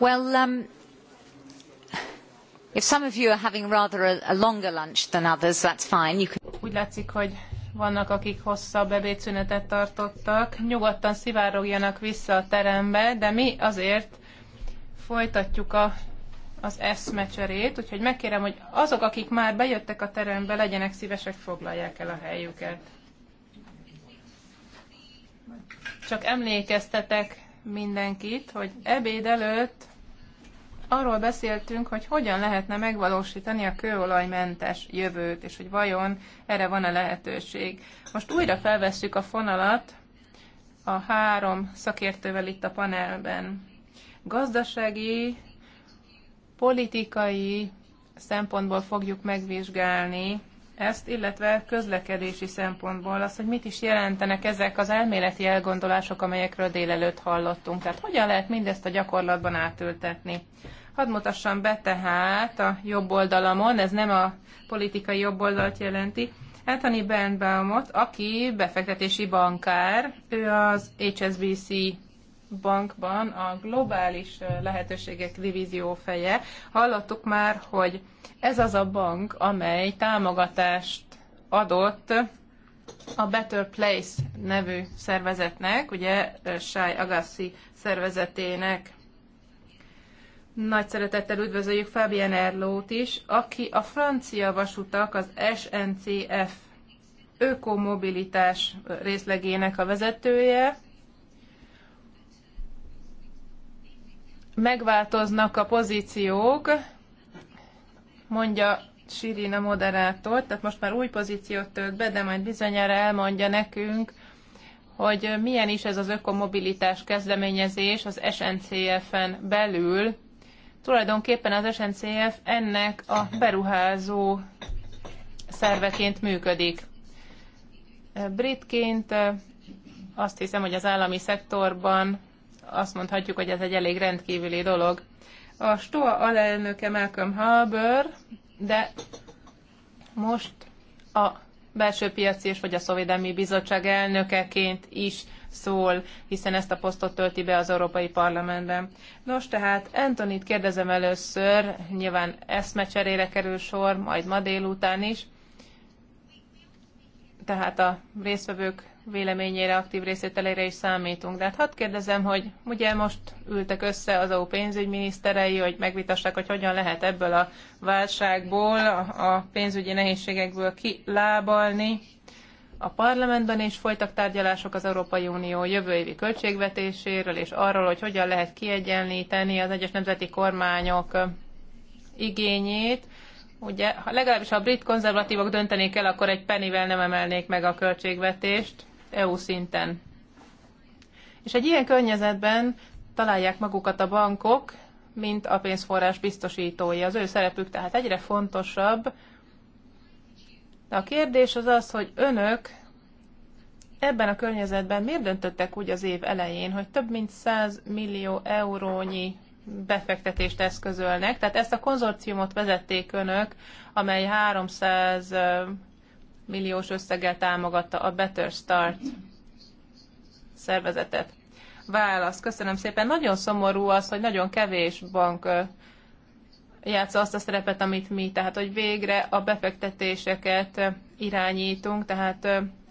Well, um, if some of you are having rather a, a longer lunch than others, that's fine. You can... Úgy látszik, hogy vannak, akik hosszabb ebédszünetet tartottak. Nyugodtan szivárogjanak vissza a terembe, de mi azért folytatjuk a, az eszmecserét, úgyhogy megkérem, hogy azok, akik már bejöttek a terembe, legyenek szívesek, foglalják el a helyüket. Csak emlékeztetek mindenkit, hogy ebéd előtt arról beszéltünk, hogy hogyan lehetne megvalósítani a kőolajmentes jövőt, és hogy vajon erre van-e lehetőség. Most újra felvesszük a fonalat a három szakértővel itt a panelben. Gazdasági, politikai szempontból fogjuk megvizsgálni ezt, illetve közlekedési szempontból az, hogy mit is jelentenek ezek az elméleti elgondolások, amelyekről délelőtt hallottunk. Tehát hogyan lehet mindezt a gyakorlatban átültetni? Hadd mutassam be tehát a jobb oldalamon, ez nem a politikai jobb oldalt jelenti, Anthony Bernbaumot, aki befektetési bankár, ő az HSBC bankban a globális lehetőségek divízió feje. Hallottuk már, hogy ez az a bank, amely támogatást adott a Better Place nevű szervezetnek, ugye Shai Agassi szervezetének. Nagy szeretettel üdvözöljük Fabien Erlót is, aki a francia vasutak, az SNCF ökomobilitás részlegének a vezetője, megváltoznak a pozíciók, mondja Sirin a moderátor, tehát most már új pozíciót tölt be, de majd bizonyára elmondja nekünk, hogy milyen is ez az ökomobilitás kezdeményezés az SNCF-en belül. Tulajdonképpen az SNCF ennek a beruházó szerveként működik. Britként eh, azt hiszem, hogy az állami szektorban azt mondhatjuk, hogy ez egy elég rendkívüli dolog. A STOA alelnöke Malcolm Harbour, de most a belső piaci és vagy a szovédelmi bizottság elnökeként is szól, hiszen ezt a posztot tölti be az Európai Parlamentben. Nos, tehát Antonit kérdezem először, nyilván eszmecserére kerül sor, majd ma délután is. Tehát a résztvevők véleményére, aktív részételére is számítunk. De hát hadd kérdezem, hogy ugye most ültek össze az EU pénzügyminiszterei, hogy megvitassák, hogy hogyan lehet ebből a válságból, a pénzügyi nehézségekből kilábalni. A parlamentben is folytak tárgyalások az Európai Unió jövő évi költségvetéséről, és arról, hogy hogyan lehet kiegyenlíteni az egyes nemzeti kormányok igényét ugye, ha legalábbis ha a brit konzervatívok döntenék el, akkor egy penivel nem emelnék meg a költségvetést. EU szinten. És egy ilyen környezetben találják magukat a bankok, mint a pénzforrás biztosítói. Az ő szerepük tehát egyre fontosabb. De a kérdés az az, hogy önök ebben a környezetben miért döntöttek úgy az év elején, hogy több mint 100 millió eurónyi befektetést eszközölnek. Tehát ezt a konzorciumot vezették önök, amely 300 milliós összeggel támogatta a Better Start szervezetet. Válasz, köszönöm szépen. Nagyon szomorú az, hogy nagyon kevés bank játsza azt a szerepet, amit mi, tehát hogy végre a befektetéseket irányítunk, tehát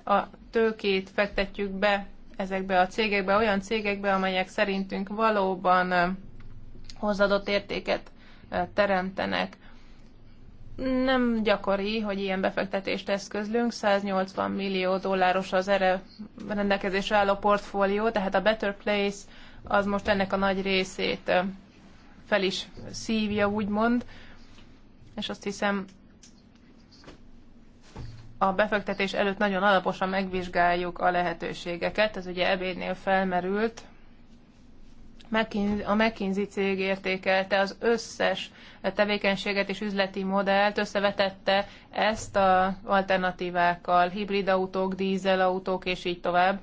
a tőkét fektetjük be ezekbe a cégekbe, olyan cégekbe, amelyek szerintünk valóban hozadott értéket teremtenek nem gyakori, hogy ilyen befektetést eszközlünk. 180 millió dolláros az erre rendelkezésre álló portfólió, tehát a Better Place az most ennek a nagy részét fel is szívja, úgymond. És azt hiszem, a befektetés előtt nagyon alaposan megvizsgáljuk a lehetőségeket. Ez ugye ebédnél felmerült, a McKinsey cég értékelte az összes tevékenységet és üzleti modellt, összevetette ezt a alternatívákkal, hibrid autók, dízel autók és így tovább.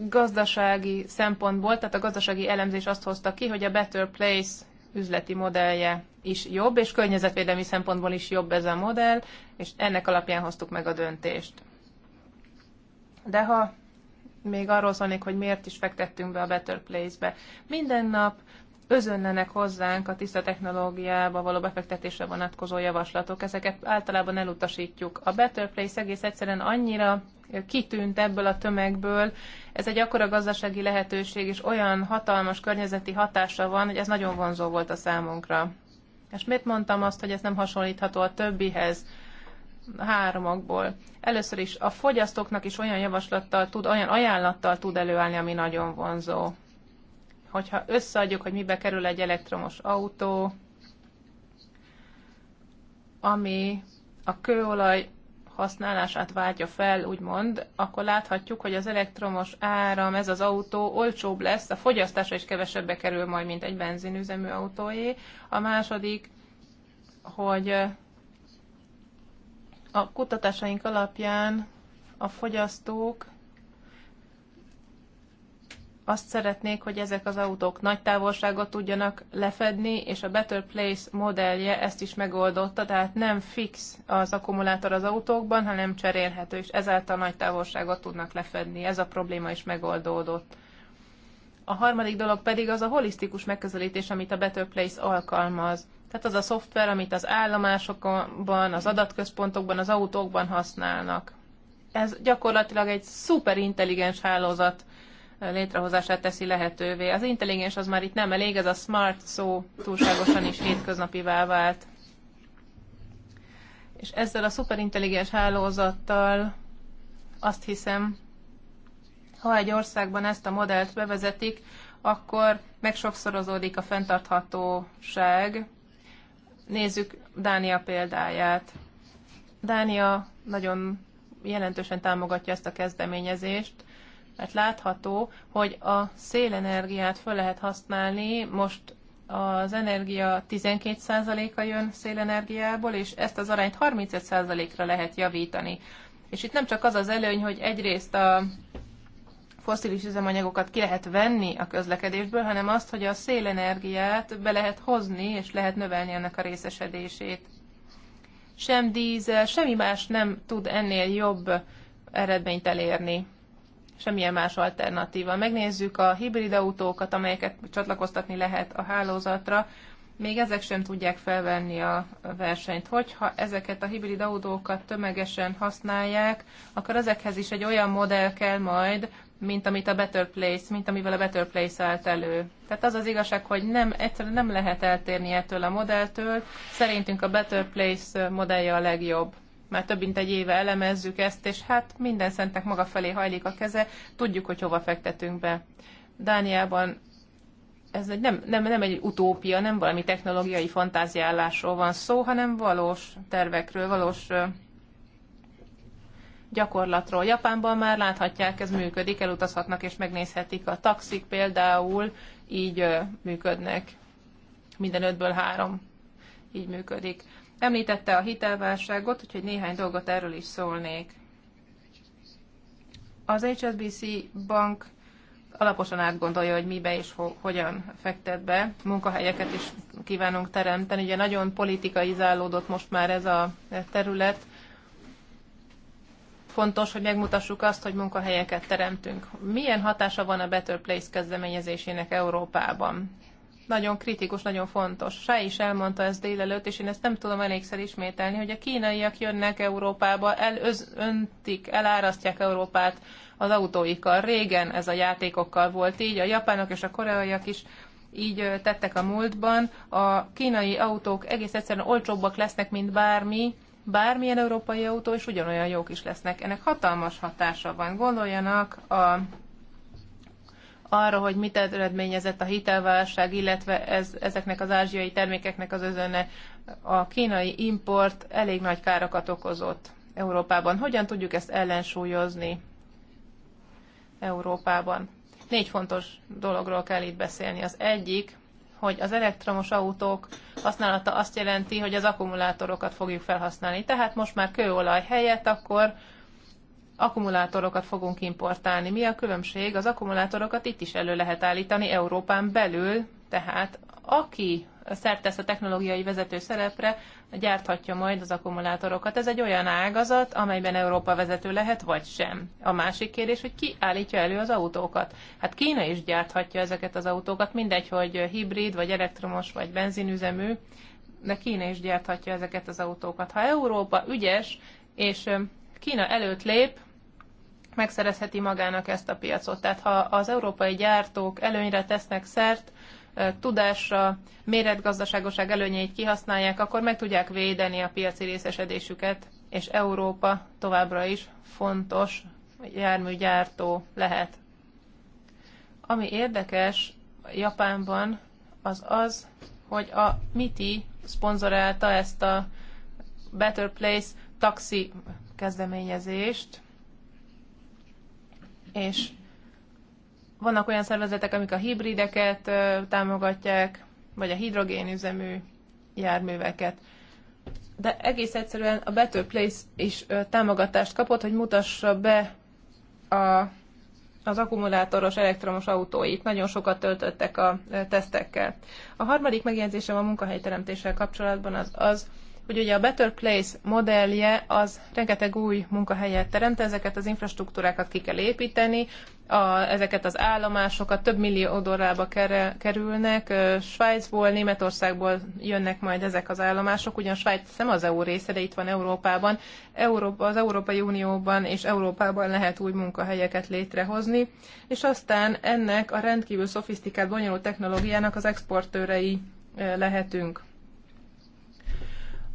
Gazdasági szempontból, tehát a gazdasági elemzés azt hozta ki, hogy a Better Place üzleti modellje is jobb, és környezetvédelmi szempontból is jobb ez a modell, és ennek alapján hoztuk meg a döntést. De ha még arról szólnék, hogy miért is fektettünk be a Better Place-be. Minden nap özönlenek hozzánk a tiszta technológiába való befektetésre vonatkozó javaslatok. Ezeket általában elutasítjuk. A Better Place egész egyszerűen annyira kitűnt ebből a tömegből. Ez egy akkora gazdasági lehetőség, és olyan hatalmas környezeti hatása van, hogy ez nagyon vonzó volt a számunkra. És miért mondtam azt, hogy ez nem hasonlítható a többihez? háromokból. Először is a fogyasztóknak is olyan javaslattal tud, olyan ajánlattal tud előállni, ami nagyon vonzó. Hogyha összeadjuk, hogy mibe kerül egy elektromos autó, ami a kőolaj használását váltja fel, úgymond, akkor láthatjuk, hogy az elektromos áram, ez az autó olcsóbb lesz, a fogyasztása is kevesebbe kerül majd, mint egy benzinüzemű autóé. A második, hogy a kutatásaink alapján a fogyasztók azt szeretnék, hogy ezek az autók nagy távolságot tudjanak lefedni, és a Better Place modellje ezt is megoldotta, tehát nem fix az akkumulátor az autókban, hanem cserélhető, és ezáltal nagy távolságot tudnak lefedni. Ez a probléma is megoldódott. A harmadik dolog pedig az a holisztikus megközelítés, amit a Better Place alkalmaz. Tehát az a szoftver, amit az állomásokban, az adatközpontokban, az autókban használnak. Ez gyakorlatilag egy szuper intelligens hálózat létrehozását teszi lehetővé. Az intelligens az már itt nem elég, ez a smart szó túlságosan is hétköznapivá vált. És ezzel a szuperintelligens hálózattal azt hiszem, ha egy országban ezt a modellt bevezetik, akkor megsokszorozódik a fenntarthatóság, Nézzük Dánia példáját. Dánia nagyon jelentősen támogatja ezt a kezdeményezést, mert látható, hogy a szélenergiát föl lehet használni, most az energia 12%-a jön szélenergiából, és ezt az arányt 35%-ra lehet javítani. És itt nem csak az az előny, hogy egyrészt a foszilis üzemanyagokat ki lehet venni a közlekedésből, hanem azt, hogy a szélenergiát be lehet hozni, és lehet növelni annak a részesedését. Sem dízel, semmi más nem tud ennél jobb eredményt elérni. Semmilyen más alternatíva. Megnézzük a hibrid autókat, amelyeket csatlakoztatni lehet a hálózatra. Még ezek sem tudják felvenni a versenyt. Hogyha ezeket a hibrid autókat tömegesen használják, akkor ezekhez is egy olyan modell kell majd, mint amit a Better Place, mint amivel a Better Place állt elő. Tehát az az igazság, hogy nem, egyszerűen nem lehet eltérni ettől a modelltől. Szerintünk a Better Place modellje a legjobb. Már több mint egy éve elemezzük ezt, és hát minden szentek maga felé hajlik a keze, tudjuk, hogy hova fektetünk be. Dániában ez egy nem, nem, nem egy utópia, nem valami technológiai fantáziállásról van szó, hanem valós tervekről, valós gyakorlatról. Japánban már láthatják, ez működik, elutazhatnak és megnézhetik. A taxik például így működnek. Minden ötből három így működik. Említette a hitelválságot, úgyhogy néhány dolgot erről is szólnék. Az HSBC bank alaposan átgondolja, hogy mibe és ho- hogyan fektet be. Munkahelyeket is kívánunk teremteni. Ugye nagyon politikai zállódott most már ez a terület fontos, hogy megmutassuk azt, hogy munkahelyeket teremtünk. Milyen hatása van a Better Place kezdeményezésének Európában? Nagyon kritikus, nagyon fontos. Sá is elmondta ezt délelőtt, és én ezt nem tudom elégszer ismételni, hogy a kínaiak jönnek Európába, elöntik, elárasztják Európát az autóikkal. Régen ez a játékokkal volt így, a japánok és a koreaiak is így tettek a múltban. A kínai autók egész egyszerűen olcsóbbak lesznek, mint bármi, bármilyen európai autó, és ugyanolyan jók is lesznek. Ennek hatalmas hatása van. Gondoljanak a, arra, hogy mit eredményezett a hitelválság, illetve ez, ezeknek az ázsiai termékeknek az özönne A kínai import elég nagy károkat okozott Európában. Hogyan tudjuk ezt ellensúlyozni Európában? Négy fontos dologról kell itt beszélni. Az egyik, hogy az elektromos autók használata azt jelenti, hogy az akkumulátorokat fogjuk felhasználni. Tehát most már kőolaj helyett akkor akkumulátorokat fogunk importálni. Mi a különbség? Az akkumulátorokat itt is elő lehet állítani Európán belül, tehát aki szertesz a technológiai vezető szerepre, gyárthatja majd az akkumulátorokat. Ez egy olyan ágazat, amelyben Európa vezető lehet, vagy sem. A másik kérdés, hogy ki állítja elő az autókat. Hát Kína is gyárthatja ezeket az autókat, mindegy, hogy hibrid, vagy elektromos, vagy benzinüzemű, de Kína is gyárthatja ezeket az autókat. Ha Európa ügyes, és Kína előtt lép, megszerezheti magának ezt a piacot. Tehát ha az európai gyártók előnyre tesznek szert, tudásra, méretgazdaságoság előnyeit kihasználják, akkor meg tudják védeni a piaci részesedésüket, és Európa továbbra is fontos járműgyártó lehet. Ami érdekes Japánban, az az, hogy a MITI szponzorálta ezt a Better Place taxi kezdeményezést, és vannak olyan szervezetek, amik a hibrideket támogatják, vagy a hidrogénüzemű járműveket. De egész egyszerűen a Better Place is támogatást kapott, hogy mutassa be a, az akkumulátoros elektromos autóit. Nagyon sokat töltöttek a tesztekkel. A harmadik megjegyzésem a munkahelyteremtéssel kapcsolatban az az, hogy ugye a Better Place modellje az rengeteg új munkahelyet teremt, ezeket az infrastruktúrákat ki kell építeni, a, ezeket az állomásokat több millió dollárba kerülnek, Svájcból, Németországból jönnek majd ezek az állomások, ugyan Svájc nem az EU része, de itt van Európában. Európa, az Európai Unióban és Európában lehet új munkahelyeket létrehozni, és aztán ennek a rendkívül szofisztikált, bonyolult technológiának az exportőrei lehetünk.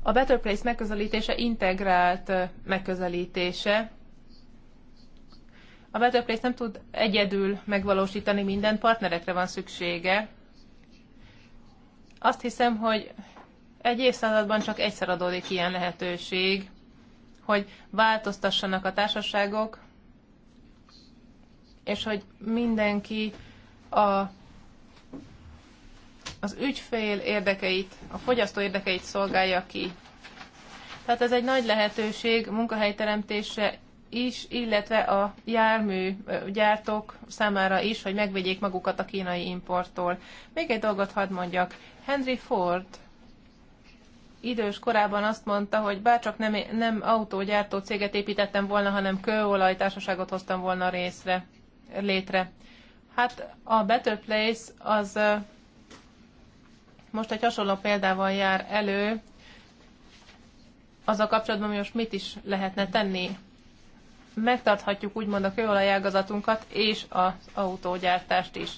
A Better Place megközelítése integrált megközelítése. A Better Place nem tud egyedül megvalósítani minden, partnerekre van szüksége. Azt hiszem, hogy egy évszázadban csak egyszer adódik ilyen lehetőség, hogy változtassanak a társaságok, és hogy mindenki a az ügyfél érdekeit, a fogyasztó érdekeit szolgálja ki. Tehát ez egy nagy lehetőség munkahelyteremtésre is, illetve a jármű gyártók számára is, hogy megvegyék magukat a kínai importtól. Még egy dolgot hadd mondjak. Henry Ford idős korában azt mondta, hogy bárcsak nem, nem autógyártó céget építettem volna, hanem kőolajtársaságot hoztam volna részre, létre. Hát a Better Place az most egy hasonló példával jár elő, az a kapcsolatban, hogy most mit is lehetne tenni. Megtarthatjuk úgymond a kőolajágazatunkat és az autógyártást is.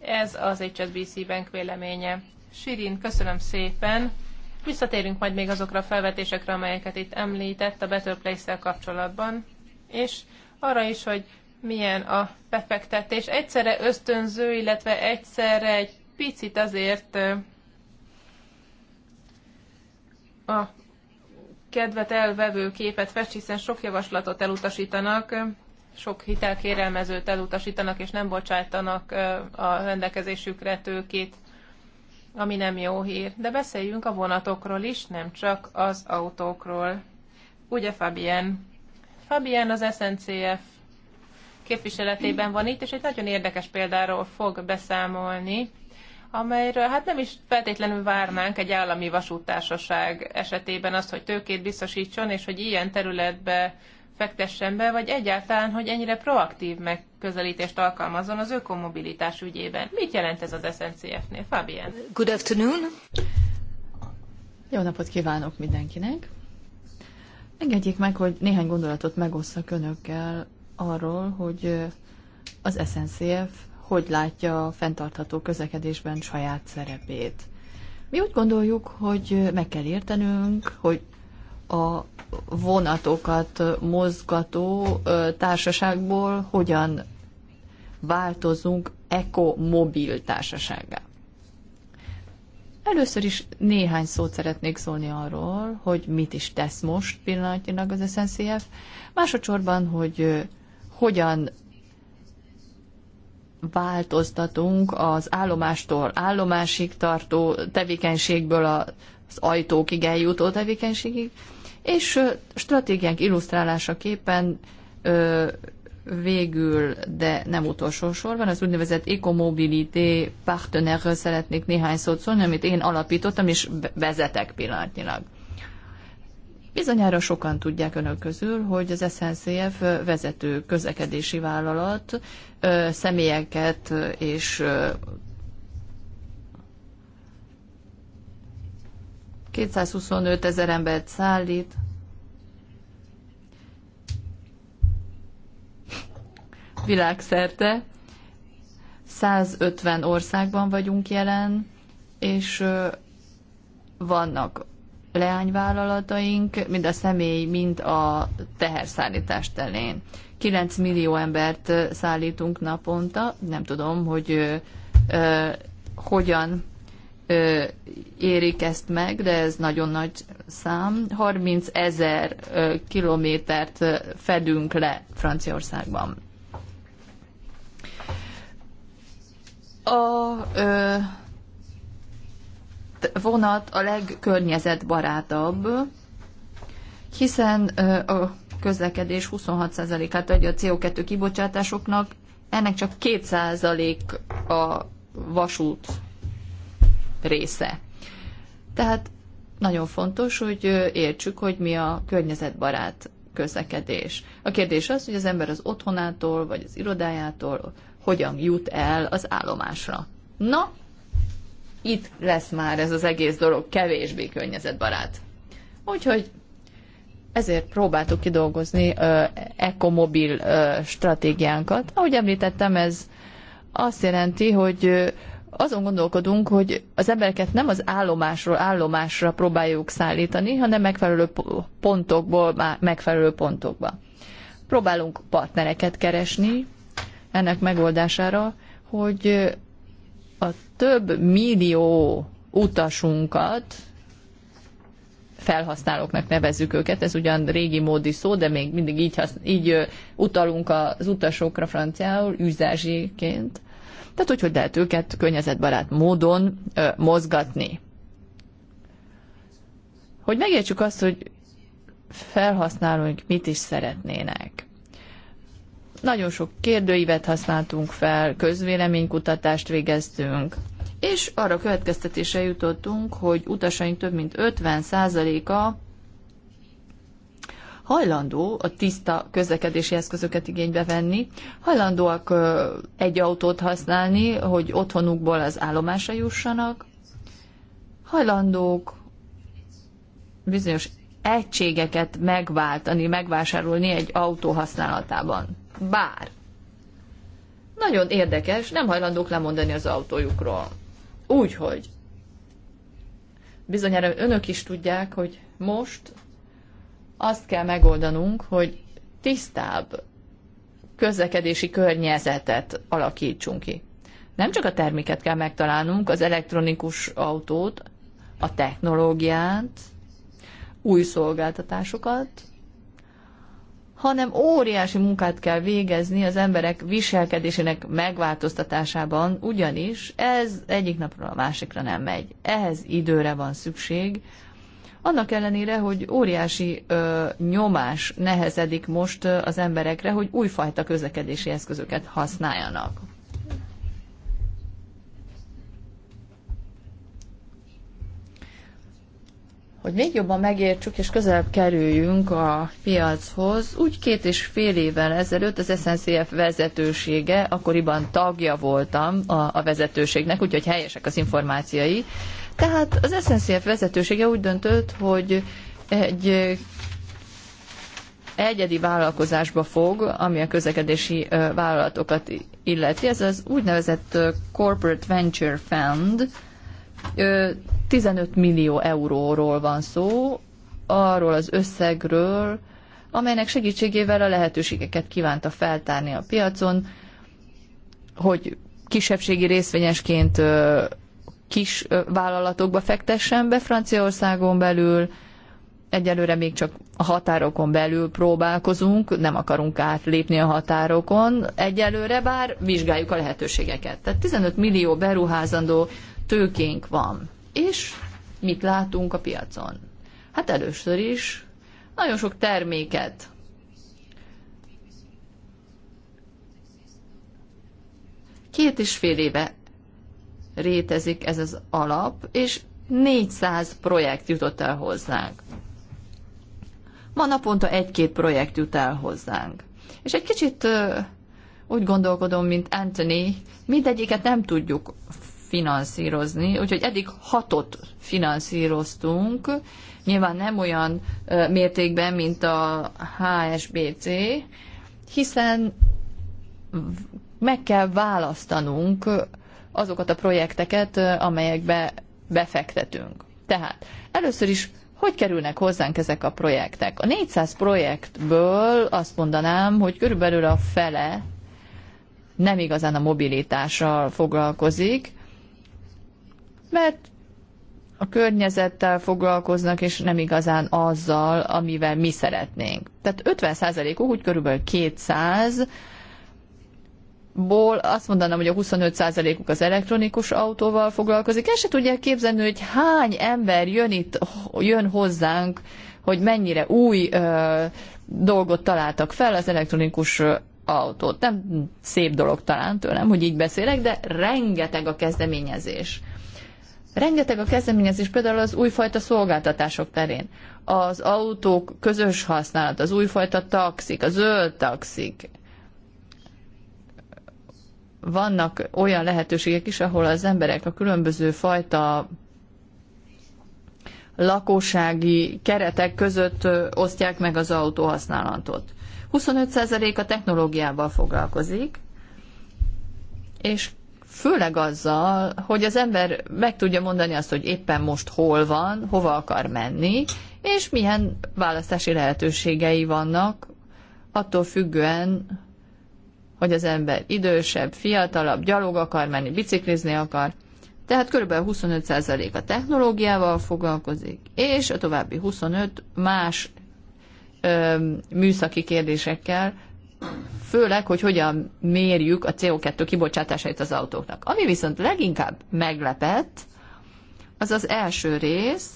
Ez az HSBC Bank véleménye. Sirin, köszönöm szépen. Visszatérünk majd még azokra a felvetésekre, amelyeket itt említett a Better Place-szel kapcsolatban, és arra is, hogy milyen a befektetés. Egyszerre ösztönző, illetve egyszerre egy picit azért a kedvet elvevő képet fest, hiszen sok javaslatot elutasítanak, sok hitelkérelmezőt elutasítanak, és nem bocsájtanak a rendelkezésükre tőkét, ami nem jó hír. De beszéljünk a vonatokról is, nem csak az autókról. Ugye Fabien? Fabien az SNCF képviseletében van itt, és egy nagyon érdekes példáról fog beszámolni amelyről hát nem is feltétlenül várnánk egy állami vasútársaság esetében azt, hogy tőkét biztosítson, és hogy ilyen területbe fektessen be, vagy egyáltalán, hogy ennyire proaktív megközelítést alkalmazzon az ökomobilitás ügyében. Mit jelent ez az SNCF-nél, Fabien? Good afternoon! Jó napot kívánok mindenkinek! Engedjék meg, hogy néhány gondolatot megosszak önökkel arról, hogy az SNCF hogy látja a fenntartható közlekedésben saját szerepét. Mi úgy gondoljuk, hogy meg kell értenünk, hogy a vonatokat mozgató társaságból hogyan változunk ekomobil társasággá. Először is néhány szót szeretnék szólni arról, hogy mit is tesz most pillanatnyilag az SNCF, másodszorban, hogy hogyan változtatunk az állomástól állomásig tartó tevékenységből az ajtókig eljutó tevékenységig, és stratégiánk illusztrálásaképpen képen végül, de nem utolsó sorban, az úgynevezett Ecomobility Partnerről szeretnék néhány szót szólni, amit én alapítottam és vezetek pillanatnyilag. Bizonyára sokan tudják önök közül, hogy az SNCF vezető közlekedési vállalat személyeket és 225 ezer embert szállít. Világszerte 150 országban vagyunk jelen, és vannak leányvállalataink, mind a személy, mind a teherszállítás telén. 9 millió embert szállítunk naponta, nem tudom, hogy ö, ö, hogyan ö, érik ezt meg, de ez nagyon nagy szám. 30 ezer kilométert fedünk le Franciaországban. A ö, vonat a legkörnyezetbarátabb, hiszen a közlekedés 26%-át adja a CO2 kibocsátásoknak, ennek csak 2% a vasút része. Tehát nagyon fontos, hogy értsük, hogy mi a környezetbarát közlekedés. A kérdés az, hogy az ember az otthonától, vagy az irodájától hogyan jut el az állomásra. Na, itt lesz már ez az egész dolog kevésbé környezetbarát. Úgyhogy ezért próbáltuk kidolgozni ö, ekomobil ö, stratégiánkat. Ahogy említettem, ez azt jelenti, hogy azon gondolkodunk, hogy az embereket nem az állomásról állomásra próbáljuk szállítani, hanem megfelelő pontokból megfelelő pontokba. Próbálunk partnereket keresni ennek megoldására, hogy több millió utasunkat, felhasználóknak nevezzük őket, ez ugyan régi módi szó, de még mindig így, hasz, így utalunk az utasokra franciául, üzázsiként. Tehát hogy hogy lehet őket környezetbarát módon ö, mozgatni. Hogy megértsük azt, hogy felhasználóink mit is szeretnének. Nagyon sok kérdőívet használtunk fel, közvéleménykutatást végeztünk, és arra következtetése jutottunk, hogy utasaink több mint 50%-a hajlandó a tiszta közlekedési eszközöket igénybe venni, hajlandóak egy autót használni, hogy otthonukból az állomásra jussanak, hajlandók bizonyos egységeket megváltani, megvásárolni egy autó használatában bár nagyon érdekes, nem hajlandók lemondani az autójukról. Úgyhogy bizonyára önök is tudják, hogy most azt kell megoldanunk, hogy tisztább közlekedési környezetet alakítsunk ki. Nem csak a terméket kell megtalálnunk, az elektronikus autót, a technológiát, új szolgáltatásokat, hanem óriási munkát kell végezni az emberek viselkedésének megváltoztatásában, ugyanis ez egyik napról a másikra nem megy. Ehhez időre van szükség, annak ellenére, hogy óriási ö, nyomás nehezedik most ö, az emberekre, hogy újfajta közlekedési eszközöket használjanak. Hogy még jobban megértsük és közelebb kerüljünk a piachoz, úgy két és fél évvel ezelőtt az SNCF vezetősége, akkoriban tagja voltam a, a vezetőségnek, úgyhogy helyesek az információi. Tehát az SNCF vezetősége úgy döntött, hogy egy egyedi vállalkozásba fog, ami a közlekedési vállalatokat illeti. Ez az úgynevezett Corporate Venture Fund, 15 millió euróról van szó, arról az összegről, amelynek segítségével a lehetőségeket kívánta feltárni a piacon, hogy kisebbségi részvényesként kis vállalatokba fektessen be Franciaországon belül, egyelőre még csak a határokon belül próbálkozunk, nem akarunk átlépni a határokon egyelőre, bár vizsgáljuk a lehetőségeket. Tehát 15 millió beruházandó tőkénk van. És mit látunk a piacon? Hát először is nagyon sok terméket. Két és fél éve rétezik ez az alap, és 400 projekt jutott el hozzánk. Ma naponta egy-két projekt jut el hozzánk. És egy kicsit úgy gondolkodom, mint Anthony, mindegyiket nem tudjuk finanszírozni, úgyhogy eddig hatot finanszíroztunk, nyilván nem olyan mértékben, mint a HSBC, hiszen meg kell választanunk azokat a projekteket, amelyekbe befektetünk. Tehát először is hogy kerülnek hozzánk ezek a projektek? A 400 projektből azt mondanám, hogy körülbelül a fele nem igazán a mobilitással foglalkozik, mert a környezettel foglalkoznak, és nem igazán azzal, amivel mi szeretnénk. Tehát 50%-uk, úgy körülbelül 200, ból azt mondanám, hogy a 25%-uk az elektronikus autóval foglalkozik. El se tudják képzelni, hogy hány ember jön itt, jön hozzánk, hogy mennyire új ö, dolgot találtak fel az elektronikus autót. Nem szép dolog talán tőlem, hogy így beszélek, de rengeteg a kezdeményezés. Rengeteg a kezdeményezés például az újfajta szolgáltatások terén. Az autók közös használat, az újfajta taxik, a zöld taxik. Vannak olyan lehetőségek is, ahol az emberek a különböző fajta lakósági keretek között osztják meg az autóhasználatot. 25% a technológiával foglalkozik, és főleg azzal, hogy az ember meg tudja mondani azt, hogy éppen most hol van, hova akar menni, és milyen választási lehetőségei vannak, attól függően, hogy az ember idősebb, fiatalabb, gyalog akar menni, biciklizni akar. Tehát kb. 25% a technológiával foglalkozik, és a további 25 más ö, műszaki kérdésekkel, főleg, hogy hogyan mérjük a CO2 kibocsátásait az autóknak. Ami viszont leginkább meglepett, az az első rész,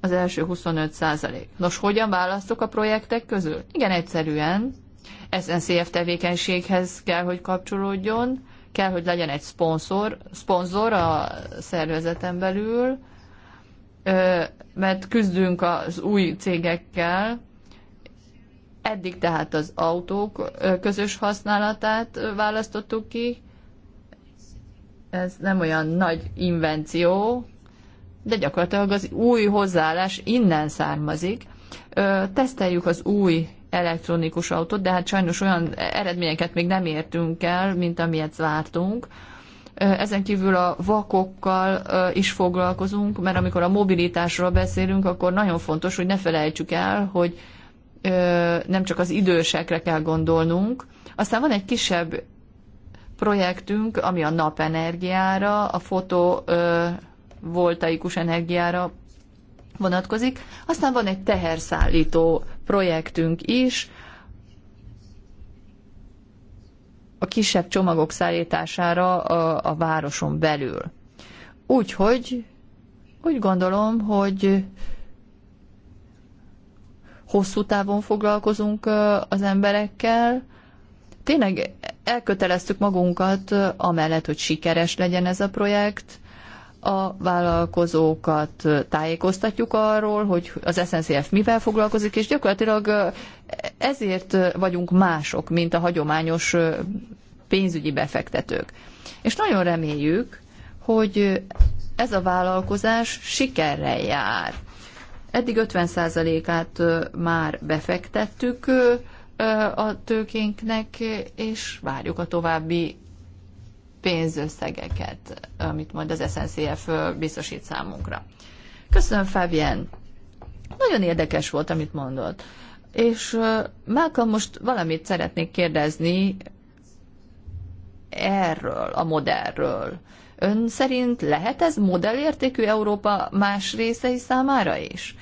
az első 25 százalék. Nos, hogyan választok a projektek közül? Igen, egyszerűen SNCF tevékenységhez kell, hogy kapcsolódjon, kell, hogy legyen egy szponzor, szponzor a szervezeten belül, mert küzdünk az új cégekkel, Eddig tehát az autók közös használatát választottuk ki. Ez nem olyan nagy invenció, de gyakorlatilag az új hozzáállás innen származik. Teszteljük az új elektronikus autót, de hát sajnos olyan eredményeket még nem értünk el, mint amilyet vártunk. Ezen kívül a vakokkal is foglalkozunk, mert amikor a mobilitásról beszélünk, akkor nagyon fontos, hogy ne felejtsük el, hogy nem csak az idősekre kell gondolnunk. Aztán van egy kisebb projektünk, ami a napenergiára, a fotovoltaikus energiára vonatkozik. Aztán van egy teherszállító projektünk is, a kisebb csomagok szállítására a, a városon belül. Úgyhogy úgy gondolom, hogy hosszú távon foglalkozunk az emberekkel. Tényleg elköteleztük magunkat amellett, hogy sikeres legyen ez a projekt, a vállalkozókat tájékoztatjuk arról, hogy az SNCF mivel foglalkozik, és gyakorlatilag ezért vagyunk mások, mint a hagyományos pénzügyi befektetők. És nagyon reméljük, hogy ez a vállalkozás sikerrel jár. Eddig 50%-át már befektettük a tőkénknek, és várjuk a további pénzösszegeket, amit majd az SNCF biztosít számunkra. Köszönöm, Fabien! Nagyon érdekes volt, amit mondott. És Malcolm, most valamit szeretnék kérdezni erről, a modellről. Ön szerint lehet ez modellértékű Európa más részei számára is?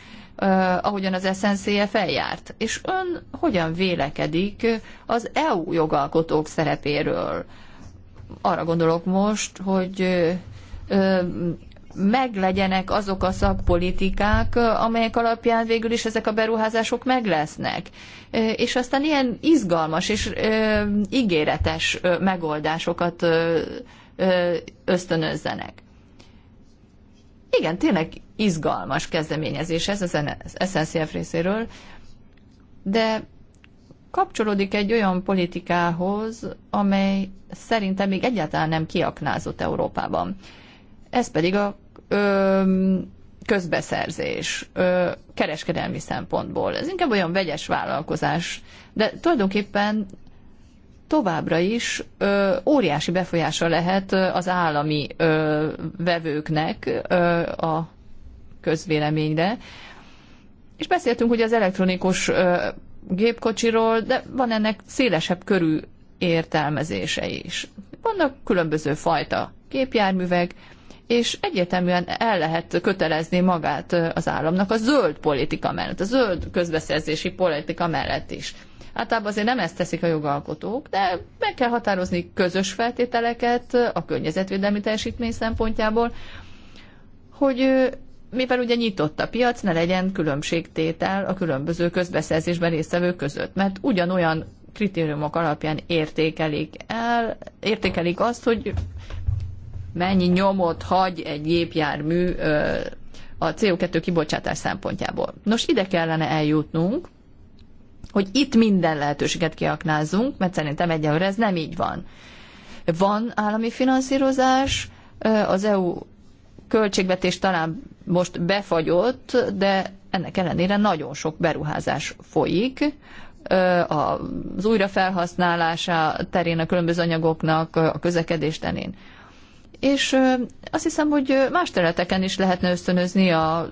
ahogyan az SNCF feljárt. És ön hogyan vélekedik az EU jogalkotók szerepéről? Arra gondolok most, hogy meglegyenek azok a szakpolitikák, amelyek alapján végül is ezek a beruházások meglesznek. És aztán ilyen izgalmas és ígéretes megoldásokat ösztönözzenek. Igen, tényleg izgalmas kezdeményezés ez az SNCF részéről, de kapcsolódik egy olyan politikához, amely szerintem még egyáltalán nem kiaknázott Európában. Ez pedig a ö, közbeszerzés ö, kereskedelmi szempontból. Ez inkább olyan vegyes vállalkozás, de tulajdonképpen továbbra is ö, óriási befolyása lehet az állami ö, vevőknek ö, a közvéleményre. És beszéltünk ugye az elektronikus ö, gépkocsiról, de van ennek szélesebb körű értelmezése is. Vannak különböző fajta gépjárművek, és egyértelműen el lehet kötelezni magát az államnak a zöld politika mellett, a zöld közbeszerzési politika mellett is. Általában azért nem ezt teszik a jogalkotók, de meg kell határozni közös feltételeket a környezetvédelmi teljesítmény szempontjából, hogy mivel ugye nyitott a piac, ne legyen különbségtétel a különböző közbeszerzésben résztvevők között, mert ugyanolyan kritériumok alapján értékelik el, értékelik azt, hogy mennyi nyomot hagy egy gépjármű a CO2 kibocsátás szempontjából. Nos, ide kellene eljutnunk, hogy itt minden lehetőséget kiaknázunk, mert szerintem egyelőre ez nem így van. Van állami finanszírozás, az EU költségvetés talán most befagyott, de ennek ellenére nagyon sok beruházás folyik, az újrafelhasználása terén a különböző anyagoknak, a közlekedés terén. És azt hiszem, hogy más területeken is lehetne ösztönözni a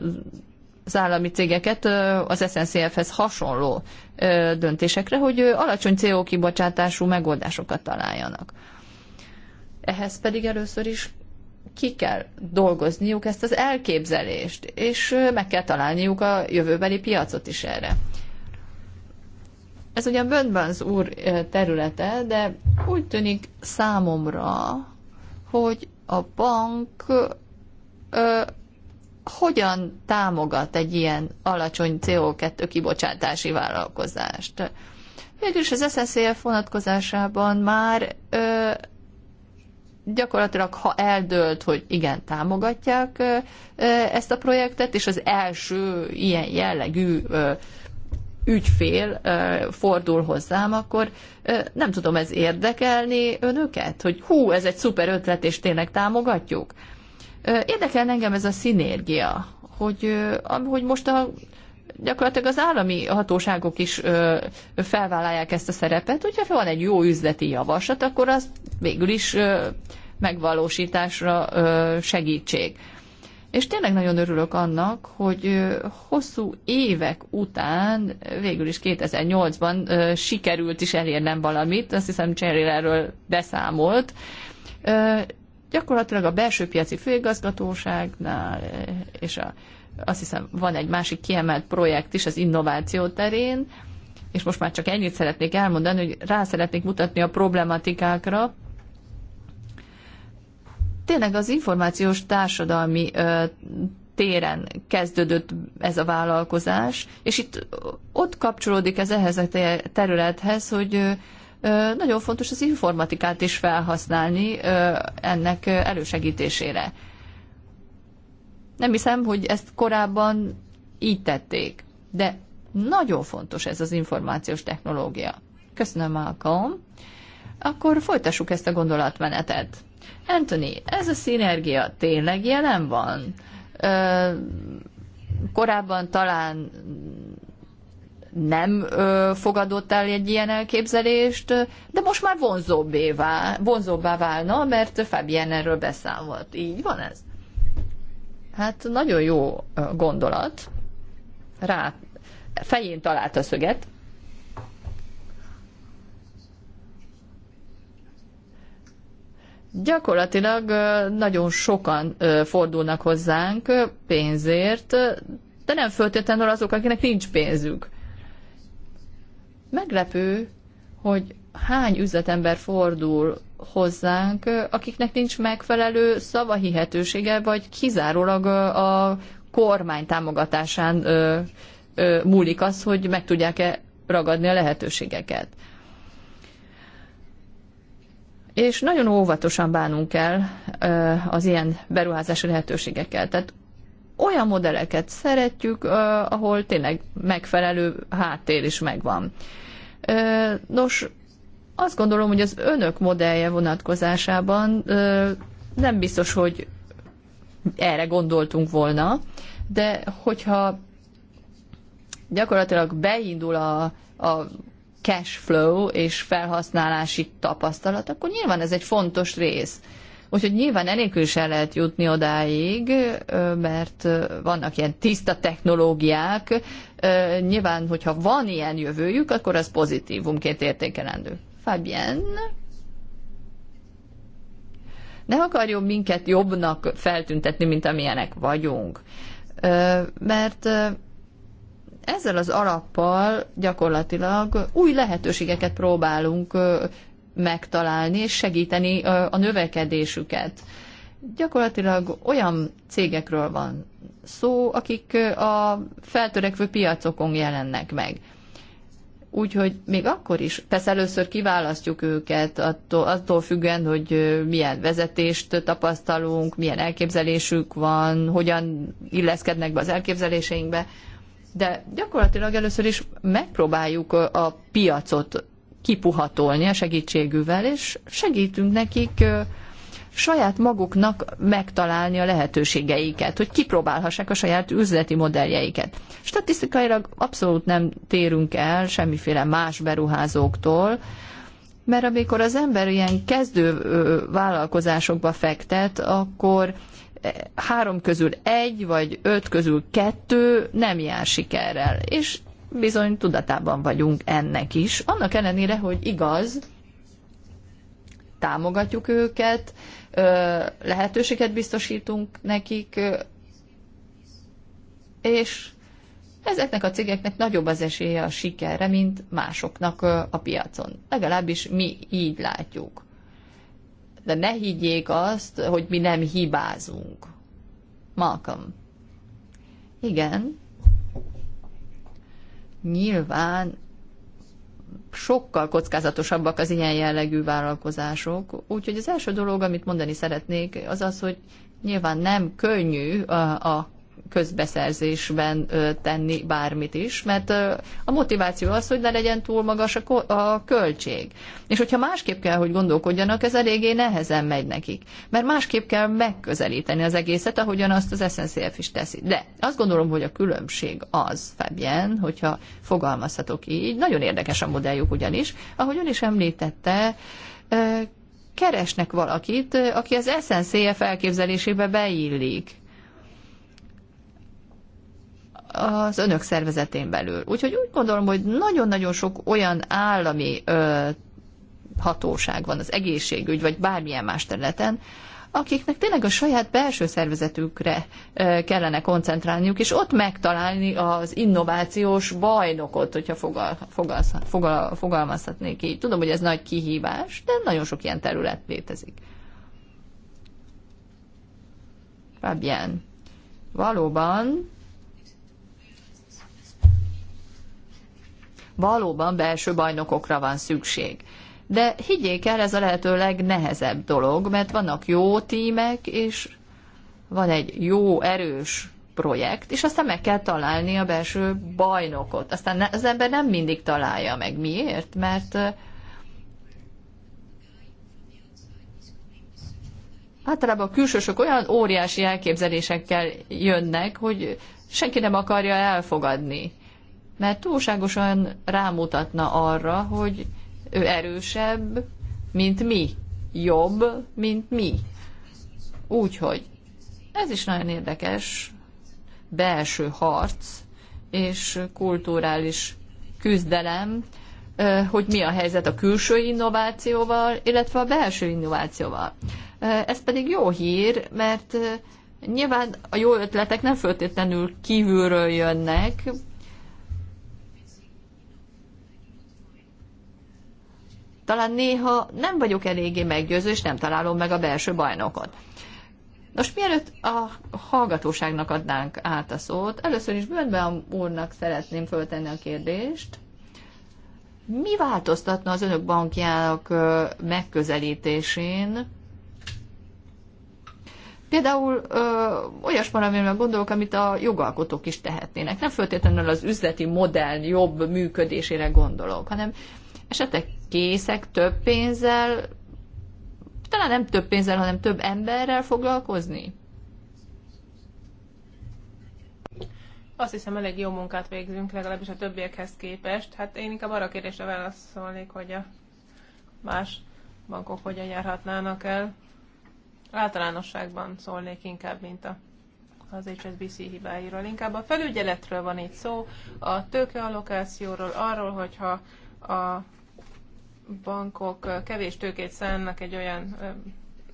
az állami cégeket az SNCF-hez hasonló döntésekre, hogy alacsony CO kibocsátású megoldásokat találjanak. Ehhez pedig először is ki kell dolgozniuk ezt az elképzelést, és meg kell találniuk a jövőbeli piacot is erre. Ez ugyan Böndbans úr területe, de úgy tűnik számomra, hogy a bank hogyan támogat egy ilyen alacsony CO2 kibocsátási vállalkozást. Végülis az SSZF vonatkozásában már ö, gyakorlatilag, ha eldölt, hogy igen, támogatják ö, ezt a projektet, és az első ilyen jellegű ö, ügyfél ö, fordul hozzám, akkor ö, nem tudom, ez érdekelni önöket, hogy hú, ez egy szuper ötlet, és tényleg támogatjuk. Érdekel engem ez a szinergia, hogy, hogy most a, gyakorlatilag az állami hatóságok is felvállalják ezt a szerepet, hogyha van egy jó üzleti javaslat, akkor az végül is megvalósításra segítség. És tényleg nagyon örülök annak, hogy hosszú évek után, végül is 2008-ban sikerült is elérnem valamit, azt hiszem Cserél erről beszámolt, Gyakorlatilag a belső piaci főigazgatóságnál, és a, azt hiszem van egy másik kiemelt projekt is az innováció terén, és most már csak ennyit szeretnék elmondani, hogy rá szeretnék mutatni a problematikákra. Tényleg az információs társadalmi ö, téren kezdődött ez a vállalkozás, és itt ott kapcsolódik ez ehhez a területhez, hogy nagyon fontos az informatikát is felhasználni ennek elősegítésére. Nem hiszem, hogy ezt korábban így tették, de nagyon fontos ez az információs technológia. Köszönöm, Malcolm. Akkor folytassuk ezt a gondolatmenetet. Anthony, ez a szinergia tényleg jelen van? Ö, korábban talán nem ö, fogadott el egy ilyen elképzelést, de most már vonzóbbé vál, vonzóbbá válna, mert Fabien erről beszámolt. Így van ez? Hát nagyon jó gondolat. Rá fején találta szöget. Gyakorlatilag nagyon sokan fordulnak hozzánk pénzért, de nem föltétlenül azok, akinek nincs pénzük. Meglepő, hogy hány üzletember fordul hozzánk, akiknek nincs megfelelő szavahihetősége, vagy kizárólag a kormány támogatásán múlik az, hogy meg tudják-e ragadni a lehetőségeket. És nagyon óvatosan bánunk el az ilyen beruházási lehetőségekkel. Tehát olyan modelleket szeretjük, ahol tényleg megfelelő háttér is megvan. Nos, azt gondolom, hogy az önök modellje vonatkozásában nem biztos, hogy erre gondoltunk volna, de hogyha gyakorlatilag beindul a, a cash flow és felhasználási tapasztalat, akkor nyilván ez egy fontos rész. Úgyhogy nyilván enélkül is el lehet jutni odáig, mert vannak ilyen tiszta technológiák. Nyilván, hogyha van ilyen jövőjük, akkor az pozitívumként értékelendő. Fabien? Ne akarjon minket jobbnak feltüntetni, mint amilyenek vagyunk. Mert ezzel az alappal gyakorlatilag új lehetőségeket próbálunk megtalálni és segíteni a növekedésüket. Gyakorlatilag olyan cégekről van szó, akik a feltörekvő piacokon jelennek meg. Úgyhogy még akkor is, persze először kiválasztjuk őket attól, attól függően, hogy milyen vezetést tapasztalunk, milyen elképzelésük van, hogyan illeszkednek be az elképzeléseinkbe, de gyakorlatilag először is megpróbáljuk a piacot kipuhatolni a segítségüvel, és segítünk nekik saját maguknak megtalálni a lehetőségeiket, hogy kipróbálhassák a saját üzleti modelljeiket. Statisztikailag abszolút nem térünk el semmiféle más beruházóktól, mert amikor az ember ilyen kezdő vállalkozásokba fektet, akkor e, három közül egy, vagy öt közül kettő nem jár sikerrel. És bizony tudatában vagyunk ennek is. Annak ellenére, hogy igaz, támogatjuk őket, lehetőséget biztosítunk nekik, és ezeknek a cégeknek nagyobb az esélye a sikerre, mint másoknak a piacon. Legalábbis mi így látjuk. De ne higgyék azt, hogy mi nem hibázunk. Malcolm. Igen, nyilván sokkal kockázatosabbak az ilyen jellegű vállalkozások. Úgyhogy az első dolog, amit mondani szeretnék, az az, hogy nyilván nem könnyű a, a közbeszerzésben tenni bármit is, mert a motiváció az, hogy ne legyen túl magas a költség. És hogyha másképp kell, hogy gondolkodjanak, ez eléggé nehezen megy nekik. Mert másképp kell megközelíteni az egészet, ahogyan azt az SNCF is teszi. De azt gondolom, hogy a különbség az, Fabien, hogyha fogalmazhatok így, nagyon érdekes a modelljuk ugyanis, ahogy ön is említette, keresnek valakit, aki az SNCF elképzelésébe beillik az önök szervezetén belül. Úgyhogy úgy gondolom, hogy nagyon-nagyon sok olyan állami ö, hatóság van az egészségügy, vagy bármilyen más területen, akiknek tényleg a saját belső szervezetükre kellene koncentrálniuk, és ott megtalálni az innovációs bajnokot, hogyha fogal, fogal, fogal, fogalmazhatnék így. Tudom, hogy ez nagy kihívás, de nagyon sok ilyen terület létezik. Fabian, valóban valóban belső bajnokokra van szükség. De higgyék el, ez a lehető legnehezebb dolog, mert vannak jó tímek, és van egy jó, erős projekt, és aztán meg kell találni a belső bajnokot. Aztán az ember nem mindig találja meg. Miért? Mert általában a külsősök olyan óriási elképzelésekkel jönnek, hogy senki nem akarja elfogadni mert túlságosan rámutatna arra, hogy ő erősebb, mint mi, jobb, mint mi. Úgyhogy ez is nagyon érdekes belső harc és kulturális küzdelem, hogy mi a helyzet a külső innovációval, illetve a belső innovációval. Ez pedig jó hír, mert nyilván a jó ötletek nem föltétlenül kívülről jönnek, talán néha nem vagyok eléggé meggyőző, és nem találom meg a belső bajnokot. Nos, mielőtt a hallgatóságnak adnánk át a szót, először is a úrnak szeretném föltenni a kérdést. Mi változtatna az önök bankjának megközelítésén? Például ö, olyasban, amiről gondolok, amit a jogalkotók is tehetnének. Nem feltétlenül az üzleti modell jobb működésére gondolok, hanem esetleg hát készek több pénzzel, talán nem több pénzzel, hanem több emberrel foglalkozni? Azt hiszem, elég jó munkát végzünk, legalábbis a többiekhez képest. Hát én inkább arra kérdésre válaszolnék, hogy a más bankok hogyan járhatnának el. Általánosságban szólnék inkább, mint a az HSBC hibáiról. Inkább a felügyeletről van itt szó, a tőkeallokációról, arról, hogyha a bankok kevés tőkét szánnak egy olyan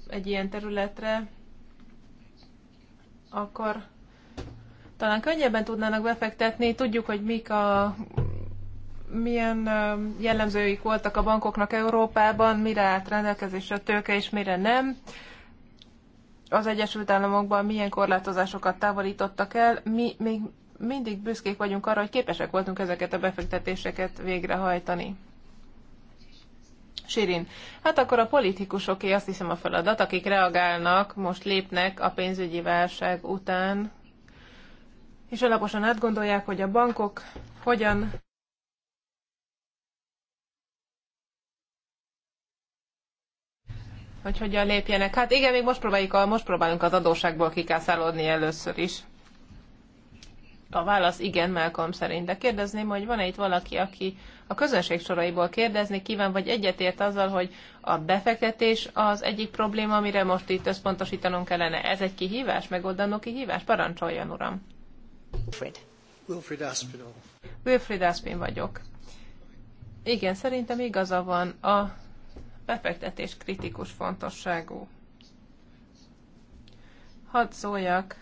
egy ilyen területre, akkor talán könnyebben tudnának befektetni. Tudjuk, hogy mik a milyen jellemzőik voltak a bankoknak Európában, mire állt rendelkezésre a tőke és mire nem. Az Egyesült Államokban milyen korlátozásokat távolítottak el. Mi még mindig büszkék vagyunk arra, hogy képesek voltunk ezeket a befektetéseket végrehajtani. Sirin, hát akkor a politikusoké azt hiszem a feladat, akik reagálnak, most lépnek a pénzügyi válság után, és alaposan átgondolják, hogy a bankok hogyan hogy hogyan lépjenek. Hát igen, még most, próbáljuk a, most próbálunk az adósságból kikászálódni először is. A válasz igen, Malcolm szerint. De kérdezném, hogy van-e itt valaki, aki a közönség soraiból kérdezni kíván, vagy egyetért azzal, hogy a befektetés az egyik probléma, amire most itt összpontosítanunk kellene. Ez egy kihívás, megoldanó kihívás? Parancsoljon, uram. Wilfried. Wilfried Aspinall. Wilfried Aspin vagyok. Igen, szerintem igaza van. A befektetés kritikus fontosságú. Hadd szóljak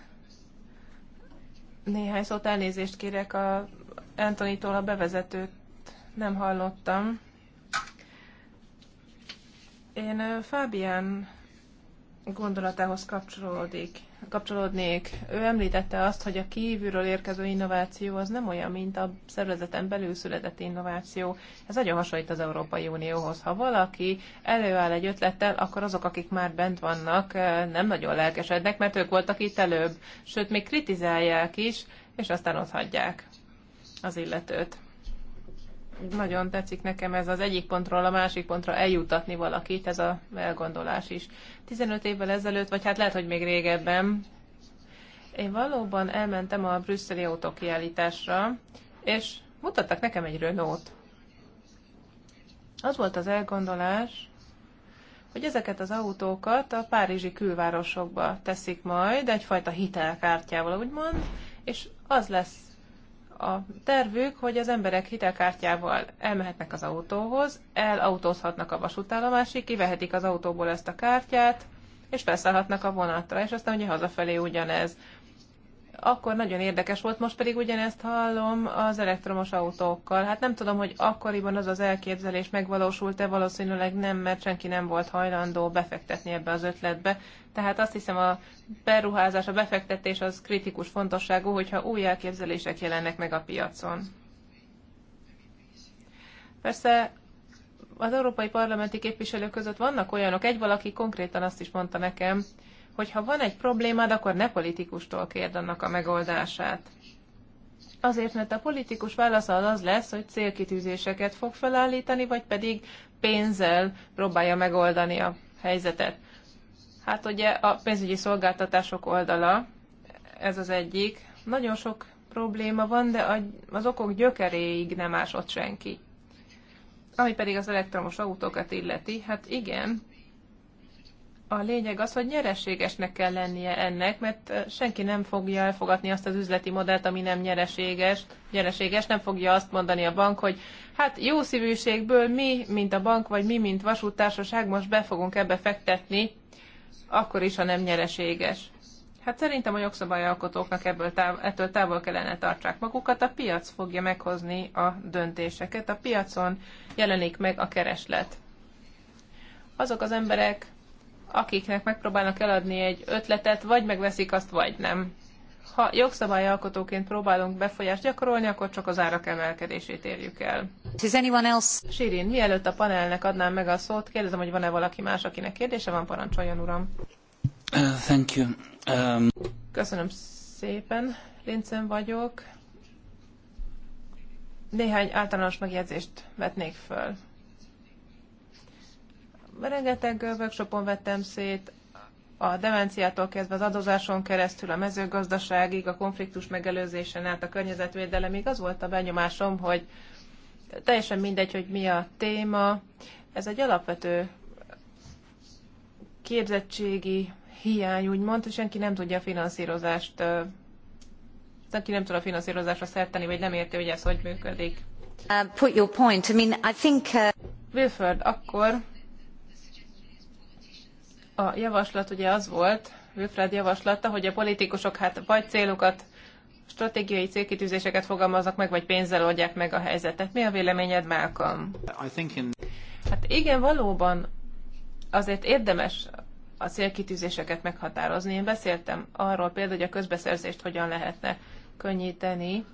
néhány szót elnézést kérek a Antonitól a bevezetőt nem hallottam. Én Fábián gondolatához kapcsolódik kapcsolódnék. Ő említette azt, hogy a kívülről érkező innováció az nem olyan, mint a szervezeten belül született innováció. Ez nagyon hasonlít az Európai Unióhoz. Ha valaki előáll egy ötlettel, akkor azok, akik már bent vannak, eh, nem nagyon lelkesednek, mert ők voltak itt előbb. Sőt, még kritizálják is, és aztán ott hagyják az illetőt nagyon tetszik nekem ez az egyik pontról a másik pontra eljutatni valakit, ez a elgondolás is. 15 évvel ezelőtt, vagy hát lehet, hogy még régebben, én valóban elmentem a brüsszeli autókiállításra, és mutattak nekem egy Renault. Az volt az elgondolás, hogy ezeket az autókat a párizsi külvárosokba teszik majd egyfajta hitelkártyával, úgymond, és az lesz a tervük, hogy az emberek hitelkártyával elmehetnek az autóhoz, elautózhatnak a vasútállomásig, kivehetik az autóból ezt a kártyát, és felszállhatnak a vonatra, és aztán ugye hazafelé ugyanez akkor nagyon érdekes volt, most pedig ugyanezt hallom az elektromos autókkal. Hát nem tudom, hogy akkoriban az az elképzelés megvalósult-e, valószínűleg nem, mert senki nem volt hajlandó befektetni ebbe az ötletbe. Tehát azt hiszem a beruházás, a befektetés az kritikus fontosságú, hogyha új elképzelések jelennek meg a piacon. Persze az európai parlamenti képviselők között vannak olyanok, egy valaki konkrétan azt is mondta nekem, hogy ha van egy problémád, akkor ne politikustól kérd annak a megoldását. Azért, mert a politikus válasz az, az lesz, hogy célkitűzéseket fog felállítani, vagy pedig pénzzel próbálja megoldani a helyzetet. Hát ugye a pénzügyi szolgáltatások oldala, ez az egyik. Nagyon sok probléma van, de az okok gyökeréig nem ásott senki. Ami pedig az elektromos autókat illeti, hát igen, a lényeg az, hogy nyereségesnek kell lennie ennek, mert senki nem fogja elfogadni azt az üzleti modellt, ami nem nyereséges. Nyereséges nem fogja azt mondani a bank, hogy hát jó szívűségből mi, mint a bank, vagy mi, mint vasútársaság most be fogunk ebbe fektetni, akkor is, ha nem nyereséges. Hát szerintem a jogszabályalkotóknak ebből táv, ettől távol kellene tartsák magukat. A piac fogja meghozni a döntéseket. A piacon jelenik meg a kereslet. Azok az emberek, akiknek megpróbálnak eladni egy ötletet, vagy megveszik azt, vagy nem. Ha jogszabályalkotóként próbálunk befolyást gyakorolni, akkor csak az árak emelkedését érjük el. Is anyone else? Sirin, mielőtt a panelnek adnám meg a szót, kérdezem, hogy van-e valaki más, akinek kérdése van, parancsoljon, uram. Uh, thank you. Um... Köszönöm szépen, Lincen vagyok. Néhány általános megjegyzést vetnék föl rengeteg workshopon vettem szét, a demenciától kezdve az adózáson keresztül, a mezőgazdaságig, a konfliktus megelőzésen át, a környezetvédelemig, az volt a benyomásom, hogy teljesen mindegy, hogy mi a téma, ez egy alapvető képzettségi hiány, úgymond, hogy senki nem tudja a finanszírozást, senki nem tud a finanszírozásra szerteni, vagy nem érti, hogy ez hogy működik. Uh, put your point. I mean, I think, uh... Wilford, akkor a javaslat ugye az volt, Wilfred javaslata, hogy a politikusok hát vagy célokat, stratégiai célkitűzéseket fogalmaznak meg, vagy pénzzel oldják meg a helyzetet. Mi a véleményed, Malcolm? In... Hát igen, valóban azért érdemes a célkitűzéseket meghatározni. Én beszéltem arról például, hogy a közbeszerzést hogyan lehetne könnyíteni,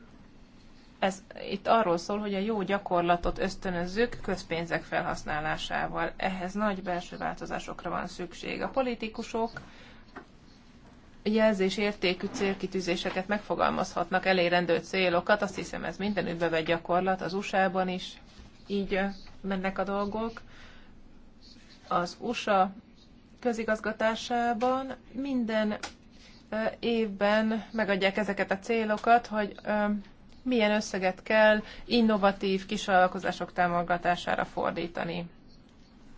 ez itt arról szól, hogy a jó gyakorlatot ösztönözzük közpénzek felhasználásával. Ehhez nagy belső változásokra van szükség. A politikusok jelzés értékű célkitűzéseket megfogalmazhatnak, elérendő célokat, azt hiszem ez mindenütt bevett gyakorlat, az USA-ban is így mennek a dolgok. Az USA közigazgatásában minden évben megadják ezeket a célokat, hogy milyen összeget kell innovatív kisvállalkozások támogatására fordítani.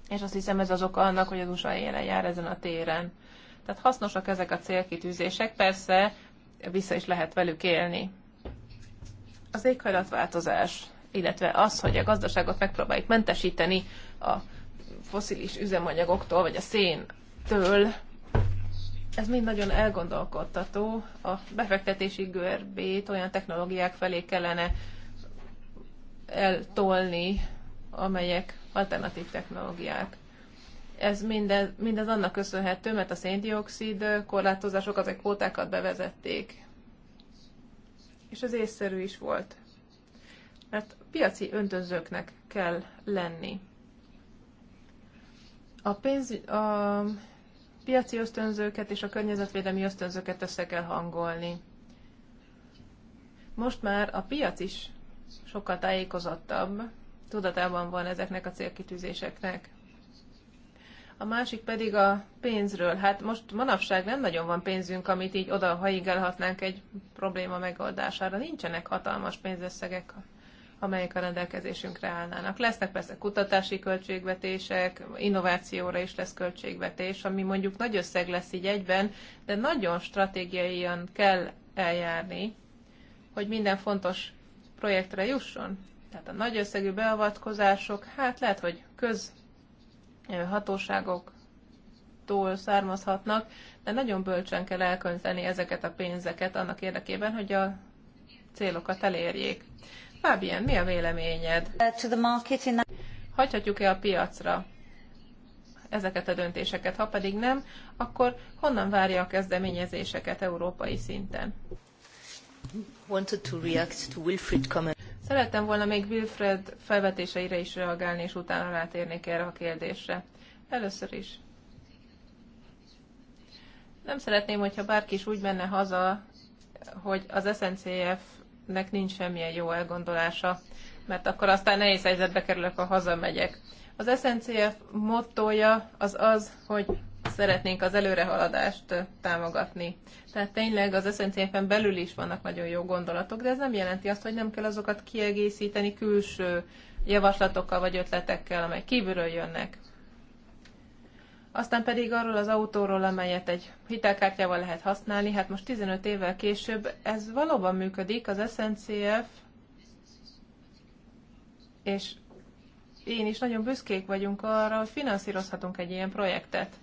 És azt hiszem ez az oka annak, hogy az USA élen jár ezen a téren. Tehát hasznosak ezek a célkitűzések, persze vissza is lehet velük élni. Az éghajlatváltozás, illetve az, hogy a gazdaságot megpróbáljuk mentesíteni a foszilis üzemanyagoktól, vagy a széntől, ez mind nagyon elgondolkodtató. A befektetési görbét olyan technológiák felé kellene eltolni, amelyek alternatív technológiák. Ez mindez, mindez annak köszönhető, mert a széndiokszid korlátozások, azok kvótákat bevezették. És ez észszerű is volt. Mert piaci öntözőknek kell lenni. A pénz, a piaci ösztönzőket és a környezetvédelmi ösztönzőket össze kell hangolni. Most már a piac is sokkal tájékozottabb, tudatában van ezeknek a célkitűzéseknek. A másik pedig a pénzről. Hát most manapság nem nagyon van pénzünk, amit így oda haigálhatnánk egy probléma megoldására. Nincsenek hatalmas pénzösszegek amelyek a rendelkezésünkre állnának. Lesznek persze kutatási költségvetések, innovációra is lesz költségvetés, ami mondjuk nagy összeg lesz így egyben, de nagyon stratégiaian kell eljárni, hogy minden fontos projektre jusson. Tehát a nagy összegű beavatkozások, hát lehet, hogy közhatóságoktól származhatnak, de nagyon bölcsen kell elkönteni ezeket a pénzeket annak érdekében, hogy a célokat elérjék. Fábien, mi a véleményed? Hagyhatjuk-e a piacra ezeket a döntéseket? Ha pedig nem, akkor honnan várja a kezdeményezéseket európai szinten? Wanted to react to Wilfried comment. Szerettem volna még Wilfred felvetéseire is reagálni, és utána rátérnék erre a kérdésre. Először is. Nem szeretném, hogyha bárki is úgy menne haza, hogy az SNCF akinek nincs semmilyen jó elgondolása, mert akkor aztán nehéz helyzetbe kerülök, ha hazamegyek. Az SNCF mottoja az az, hogy szeretnénk az előrehaladást támogatni. Tehát tényleg az SNCF-en belül is vannak nagyon jó gondolatok, de ez nem jelenti azt, hogy nem kell azokat kiegészíteni külső javaslatokkal vagy ötletekkel, amely kívülről jönnek. Aztán pedig arról az autóról, amelyet egy hitelkártyával lehet használni, hát most 15 évvel később ez valóban működik, az SNCF, és én is nagyon büszkék vagyunk arra, hogy finanszírozhatunk egy ilyen projektet.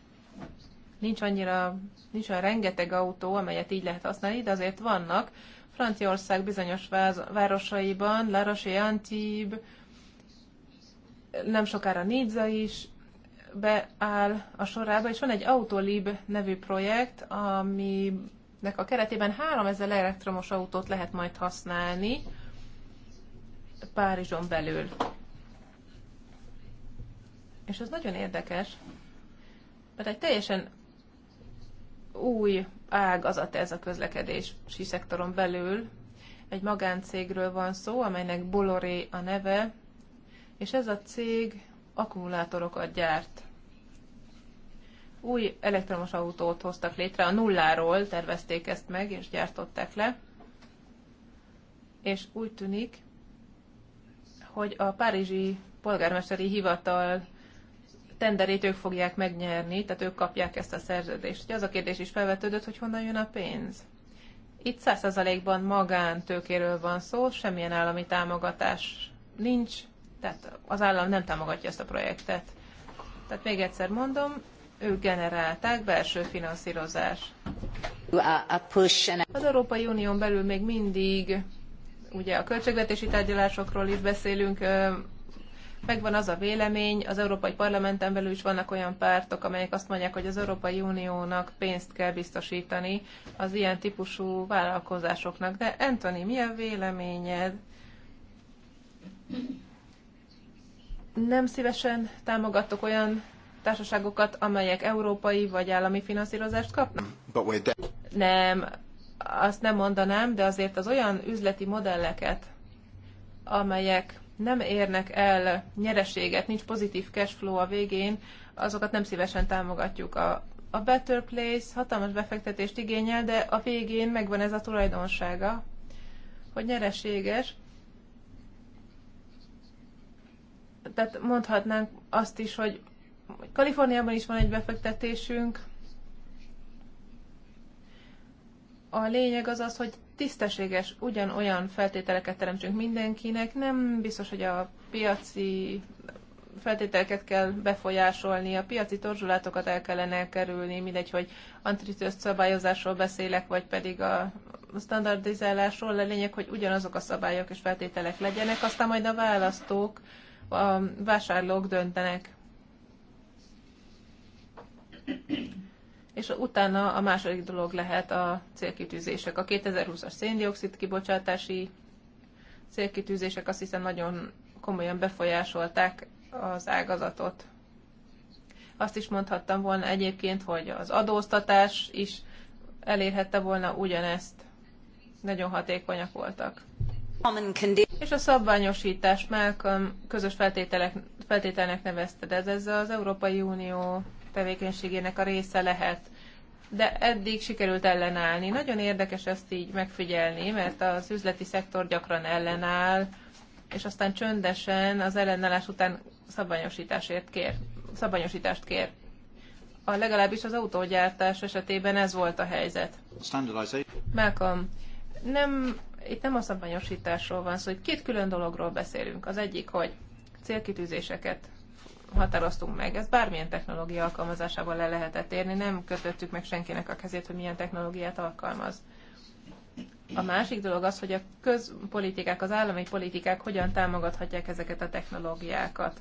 Nincs annyira, nincs olyan rengeteg autó, amelyet így lehet használni, de azért vannak. Franciaország bizonyos váz, városaiban, La Roche-Antibes, nem sokára Nizza is beáll a sorába, és van egy Autolib nevű projekt, aminek a keretében 3000 elektromos autót lehet majd használni Párizson belül. És ez nagyon érdekes, mert egy teljesen új ágazat ez a közlekedési szektoron belül. Egy magáncégről van szó, amelynek Bolloré a neve, és ez a cég akkumulátorokat gyárt. Új elektromos autót hoztak létre, a nulláról tervezték ezt meg, és gyártották le. És úgy tűnik, hogy a párizsi polgármesteri hivatal tenderét ők fogják megnyerni, tehát ők kapják ezt a szerződést. Ugye az a kérdés is felvetődött, hogy honnan jön a pénz. Itt 100%-ban magántőkéről van szó, semmilyen állami támogatás nincs, tehát az állam nem támogatja ezt a projektet. Tehát még egyszer mondom, ők generálták belső finanszírozás. Az Európai Unión belül még mindig, ugye a költségvetési tárgyalásokról is beszélünk, megvan az a vélemény, az Európai Parlamenten belül is vannak olyan pártok, amelyek azt mondják, hogy az Európai Uniónak pénzt kell biztosítani az ilyen típusú vállalkozásoknak. De Anthony, mi a véleményed? nem szívesen támogatok olyan társaságokat, amelyek európai vagy állami finanszírozást kapnak? Nem, azt nem mondanám, de azért az olyan üzleti modelleket, amelyek nem érnek el nyereséget, nincs pozitív cash flow a végén, azokat nem szívesen támogatjuk. A, a Better Place hatalmas befektetést igényel, de a végén megvan ez a tulajdonsága, hogy nyereséges, tehát mondhatnánk azt is, hogy Kaliforniában is van egy befektetésünk. A lényeg az az, hogy tisztességes, ugyanolyan feltételeket teremtsünk mindenkinek. Nem biztos, hogy a piaci feltételeket kell befolyásolni, a piaci torzsulátokat el kellene kerülni, mindegy, hogy antitrust szabályozásról beszélek, vagy pedig a standardizálásról, a lényeg, hogy ugyanazok a szabályok és feltételek legyenek, aztán majd a választók a vásárlók döntenek. És utána a második dolog lehet a célkitűzések. A 2020-as széndiokszid kibocsátási célkitűzések azt hiszem nagyon komolyan befolyásolták az ágazatot. Azt is mondhattam volna egyébként, hogy az adóztatás is elérhette volna ugyanezt. Nagyon hatékonyak voltak. És a szabványosítás Malcolm közös feltételek, feltételnek nevezted. Ez, ez az Európai Unió tevékenységének a része lehet. De eddig sikerült ellenállni. Nagyon érdekes ezt így megfigyelni, mert az üzleti szektor gyakran ellenáll, és aztán csöndesen az ellenállás után szabványosításért kér, szabványosítást kér. A legalábbis az autógyártás esetében ez volt a helyzet. Malcolm, nem itt nem a szabványosításról van szó, hogy két külön dologról beszélünk. Az egyik, hogy célkitűzéseket határoztunk meg. Ez bármilyen technológia alkalmazásával le lehetett érni, nem kötöttük meg senkinek a kezét, hogy milyen technológiát alkalmaz. A másik dolog az, hogy a közpolitikák, az állami politikák hogyan támogathatják ezeket a technológiákat.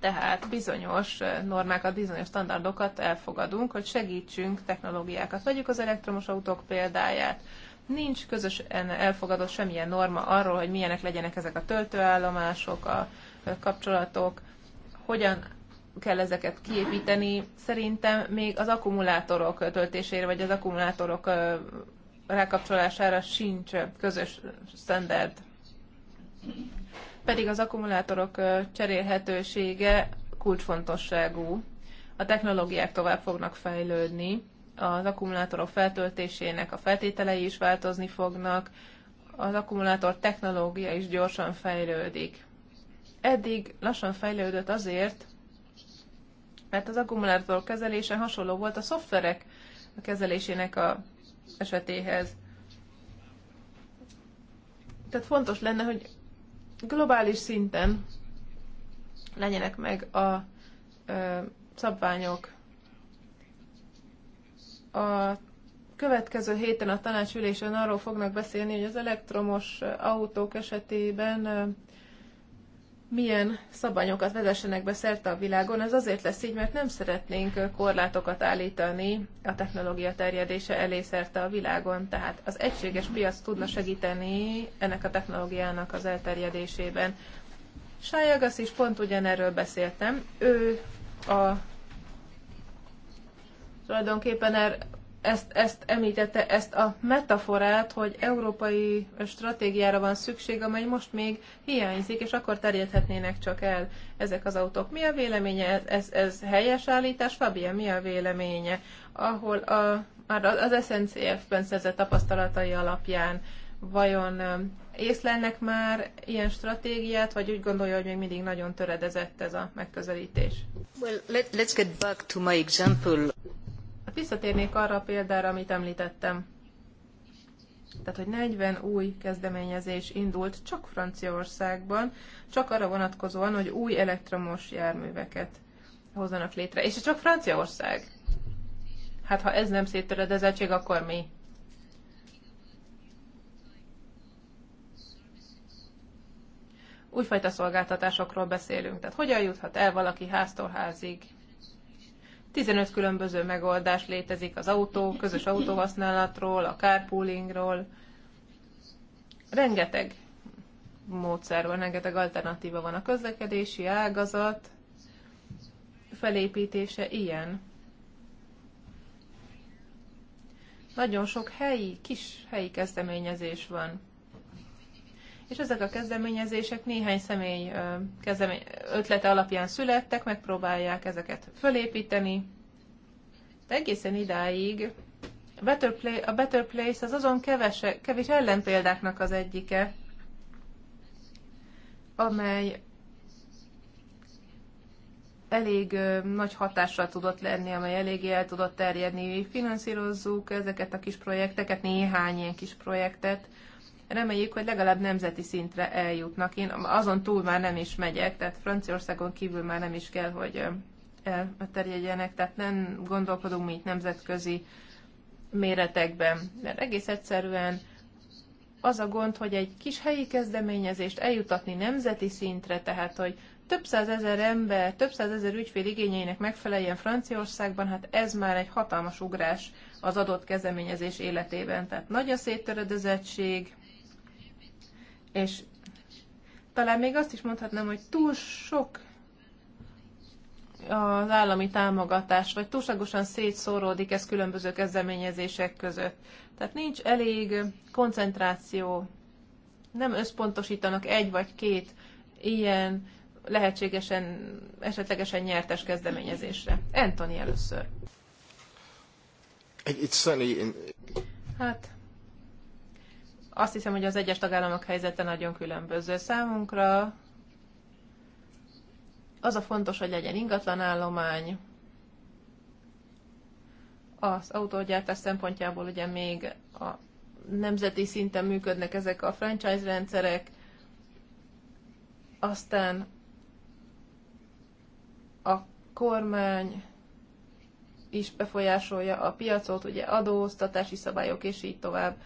Tehát bizonyos normákat, bizonyos standardokat elfogadunk, hogy segítsünk technológiákat. Vegyük az elektromos autók példáját. Nincs közös elfogadott semmilyen norma arról, hogy milyenek legyenek ezek a töltőállomások, a kapcsolatok, hogyan kell ezeket kiépíteni. Szerintem még az akkumulátorok töltésére, vagy az akkumulátorok rákapcsolására sincs közös standard. Pedig az akkumulátorok cserélhetősége kulcsfontosságú. A technológiák tovább fognak fejlődni, az akkumulátorok feltöltésének a feltételei is változni fognak, az akkumulátor technológia is gyorsan fejlődik. Eddig lassan fejlődött azért, mert az akkumulátor kezelése hasonló volt a szoftverek kezelésének a esetéhez. Tehát fontos lenne, hogy globális szinten legyenek meg a ö, szabványok, a következő héten a tanácsülésen arról fognak beszélni, hogy az elektromos autók esetében milyen szabanyokat vezessenek be szerte a világon. Ez azért lesz így, mert nem szeretnénk korlátokat állítani a technológia terjedése elé szerte a világon. Tehát az egységes piac tudna segíteni ennek a technológiának az elterjedésében. Sajagasz is pont ugyanerről beszéltem. Ő a tulajdonképpen er, ezt, ezt említette, ezt a metaforát, hogy európai stratégiára van szükség, amely most még hiányzik, és akkor terjedhetnének csak el ezek az autók. Mi a véleménye? Ez, ez, ez helyes állítás? Fabia, mi a véleménye? Ahol a, már az SNCF-ben szerzett tapasztalatai alapján vajon észlelnek már ilyen stratégiát, vagy úgy gondolja, hogy még mindig nagyon töredezett ez a megközelítés? Well, let, let's get back to my example. Visszatérnék arra a példára, amit említettem. Tehát, hogy 40 új kezdeményezés indult csak Franciaországban, csak arra vonatkozóan, hogy új elektromos járműveket hozzanak létre. És ez csak Franciaország. Hát, ha ez nem széttöredezettség, akkor mi? újfajta szolgáltatásokról beszélünk. Tehát hogyan juthat el valaki háztól házig, 15 különböző megoldás létezik az autó, közös autóhasználatról, a carpoolingról. Rengeteg módszer van, rengeteg alternatíva van. A közlekedési ágazat felépítése ilyen. Nagyon sok helyi, kis helyi kezdeményezés van és ezek a kezdeményezések néhány személy kezdemény, ötlete alapján születtek, megpróbálják ezeket fölépíteni. De egészen idáig a Better, Play, a Better Place az azon kevese, kevés ellenpéldáknak az egyike, amely elég nagy hatással tudott lenni, amely eléggé el tudott terjedni. Finanszírozzuk ezeket a kis projekteket, néhány ilyen kis projektet, Reméljük, hogy legalább nemzeti szintre eljutnak. Én azon túl már nem is megyek, tehát Franciaországon kívül már nem is kell, hogy elterjedjenek, tehát nem gondolkodunk mi nemzetközi méretekben, mert egész egyszerűen az a gond, hogy egy kis helyi kezdeményezést eljutatni nemzeti szintre, tehát hogy több százezer ember, több százezer ügyfél igényeinek megfeleljen Franciaországban, hát ez már egy hatalmas ugrás az adott kezdeményezés életében. Tehát nagy a széttöredezettség, és talán még azt is mondhatnám, hogy túl sok az állami támogatás, vagy túlságosan szétszóródik ez különböző kezdeményezések között. Tehát nincs elég koncentráció, nem összpontosítanak egy vagy két ilyen lehetségesen, esetlegesen nyertes kezdeményezésre. Anthony először. It's certainly. in... Hát, azt hiszem, hogy az egyes tagállamok helyzete nagyon különböző számunkra. Az a fontos, hogy legyen ingatlanállomány. Az autógyártás szempontjából ugye még a nemzeti szinten működnek ezek a franchise rendszerek, aztán a kormány is befolyásolja a piacot, ugye adóztatási szabályok és így tovább.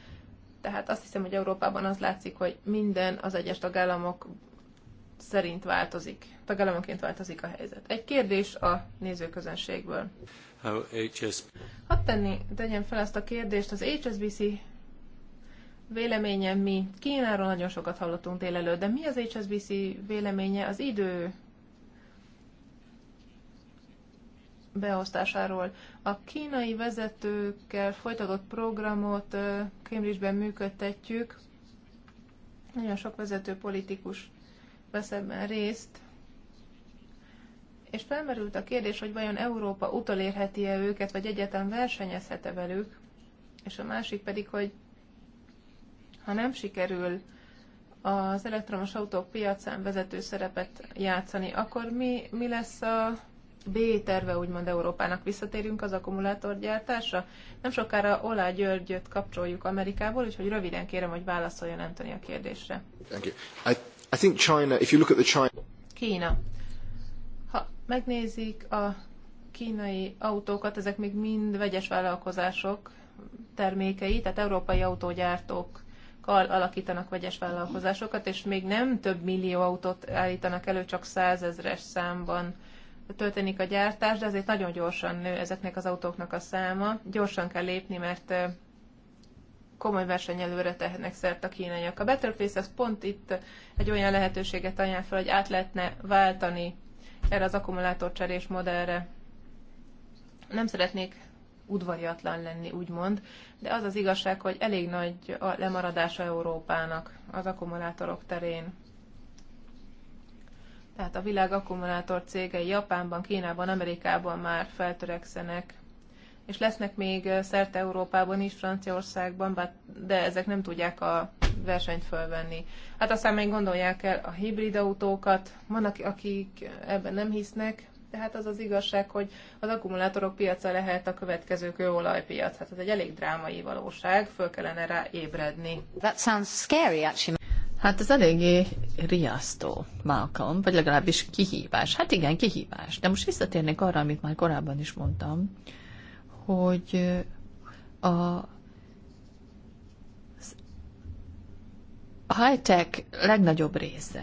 Tehát azt hiszem, hogy Európában az látszik, hogy minden az egyes tagállamok szerint változik, tagállamonként változik a helyzet. Egy kérdés a nézőközönségből. HS... Hadd tenni, tegyem fel ezt a kérdést, az HSBC véleménye mi? Kínáról nagyon sokat hallottunk délelőtt, de mi az HSBC véleménye az idő beosztásáról. A kínai vezetőkkel folytatott programot Cambridge-ben működtetjük. Nagyon sok vezető politikus vesz ebben részt. És felmerült a kérdés, hogy vajon Európa utolérheti-e őket, vagy egyetem versenyezhet-e velük. És a másik pedig, hogy ha nem sikerül az elektromos autók piacán vezető szerepet játszani, akkor mi, mi lesz a B terve úgymond Európának visszatérünk az akkumulátorgyártásra. Nem sokára Olá Györgyöt kapcsoljuk Amerikából, úgyhogy röviden kérem, hogy válaszoljon Antoni a kérdésre. Thank you. I, I think China, if you look at the China... Kína. Ha megnézik a kínai autókat, ezek még mind vegyes vállalkozások termékei, tehát európai autógyártók alakítanak vegyes vállalkozásokat, és még nem több millió autót állítanak elő, csak százezres számban történik a gyártás, de azért nagyon gyorsan nő ezeknek az autóknak a száma. Gyorsan kell lépni, mert komoly versenyelőre tehetnek szert a kínaiak. A Better Place az pont itt egy olyan lehetőséget ajánl fel, hogy át lehetne váltani erre az akkumulátorcserés modellre. Nem szeretnék udvariatlan lenni, úgymond, de az az igazság, hogy elég nagy a lemaradása Európának az akkumulátorok terén. Tehát a világ akkumulátor cégei Japánban, Kínában, Amerikában már feltörekszenek és lesznek még szerte Európában is, Franciaországban, de ezek nem tudják a versenyt fölvenni. Hát aztán még gondolják el a hibrid autókat, vannak akik ebben nem hisznek, de hát az az igazság, hogy az akkumulátorok piaca lehet a következő kőolajpiac. Hát ez egy elég drámai valóság, föl kellene rá ébredni. That sounds scary, actually. Hát ez eléggé riasztó, Malcolm, vagy legalábbis kihívás. Hát igen, kihívás. De most visszatérnék arra, amit már korábban is mondtam, hogy a a high-tech legnagyobb része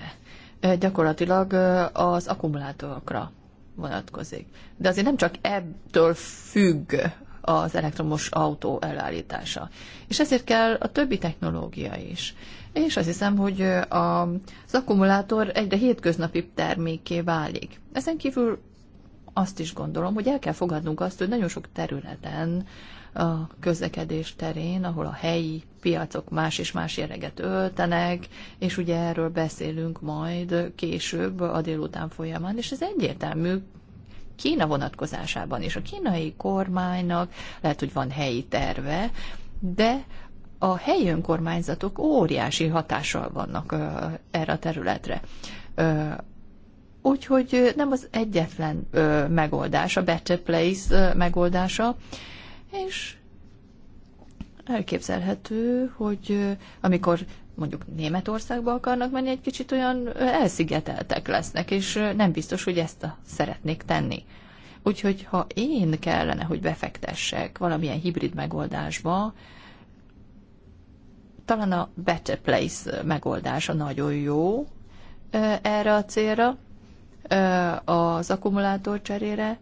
gyakorlatilag az akkumulátorokra vonatkozik. De azért nem csak ebből függ az elektromos autó elállítása. És ezért kell a többi technológia is és azt hiszem, hogy az akkumulátor egyre hétköznapi terméké válik. Ezen kívül azt is gondolom, hogy el kell fogadnunk azt, hogy nagyon sok területen a közlekedés terén, ahol a helyi piacok más és más jereget öltenek, és ugye erről beszélünk majd később a délután folyamán, és ez egyértelmű Kína vonatkozásában, is. a kínai kormánynak lehet, hogy van helyi terve, de a helyi önkormányzatok óriási hatással vannak erre a területre. Úgyhogy nem az egyetlen megoldás, a Better Place megoldása, és elképzelhető, hogy amikor mondjuk Németországba akarnak menni, egy kicsit olyan elszigeteltek lesznek, és nem biztos, hogy ezt a szeretnék tenni. Úgyhogy ha én kellene, hogy befektessek valamilyen hibrid megoldásba, talán a Better Place megoldása nagyon jó erre a célra, az akkumulátor cserére.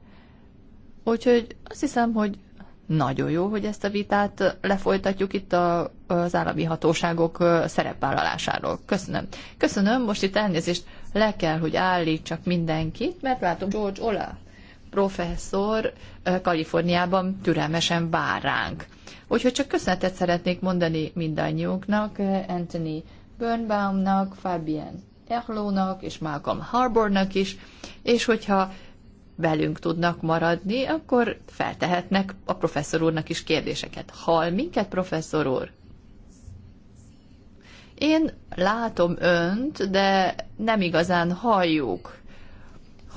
Úgyhogy azt hiszem, hogy nagyon jó, hogy ezt a vitát lefolytatjuk itt a, az állami hatóságok szerepvállalásáról. Köszönöm. Köszönöm, most itt elnézést le kell, hogy állítsak mindenkit, mert látom George Olá professzor Kaliforniában türelmesen vár ránk. Úgyhogy csak köszönetet szeretnék mondani mindannyiunknak, Anthony Birnbaumnak, Fabian Erlónak és Malcolm Harbornak is, és hogyha velünk tudnak maradni, akkor feltehetnek a professzor úrnak is kérdéseket. Hall minket, professzor úr? Én látom önt, de nem igazán halljuk.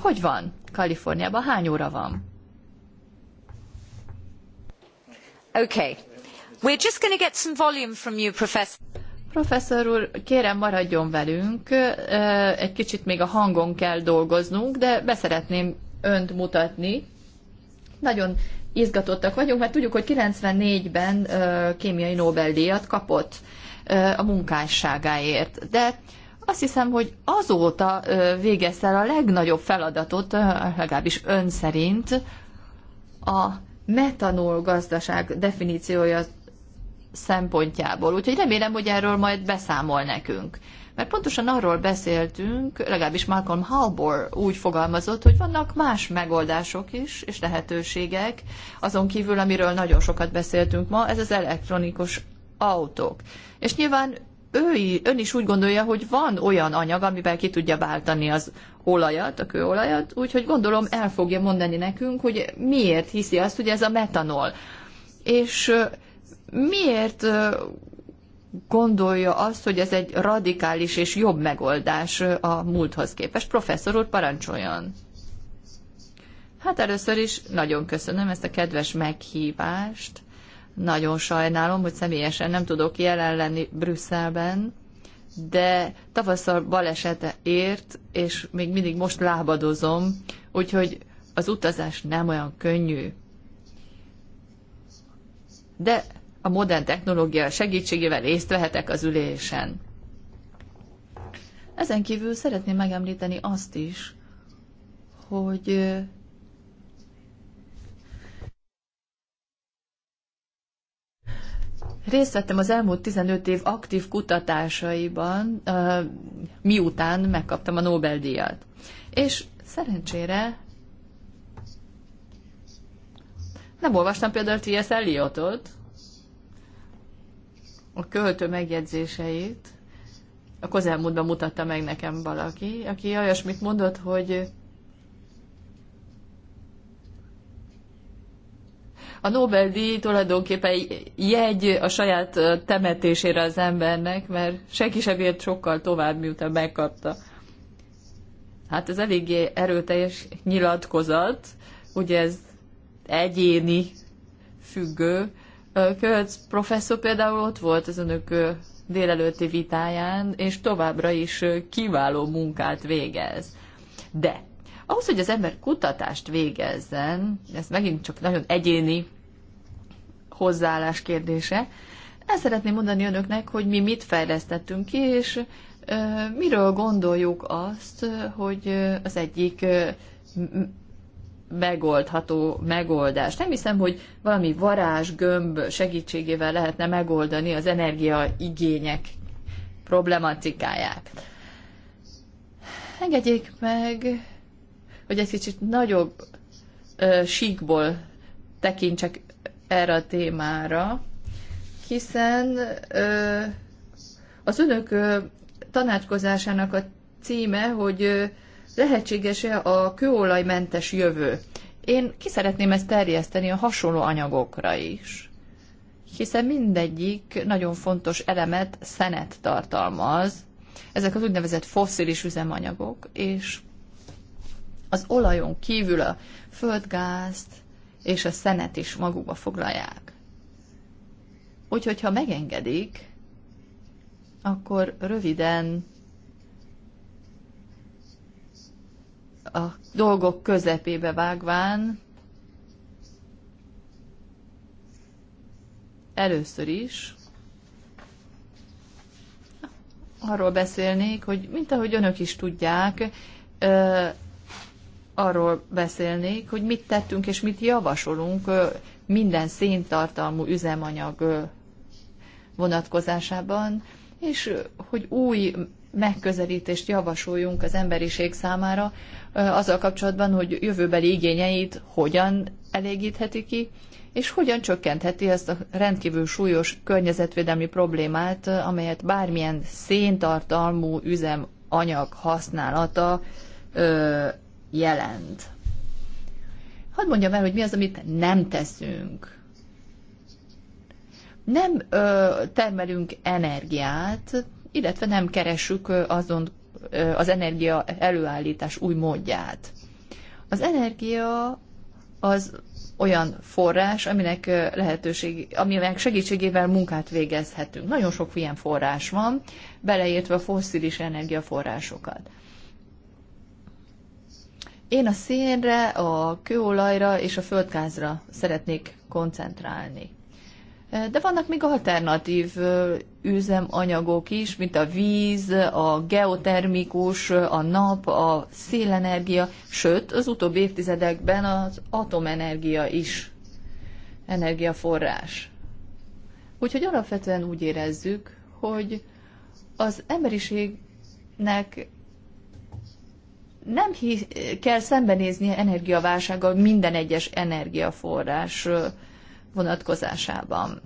Hogy van? Kaliforniában hány óra van? Okay. We're just going to get some volume from you, professor. Professzor úr, kérem maradjon velünk, egy kicsit még a hangon kell dolgoznunk, de beszeretném önt mutatni. Nagyon izgatottak vagyunk, mert tudjuk, hogy 94-ben kémiai Nobel-díjat kapott a munkásságáért. De azt hiszem, hogy azóta végezte el a legnagyobb feladatot, legalábbis ön szerint, a metanol gazdaság definíciója szempontjából. Úgyhogy remélem, hogy erről majd beszámol nekünk. Mert pontosan arról beszéltünk, legalábbis Malcolm Halbor úgy fogalmazott, hogy vannak más megoldások is, és lehetőségek, azon kívül, amiről nagyon sokat beszéltünk ma, ez az elektronikus autók. És nyilván ő, ön is úgy gondolja, hogy van olyan anyag, amivel ki tudja váltani az olajat, a kőolajat, úgyhogy gondolom el fogja mondani nekünk, hogy miért hiszi azt, hogy ez a metanol. És miért gondolja azt, hogy ez egy radikális és jobb megoldás a múlthoz képest? Professzor úr, parancsoljon! Hát először is nagyon köszönöm ezt a kedves meghívást nagyon sajnálom, hogy személyesen nem tudok jelen lenni Brüsszelben, de tavasszal balesete ért, és még mindig most lábadozom, úgyhogy az utazás nem olyan könnyű. De a modern technológia segítségével részt vehetek az ülésen. Ezen kívül szeretném megemlíteni azt is, hogy Részt vettem az elmúlt 15 év aktív kutatásaiban, miután megkaptam a Nobel-díjat. És szerencsére nem olvastam például T.S. Eliotot, a költő megjegyzéseit, a közelmúltban mutatta meg nekem valaki, aki olyasmit mondott, hogy A Nobel-díj tulajdonképpen jegy a saját temetésére az embernek, mert senki sem ért sokkal tovább, miután megkapta. Hát ez eléggé erőteljes nyilatkozat, ugye ez egyéni függő. Kölc professzor például ott volt az önök délelőtti vitáján, és továbbra is kiváló munkát végez. De ahhoz, hogy az ember kutatást végezzen, ez megint csak nagyon egyéni hozzáállás kérdése, el szeretném mondani önöknek, hogy mi mit fejlesztettünk ki, és miről gondoljuk azt, hogy az egyik megoldható megoldás. Nem hiszem, hogy valami varázsgömb segítségével lehetne megoldani az energiaigények problematikáját. Engedjék meg, hogy egy kicsit nagyobb ö, síkból tekintsek erre a témára, hiszen ö, az önök ö, tanácskozásának a címe, hogy ö, lehetséges-e a kőolajmentes jövő. Én ki szeretném ezt terjeszteni a hasonló anyagokra is, hiszen mindegyik nagyon fontos elemet szenet tartalmaz, ezek az úgynevezett fosszilis üzemanyagok, és az olajon kívül a földgázt és a szenet is magukba foglalják. Úgyhogy, ha megengedik, akkor röviden a dolgok közepébe vágván először is arról beszélnék, hogy mint ahogy önök is tudják, arról beszélnék, hogy mit tettünk és mit javasolunk minden széntartalmú üzemanyag vonatkozásában, és hogy új megközelítést javasoljunk az emberiség számára azzal kapcsolatban, hogy jövőbeli igényeit hogyan elégítheti ki, és hogyan csökkentheti ezt a rendkívül súlyos környezetvédelmi problémát, amelyet bármilyen széntartalmú üzemanyag használata jelent. Hadd mondjam el, hogy mi az, amit nem teszünk. Nem ö, termelünk energiát, illetve nem keresünk azon ö, az energia előállítás új módját. Az energia az olyan forrás, aminek lehetőség, aminek segítségével munkát végezhetünk. Nagyon sok ilyen forrás van, beleértve a fosszilis energiaforrásokat. Én a szénre, a kőolajra és a földgázra szeretnék koncentrálni. De vannak még alternatív üzemanyagok is, mint a víz, a geotermikus, a nap, a szélenergia, sőt, az utóbbi évtizedekben az atomenergia is energiaforrás. Úgyhogy alapvetően úgy érezzük, hogy az emberiségnek nem kell szembenézni energiaválsággal minden egyes energiaforrás vonatkozásában.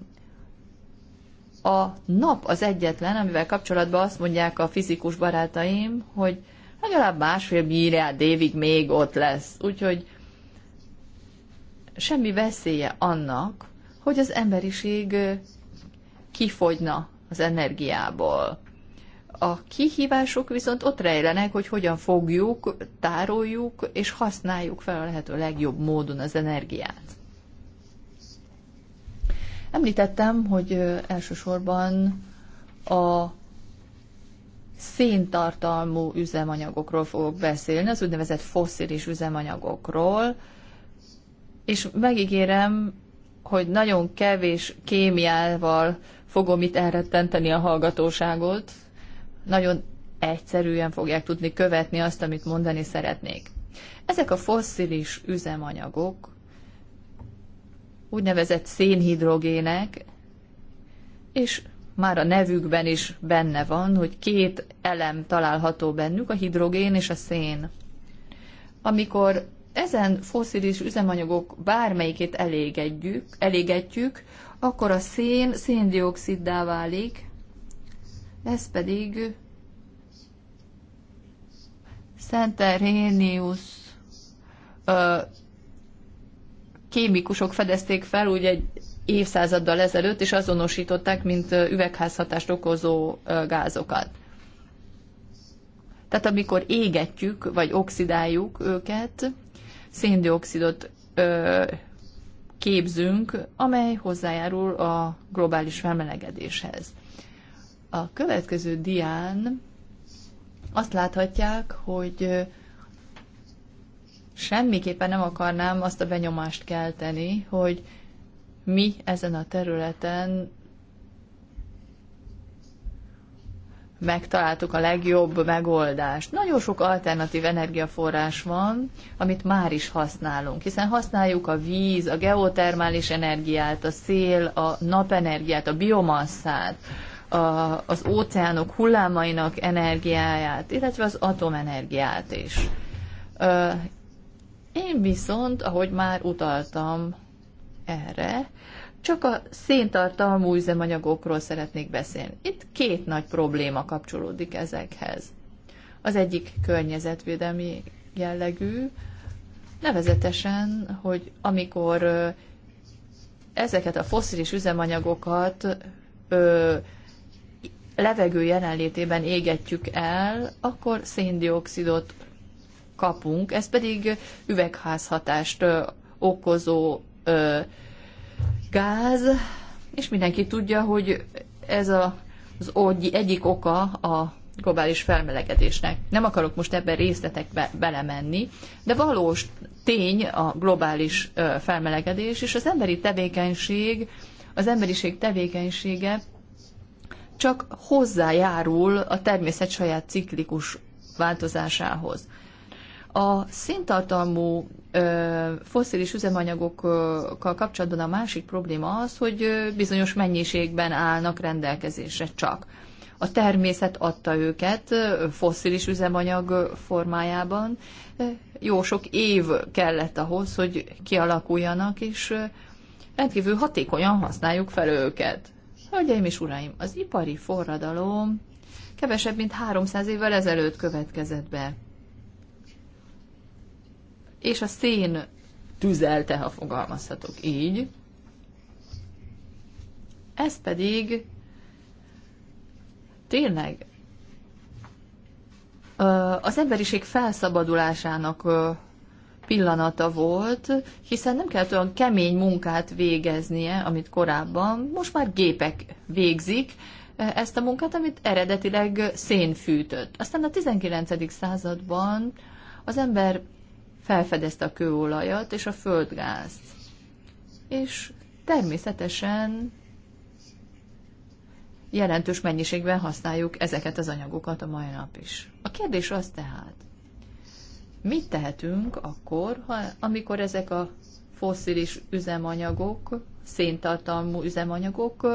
A nap az egyetlen, amivel kapcsolatban azt mondják a fizikus barátaim, hogy legalább másfél milliárd évig még ott lesz. Úgyhogy semmi veszélye annak, hogy az emberiség kifogyna az energiából. A kihívások viszont ott rejlenek, hogy hogyan fogjuk, tároljuk és használjuk fel a lehető legjobb módon az energiát. Említettem, hogy elsősorban a széntartalmú üzemanyagokról fogok beszélni, az úgynevezett fosszilis üzemanyagokról, és megígérem, hogy nagyon kevés kémiával fogom itt elrettenteni a hallgatóságot, nagyon egyszerűen fogják tudni követni azt, amit mondani szeretnék. Ezek a fosszilis üzemanyagok, úgynevezett szénhidrogének, és már a nevükben is benne van, hogy két elem található bennük, a hidrogén és a szén. Amikor ezen foszilis üzemanyagok bármelyikét elégetjük, elégetjük, akkor a szén széndioksziddá válik, ez pedig Szenterénius kémikusok fedezték fel úgy egy évszázaddal ezelőtt, és azonosították, mint üvegházhatást okozó gázokat. Tehát amikor égetjük, vagy oxidáljuk őket, széndiokszidot képzünk, amely hozzájárul a globális felmelegedéshez. A következő dián azt láthatják, hogy semmiképpen nem akarnám azt a benyomást kelteni, hogy mi ezen a területen megtaláltuk a legjobb megoldást. Nagyon sok alternatív energiaforrás van, amit már is használunk, hiszen használjuk a víz, a geotermális energiát, a szél, a napenergiát, a biomasszát, a, az óceánok hullámainak energiáját, illetve az atomenergiát is. Én viszont, ahogy már utaltam erre, csak a széntartalmú üzemanyagokról szeretnék beszélni. Itt két nagy probléma kapcsolódik ezekhez. Az egyik környezetvédelmi jellegű, nevezetesen, hogy amikor ezeket a foszilis üzemanyagokat ö, levegő jelenlétében égetjük el, akkor széndiokszidot kapunk, ez pedig üvegházhatást okozó gáz, és mindenki tudja, hogy ez a, az egyik oka a globális felmelegedésnek. Nem akarok most ebben részletekbe belemenni, de valós tény a globális felmelegedés, és az emberi tevékenység, az emberiség tevékenysége csak hozzájárul a természet saját ciklikus változásához. A széntartalmú foszilis üzemanyagokkal kapcsolatban a másik probléma az, hogy bizonyos mennyiségben állnak rendelkezésre csak. A természet adta őket fosszilis üzemanyag formájában. Jó sok év kellett ahhoz, hogy kialakuljanak, és rendkívül hatékonyan használjuk fel őket. Hölgyeim és uraim, az ipari forradalom kevesebb, mint 300 évvel ezelőtt következett be. És a szén tüzelte, ha fogalmazhatok így. Ez pedig tényleg az emberiség felszabadulásának pillanata volt, hiszen nem kellett olyan kemény munkát végeznie, amit korábban, most már gépek végzik e, ezt a munkát, amit eredetileg szén fűtött. Aztán a 19. században az ember felfedezte a kőolajat és a földgázt. És természetesen jelentős mennyiségben használjuk ezeket az anyagokat a mai nap is. A kérdés az tehát, Mit tehetünk akkor, ha, amikor ezek a fosszilis üzemanyagok, széntartalmú üzemanyagok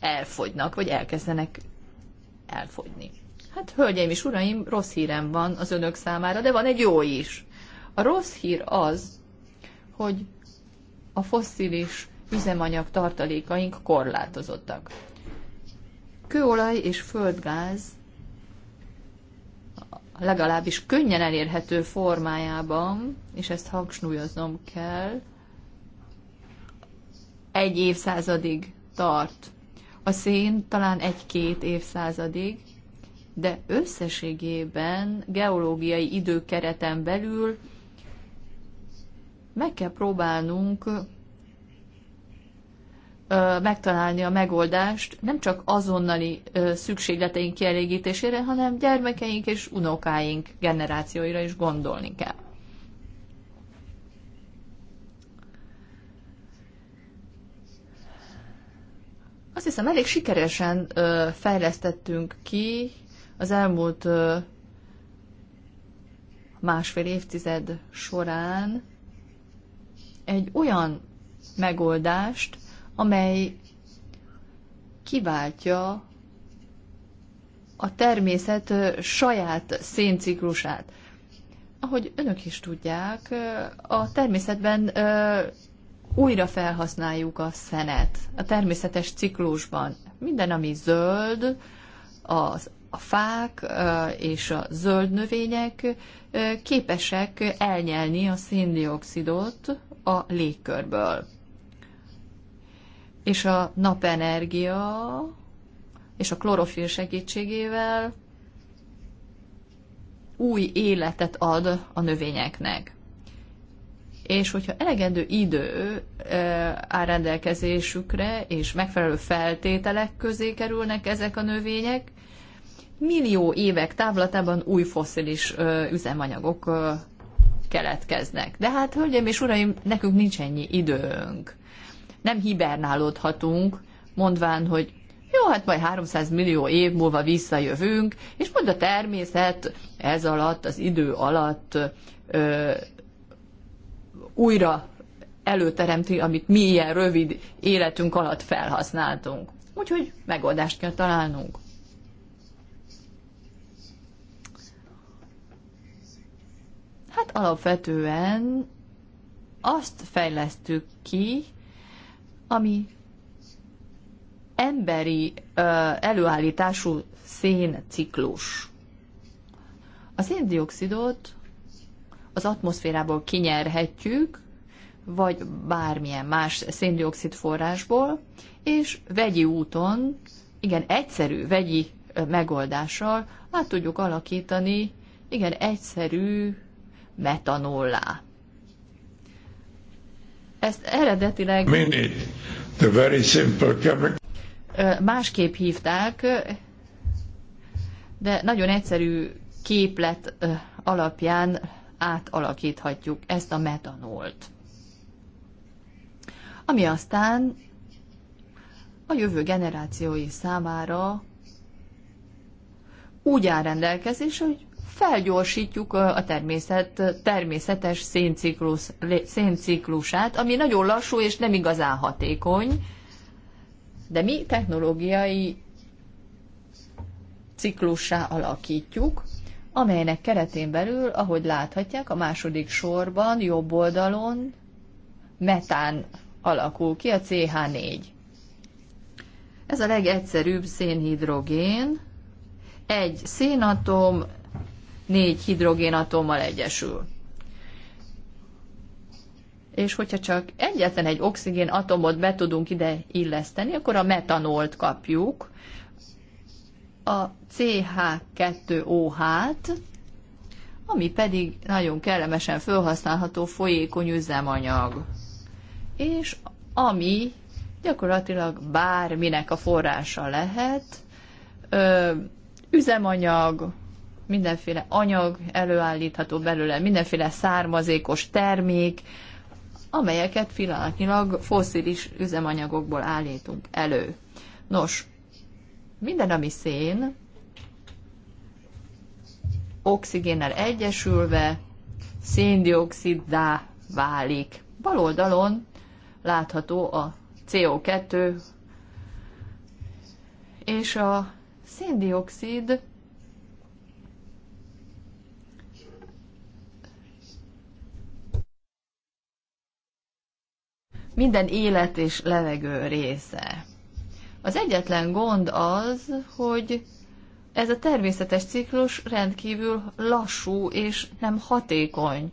elfogynak, vagy elkezdenek elfogyni? Hát, hölgyeim és uraim, rossz hírem van az önök számára, de van egy jó is. A rossz hír az, hogy a fosszilis üzemanyag tartalékaink korlátozottak. Kőolaj és földgáz legalábbis könnyen elérhető formájában, és ezt hangsúlyoznom kell, egy évszázadig tart. A szén talán egy-két évszázadig, de összességében geológiai időkereten belül meg kell próbálnunk megtalálni a megoldást nem csak azonnali szükségleteink kielégítésére, hanem gyermekeink és unokáink generációira is gondolni kell. Azt hiszem, elég sikeresen fejlesztettünk ki az elmúlt másfél évtized során egy olyan megoldást, amely kiváltja a természet saját szénciklusát. Ahogy önök is tudják, a természetben újra felhasználjuk a szenet a természetes ciklusban. Minden, ami zöld, az a fák és a zöld növények képesek elnyelni a széndiokszidot a légkörből és a napenergia és a klorofil segítségével új életet ad a növényeknek. És hogyha elegendő idő áll rendelkezésükre, és megfelelő feltételek közé kerülnek ezek a növények, millió évek távlatában új foszilis üzemanyagok keletkeznek. De hát, hölgyeim és uraim, nekünk nincs ennyi időnk nem hibernálódhatunk, mondván, hogy jó, hát majd 300 millió év múlva visszajövünk, és mond a természet ez alatt, az idő alatt ö, újra előteremti, amit mi ilyen rövid életünk alatt felhasználtunk. Úgyhogy megoldást kell találnunk. Hát alapvetően azt fejlesztük ki, ami emberi előállítású szénciklus. A széndiokszidot az atmoszférából kinyerhetjük, vagy bármilyen más széndiokszid forrásból, és vegyi úton, igen, egyszerű vegyi megoldással át tudjuk alakítani, igen, egyszerű metanollát ezt eredetileg... The very simple chemical másképp hívták, de nagyon egyszerű képlet alapján átalakíthatjuk ezt a metanolt. Ami aztán a jövő generációi számára úgy áll rendelkezés, hogy felgyorsítjuk a természet természetes szénciklus, szénciklusát, ami nagyon lassú és nem igazán hatékony, de mi technológiai ciklussá alakítjuk, amelynek keretén belül, ahogy láthatják, a második sorban, jobb oldalon metán alakul ki, a CH4. Ez a legegyszerűbb szénhidrogén. Egy szénatom négy hidrogénatommal egyesül. És hogyha csak egyetlen egy oxigénatomot be tudunk ide illeszteni, akkor a metanolt kapjuk, a CH2OH-t, ami pedig nagyon kellemesen felhasználható folyékony üzemanyag, és ami gyakorlatilag bárminek a forrása lehet, üzemanyag, mindenféle anyag előállítható belőle, mindenféle származékos termék, amelyeket pillanatnyilag foszilis üzemanyagokból állítunk elő. Nos, minden, ami szén, oxigénnel egyesülve széndioksziddá válik. Bal oldalon látható a CO2 és a széndioxid minden élet és levegő része. Az egyetlen gond az, hogy ez a természetes ciklus rendkívül lassú és nem hatékony.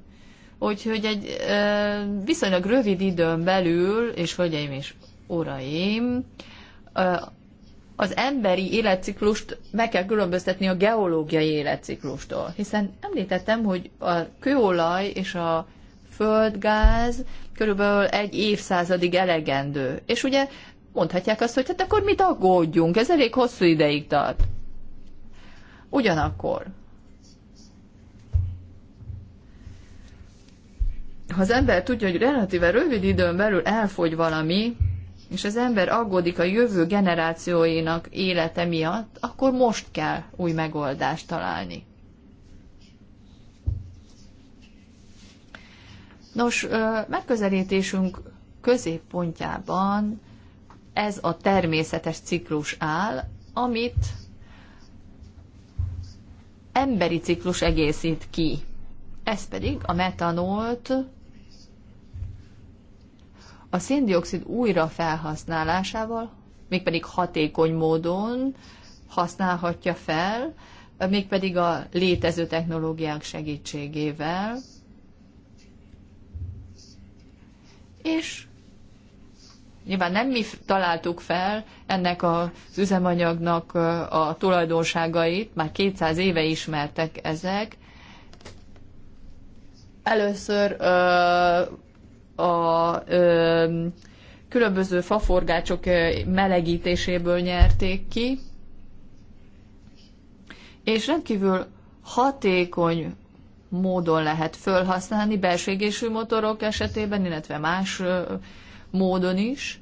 Úgyhogy egy ö, viszonylag rövid időn belül, és hölgyeim és uraim, ö, az emberi életciklust meg kell különböztetni a geológiai életciklustól. Hiszen említettem, hogy a kőolaj és a földgáz körülbelül egy évszázadig elegendő. És ugye mondhatják azt, hogy hát akkor mit aggódjunk, ez elég hosszú ideig tart. Ugyanakkor, ha az ember tudja, hogy relatíve rövid időn belül elfogy valami, és az ember aggódik a jövő generációinak élete miatt, akkor most kell új megoldást találni. Nos, megközelítésünk középpontjában ez a természetes ciklus áll, amit emberi ciklus egészít ki. Ez pedig a metanolt a széndiokszid újra felhasználásával, mégpedig hatékony módon használhatja fel, mégpedig a létező technológiák segítségével, és nyilván nem mi találtuk fel ennek az üzemanyagnak a tulajdonságait, már 200 éve ismertek ezek. Először a különböző faforgácsok melegítéséből nyerték ki, és rendkívül hatékony módon lehet felhasználni, belségésű motorok esetében, illetve más módon is.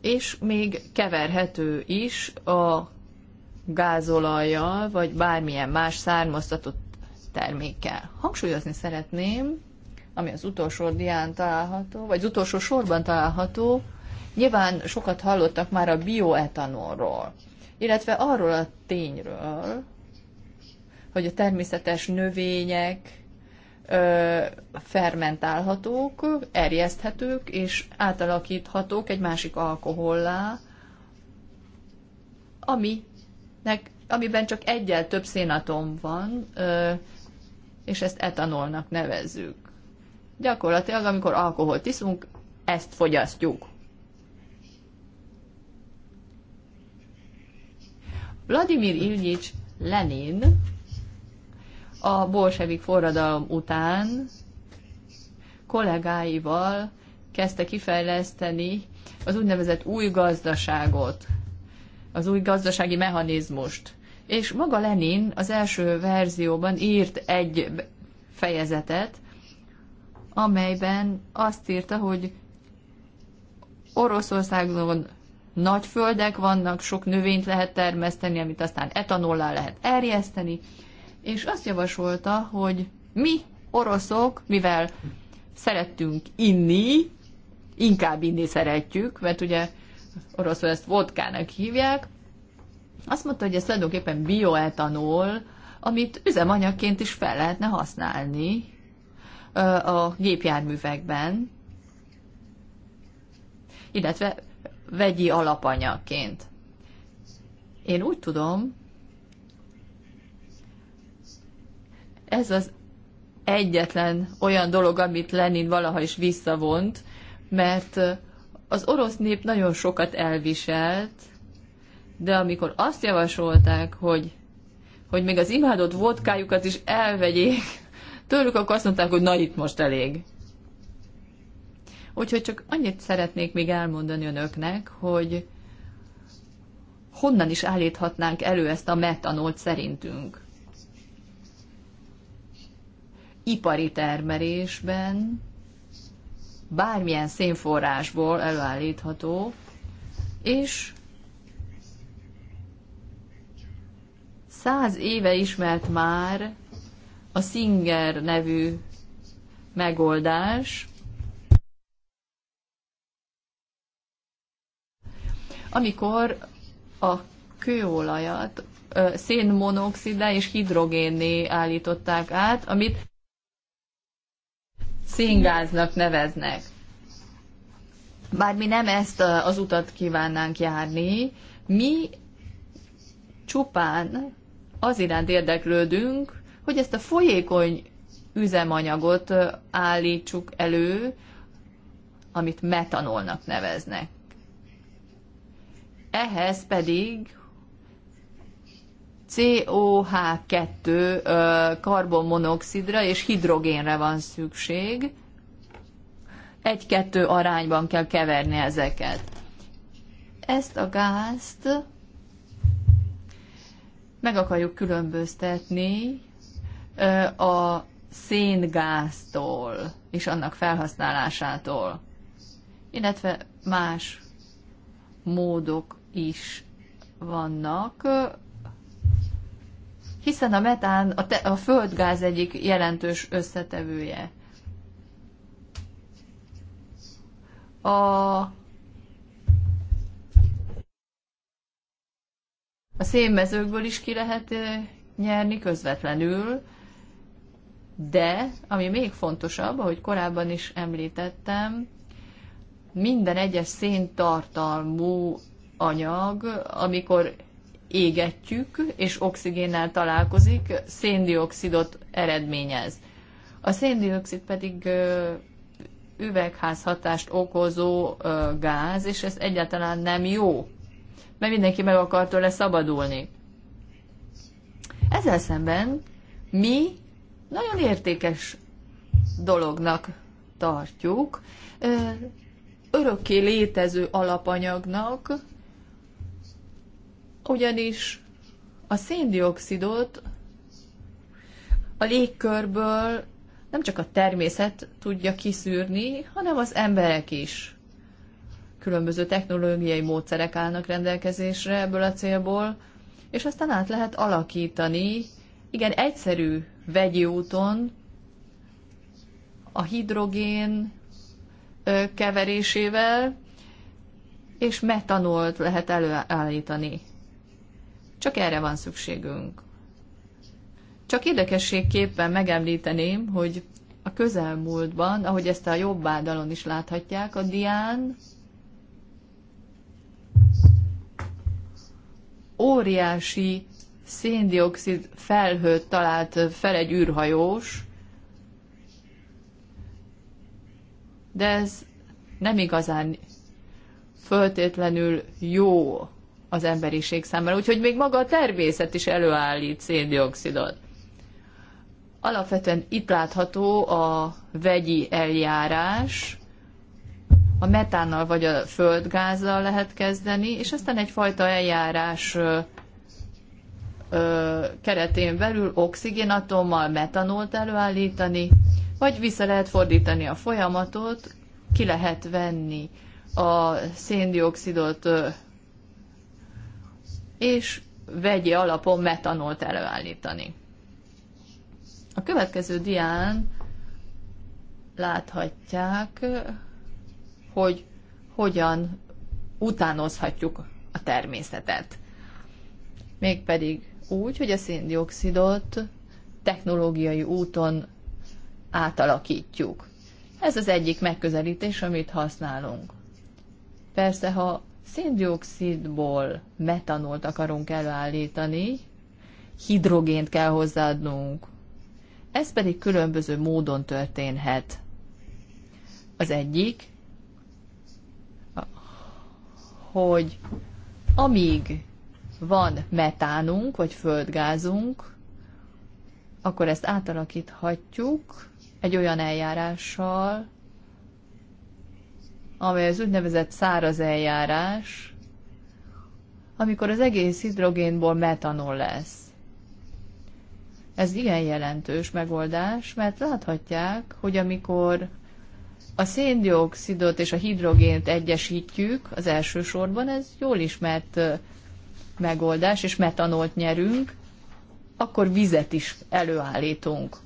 És még keverhető is a gázolajjal, vagy bármilyen más származtatott termékkel. Hangsúlyozni szeretném, ami az utolsó dián található, vagy az utolsó sorban található, nyilván sokat hallottak már a bioetanolról, illetve arról a tényről, hogy a természetes növények fermentálhatók, erjeszthetők és átalakíthatók egy másik alkohollá, aminek, amiben csak egyel több szénatom van, és ezt etanolnak nevezzük. Gyakorlatilag, amikor alkoholt iszunk, ezt fogyasztjuk. Vladimir Ilyich Lenin a bolsevik forradalom után kollégáival kezdte kifejleszteni az úgynevezett új gazdaságot, az új gazdasági mechanizmust. És maga Lenin az első verzióban írt egy fejezetet, amelyben azt írta, hogy Oroszországon nagy földek vannak, sok növényt lehet termeszteni, amit aztán etanollá lehet erjeszteni, és azt javasolta, hogy mi oroszok, mivel szerettünk inni, inkább inni szeretjük, mert ugye oroszul ezt vodkának hívják, azt mondta, hogy ez tulajdonképpen bioetanol, amit üzemanyagként is fel lehetne használni a gépjárművekben, illetve vegyi alapanyagként. Én úgy tudom, ez az egyetlen olyan dolog, amit Lenin valaha is visszavont, mert az orosz nép nagyon sokat elviselt, de amikor azt javasolták, hogy, hogy még az imádott vodkájukat is elvegyék, tőlük akkor azt mondták, hogy na itt most elég. Úgyhogy csak annyit szeretnék még elmondani önöknek, hogy honnan is állíthatnánk elő ezt a metanolt szerintünk ipari termelésben bármilyen szénforrásból előállítható, és száz éve ismert már a Singer nevű megoldás, amikor a kőolajat szénmonoxidá és hidrogénné állították át, amit színgáznak neveznek. Bár mi nem ezt az utat kívánnánk járni, mi csupán az iránt érdeklődünk, hogy ezt a folyékony üzemanyagot állítsuk elő, amit metanolnak neveznek. Ehhez pedig coh 2 karbonmonoxidra és hidrogénre van szükség. Egy-kettő arányban kell keverni ezeket. Ezt a gázt meg akarjuk különböztetni a széngáztól és annak felhasználásától, illetve más módok is vannak, hiszen a metán a, te, a földgáz egyik jelentős összetevője. A, a szénmezőkből is ki lehet nyerni közvetlenül, de ami még fontosabb, ahogy korábban is említettem, minden egyes széntartalmú anyag, amikor égetjük, és oxigénnel találkozik, széndiokszidot eredményez. A széndiokszid pedig üvegházhatást okozó gáz, és ez egyáltalán nem jó, mert mindenki meg akar tőle szabadulni. Ezzel szemben mi nagyon értékes dolognak tartjuk, örökké létező alapanyagnak, ugyanis a széndiokszidot a légkörből nem csak a természet tudja kiszűrni, hanem az emberek is. Különböző technológiai módszerek állnak rendelkezésre ebből a célból, és aztán át lehet alakítani, igen, egyszerű vegyi úton a hidrogén keverésével, és metanolt lehet előállítani. Csak erre van szükségünk. Csak érdekességképpen megemlíteném, hogy a közelmúltban, ahogy ezt a jobb oldalon is láthatják, a dián óriási széndiokszid felhőt talált fel egy űrhajós, de ez nem igazán föltétlenül jó az emberiség számára. Úgyhogy még maga a természet is előállít széndiokszidot. Alapvetően itt látható a vegyi eljárás, a metánnal vagy a földgázzal lehet kezdeni, és aztán egyfajta eljárás keretén belül oxigénatommal metanolt előállítani, vagy vissza lehet fordítani a folyamatot, ki lehet venni a széndiokszidot és vegyi alapon metanolt előállítani. A következő dián láthatják, hogy hogyan utánozhatjuk a természetet. Mégpedig úgy, hogy a széndiokszidot technológiai úton átalakítjuk. Ez az egyik megközelítés, amit használunk. Persze, ha széndiokszidból metanolt akarunk előállítani, hidrogént kell hozzáadnunk. Ez pedig különböző módon történhet. Az egyik, hogy amíg van metánunk, vagy földgázunk, akkor ezt átalakíthatjuk egy olyan eljárással, amely az úgynevezett száraz eljárás, amikor az egész hidrogénból metanol lesz. Ez igen jelentős megoldás, mert láthatják, hogy amikor a széndiokszidot és a hidrogént egyesítjük, az elsősorban ez jól ismert megoldás, és metanolt nyerünk, akkor vizet is előállítunk.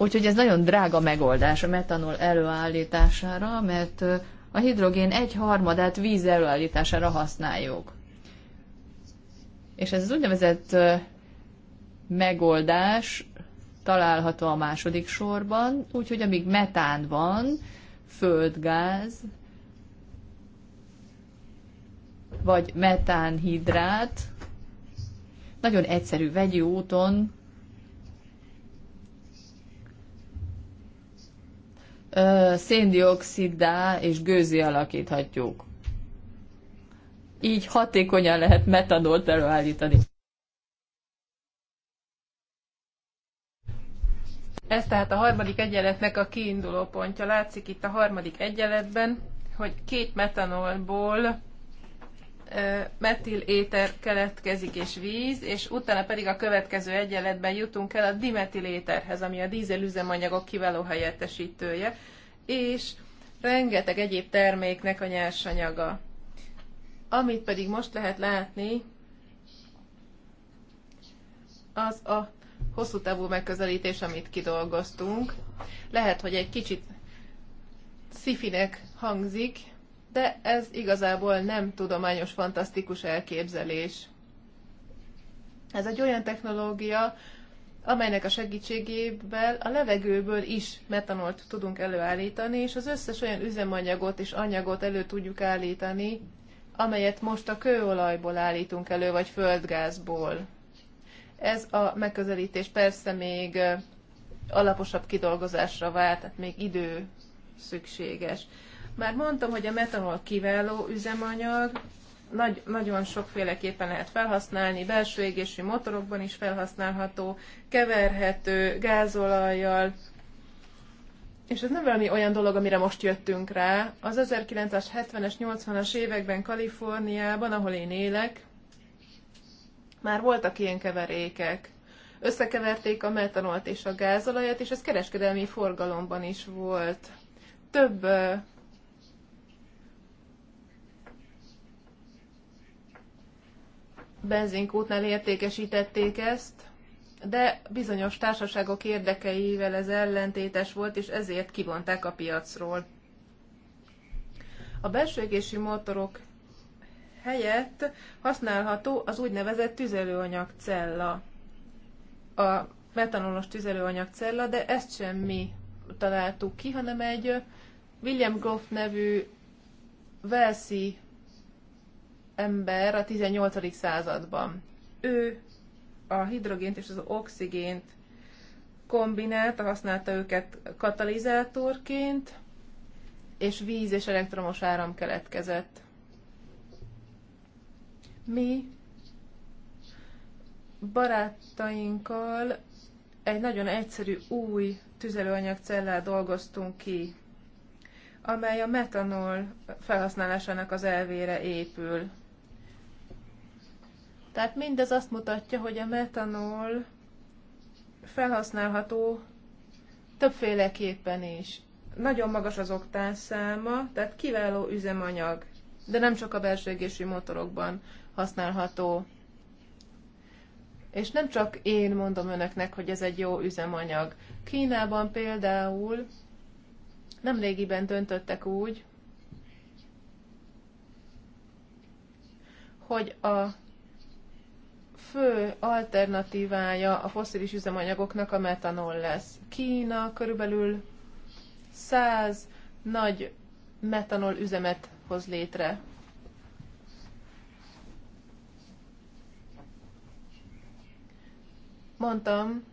Úgyhogy ez nagyon drága megoldás a metanol előállítására, mert a hidrogén egy harmadát víz előállítására használjuk. És ez az úgynevezett megoldás található a második sorban, úgyhogy amíg metán van, földgáz, vagy metánhidrát, nagyon egyszerű vegyi úton széndioksziddá és gőzi alakíthatjuk. Így hatékonyan lehet metanolt előállítani. Ez tehát a harmadik egyenletnek a kiinduló pontja. Látszik itt a harmadik egyenletben, hogy két metanolból metil éter keletkezik és víz, és utána pedig a következő egyenletben jutunk el a dimetil éterhez, ami a dízelüzemanyagok kiváló helyettesítője, és rengeteg egyéb terméknek a nyersanyaga. Amit pedig most lehet látni, az a hosszú távú megközelítés, amit kidolgoztunk. Lehet, hogy egy kicsit szifinek hangzik, de ez igazából nem tudományos, fantasztikus elképzelés. Ez egy olyan technológia, amelynek a segítségével a levegőből is metanolt tudunk előállítani, és az összes olyan üzemanyagot és anyagot elő tudjuk állítani, amelyet most a kőolajból állítunk elő, vagy földgázból. Ez a megközelítés persze még alaposabb kidolgozásra vár, tehát még idő szükséges. Már mondtam, hogy a metanol kiváló üzemanyag, nagy, nagyon sokféleképpen lehet felhasználni, belső égési motorokban is felhasználható, keverhető gázolajjal, és ez nem valami olyan dolog, amire most jöttünk rá. Az 1970-es, 80-as években Kaliforniában, ahol én élek, már voltak ilyen keverékek. Összekeverték a metanolt és a gázolajat, és ez kereskedelmi forgalomban is volt. Több benzinkútnál értékesítették ezt, de bizonyos társaságok érdekeivel ez ellentétes volt, és ezért kivonták a piacról. A belső égési motorok helyett használható az úgynevezett tüzelőanyag cella. A metanolos tüzelőanyag cella, de ezt sem mi találtuk ki, hanem egy William Goff nevű Velszi ember a 18. században. Ő a hidrogént és az oxigént kombinálta, használta őket katalizátorként, és víz és elektromos áram keletkezett. Mi barátainkkal egy nagyon egyszerű új tüzelőanyagcellát dolgoztunk ki, amely a metanol felhasználásának az elvére épül. Tehát mindez azt mutatja, hogy a metanol felhasználható többféleképpen is. Nagyon magas az oktán száma, tehát kiváló üzemanyag, de nem csak a belsőgésű motorokban használható. És nem csak én mondom önöknek, hogy ez egy jó üzemanyag. Kínában például nem régiben döntöttek úgy, hogy a fő alternatívája a foszilis üzemanyagoknak a metanol lesz. Kína körülbelül 100 nagy metanol üzemet hoz létre. Mondtam,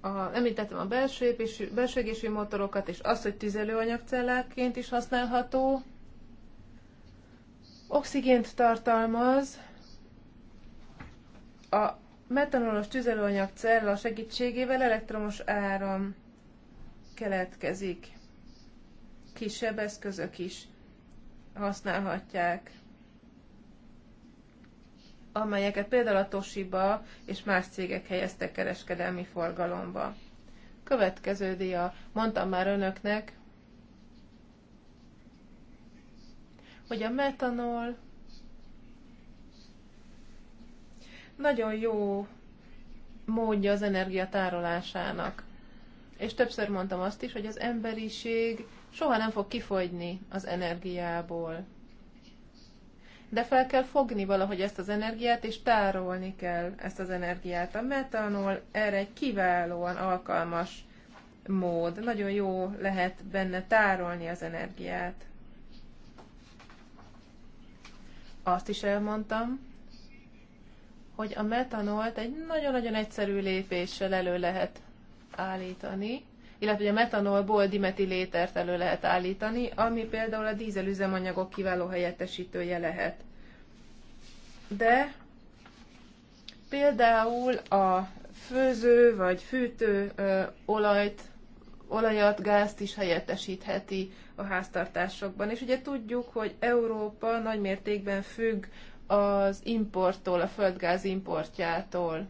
a, említettem a belső, épésű, belső égésű motorokat, és azt, hogy tüzelőanyagcellákként is használható. Oxigént tartalmaz, a metanolos tüzelőanyag cella segítségével elektromos áram keletkezik. Kisebb eszközök is használhatják, amelyeket például a Toshiba és más cégek helyeztek kereskedelmi forgalomba. Következő dia. Mondtam már önöknek, hogy a metanol nagyon jó módja az energia tárolásának. És többször mondtam azt is, hogy az emberiség soha nem fog kifogyni az energiából. De fel kell fogni valahogy ezt az energiát, és tárolni kell ezt az energiát. A metanol erre egy kiválóan alkalmas mód. Nagyon jó lehet benne tárolni az energiát. Azt is elmondtam, hogy a metanolt egy nagyon-nagyon egyszerű lépéssel elő lehet állítani, illetve hogy a metanolból dimetilétert elő lehet állítani, ami például a dízelüzemanyagok kiváló helyettesítője lehet. De például a főző vagy fűtő ö, olajt, olajat, gázt is helyettesítheti a háztartásokban. És ugye tudjuk, hogy Európa nagy mértékben függ az importtól, a földgáz importjától.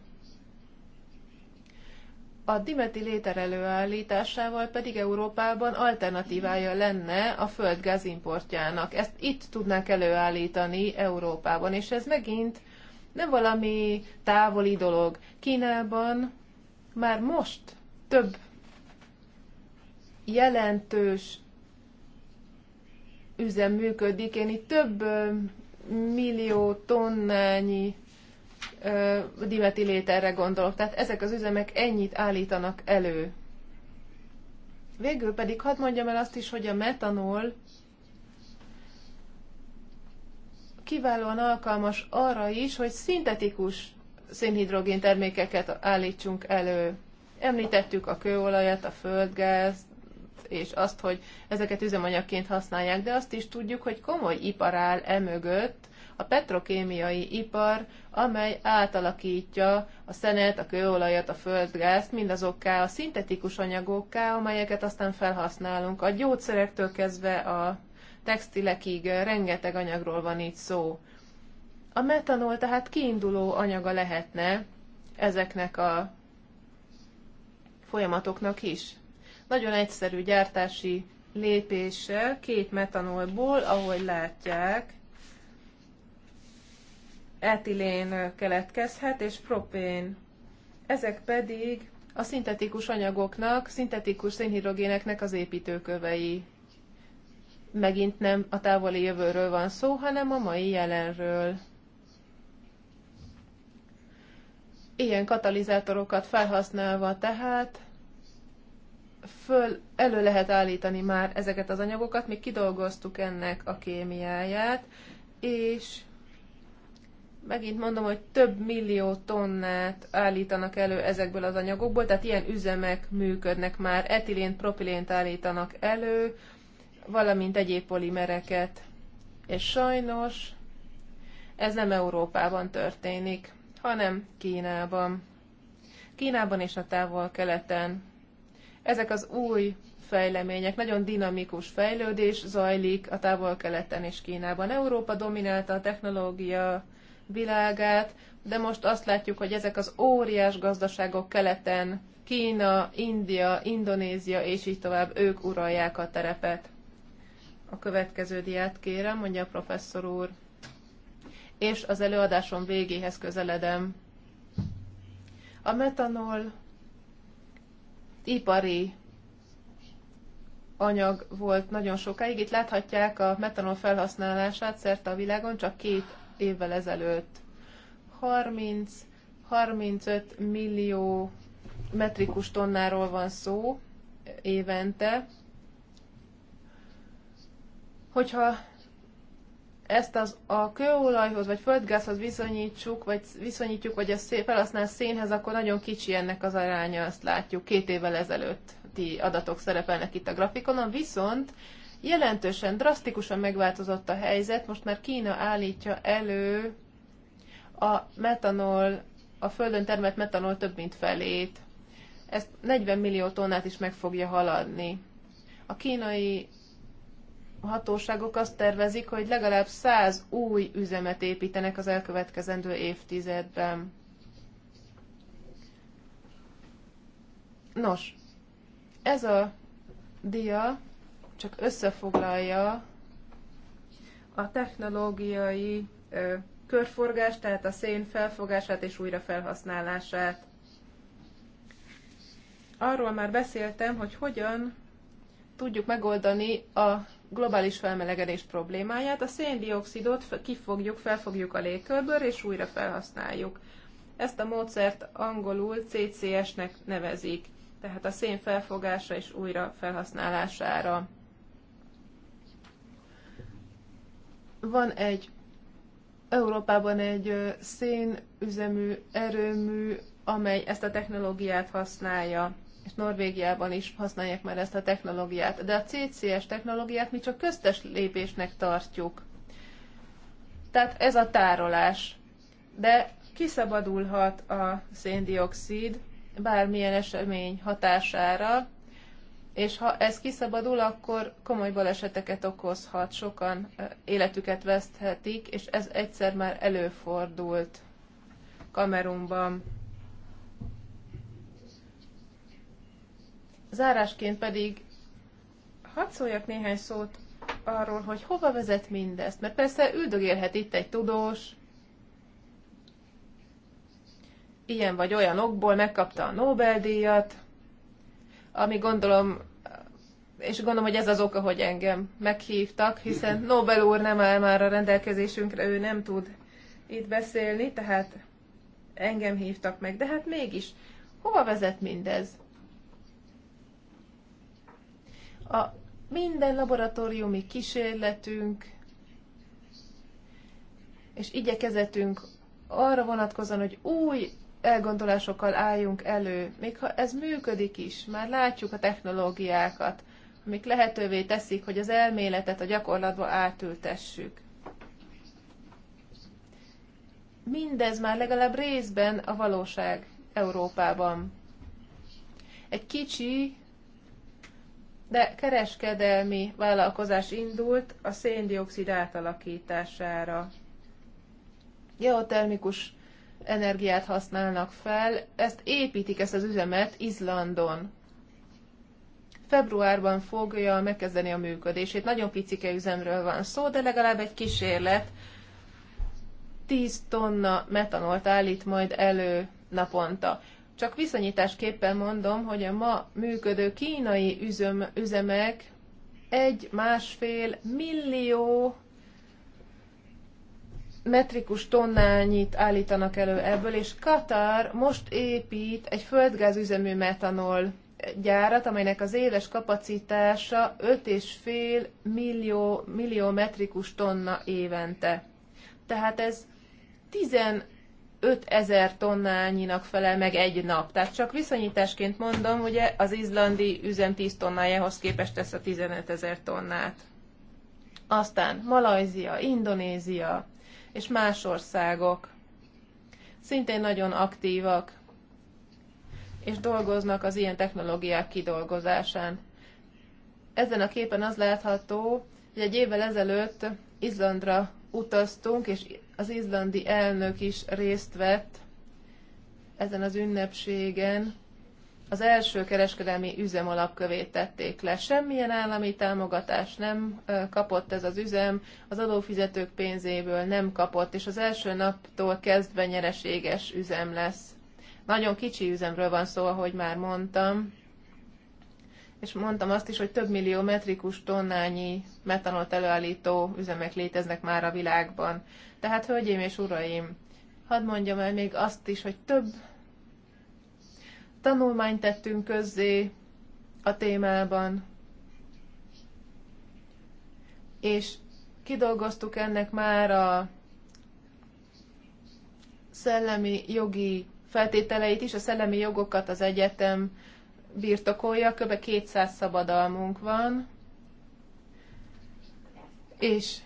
A dimeti léter előállításával pedig Európában alternatívája lenne a földgáz importjának. Ezt itt tudnánk előállítani Európában, és ez megint nem valami távoli dolog. Kínában már most több jelentős üzem működik. Én itt több millió tonnányi ö, dimetiléterre gondolok. Tehát ezek az üzemek ennyit állítanak elő. Végül pedig hadd mondjam el azt is, hogy a metanol kiválóan alkalmas arra is, hogy szintetikus szénhidrogén termékeket állítsunk elő. Említettük a kőolajat, a földgázt, és azt, hogy ezeket üzemanyagként használják, de azt is tudjuk, hogy komoly ipar áll emögött, a petrokémiai ipar, amely átalakítja a szenet, a kőolajat, a földgázt mindazokká a szintetikus anyagokká, amelyeket aztán felhasználunk. A gyógyszerektől kezdve a textilekig rengeteg anyagról van itt szó. A metanol tehát kiinduló anyaga lehetne ezeknek a folyamatoknak is. Nagyon egyszerű gyártási lépéssel, két metanolból, ahogy látják, etilén keletkezhet, és propén. Ezek pedig a szintetikus anyagoknak, szintetikus szénhidrogéneknek az építőkövei. Megint nem a távoli jövőről van szó, hanem a mai jelenről. Ilyen katalizátorokat felhasználva tehát föl, elő lehet állítani már ezeket az anyagokat, mi kidolgoztuk ennek a kémiáját, és megint mondom, hogy több millió tonnát állítanak elő ezekből az anyagokból, tehát ilyen üzemek működnek már, etilént, propilént állítanak elő, valamint egyéb polimereket. És sajnos ez nem Európában történik, hanem Kínában. Kínában és a távol-keleten ezek az új fejlemények, nagyon dinamikus fejlődés zajlik a távol-keleten és Kínában. Európa dominálta a technológia világát, de most azt látjuk, hogy ezek az óriás gazdaságok keleten, Kína, India, Indonézia és így tovább, ők uralják a terepet. A következő diát kérem, mondja a professzor úr. És az előadásom végéhez közeledem. A metanol ipari anyag volt nagyon sokáig. Itt láthatják a metanol felhasználását szerte a világon csak két évvel ezelőtt. 30-35 millió metrikus tonnáról van szó évente. Hogyha ezt az, a kőolajhoz vagy földgázhoz viszonyítsuk, vagy viszonyítjuk, vagy ezt felhasznál szénhez, akkor nagyon kicsi ennek az aránya, azt látjuk, két évvel ti adatok szerepelnek itt a grafikonon, viszont jelentősen, drasztikusan megváltozott a helyzet, most már Kína állítja elő a metanol, a földön termelt metanol több mint felét. Ezt 40 millió tonnát is meg fogja haladni. A kínai hatóságok azt tervezik, hogy legalább 100 új üzemet építenek az elkövetkezendő évtizedben. Nos, ez a dia csak összefoglalja a technológiai ö, körforgást, tehát a szén felfogását és újrafelhasználását. Arról már beszéltem, hogy hogyan tudjuk megoldani a globális felmelegedés problémáját, a széndiokszidot kifogjuk, felfogjuk a légkörből, és újra felhasználjuk. Ezt a módszert angolul CCS-nek nevezik, tehát a szén felfogása és újra felhasználására. Van egy Európában egy szénüzemű erőmű, amely ezt a technológiát használja és Norvégiában is használják már ezt a technológiát. De a CCS technológiát mi csak köztes lépésnek tartjuk. Tehát ez a tárolás. De kiszabadulhat a széndiokszid bármilyen esemény hatására, és ha ez kiszabadul, akkor komoly baleseteket okozhat, sokan életüket veszthetik, és ez egyszer már előfordult Kamerunban. Zárásként pedig hadd szóljak néhány szót arról, hogy hova vezet mindezt. Mert persze üldögélhet itt egy tudós, ilyen vagy olyan okból megkapta a Nobel-díjat, ami gondolom, és gondolom, hogy ez az oka, hogy engem meghívtak, hiszen Nobel úr nem áll már a rendelkezésünkre, ő nem tud itt beszélni, tehát engem hívtak meg. De hát mégis, hova vezet mindez? A minden laboratóriumi kísérletünk és igyekezetünk arra vonatkozóan, hogy új elgondolásokkal álljunk elő, még ha ez működik is, már látjuk a technológiákat, amik lehetővé teszik, hogy az elméletet a gyakorlatba átültessük. Mindez már legalább részben a valóság Európában. Egy kicsi, de kereskedelmi vállalkozás indult a széndiokszid átalakítására. Geotermikus energiát használnak fel, ezt építik, ezt az üzemet Izlandon. Februárban fogja megkezdeni a működését. Nagyon picike üzemről van szó, de legalább egy kísérlet. 10 tonna metanolt állít majd elő naponta. Csak viszonyításképpen mondom, hogy a ma működő kínai üzem, üzemek egy-másfél millió metrikus tonnányit állítanak elő ebből, és Katar most épít egy földgázüzemű metanol gyárat, amelynek az éves kapacitása 5,5 millió, millió metrikus tonna évente. Tehát ez tizen 5000 tonnányinak felel meg egy nap. Tehát csak viszonyításként mondom, ugye az izlandi üzem 10 tonnájához képest tesz a 15 ezer tonnát. Aztán Malajzia, Indonézia és más országok szintén nagyon aktívak, és dolgoznak az ilyen technológiák kidolgozásán. Ezen a képen az látható, hogy egy évvel ezelőtt Izlandra utaztunk, és az izlandi elnök is részt vett ezen az ünnepségen. Az első kereskedelmi üzem alapkövét tették le. Semmilyen állami támogatás nem kapott ez az üzem, az adófizetők pénzéből nem kapott, és az első naptól kezdve nyereséges üzem lesz. Nagyon kicsi üzemről van szó, ahogy már mondtam és mondtam azt is, hogy több millió metrikus tonnányi metanolt előállító üzemek léteznek már a világban. Tehát, hölgyeim és uraim, hadd mondjam el még azt is, hogy több tanulmányt tettünk közzé a témában, és kidolgoztuk ennek már a szellemi jogi feltételeit is, a szellemi jogokat az egyetem birtokolja, kb. 200 szabadalmunk van, és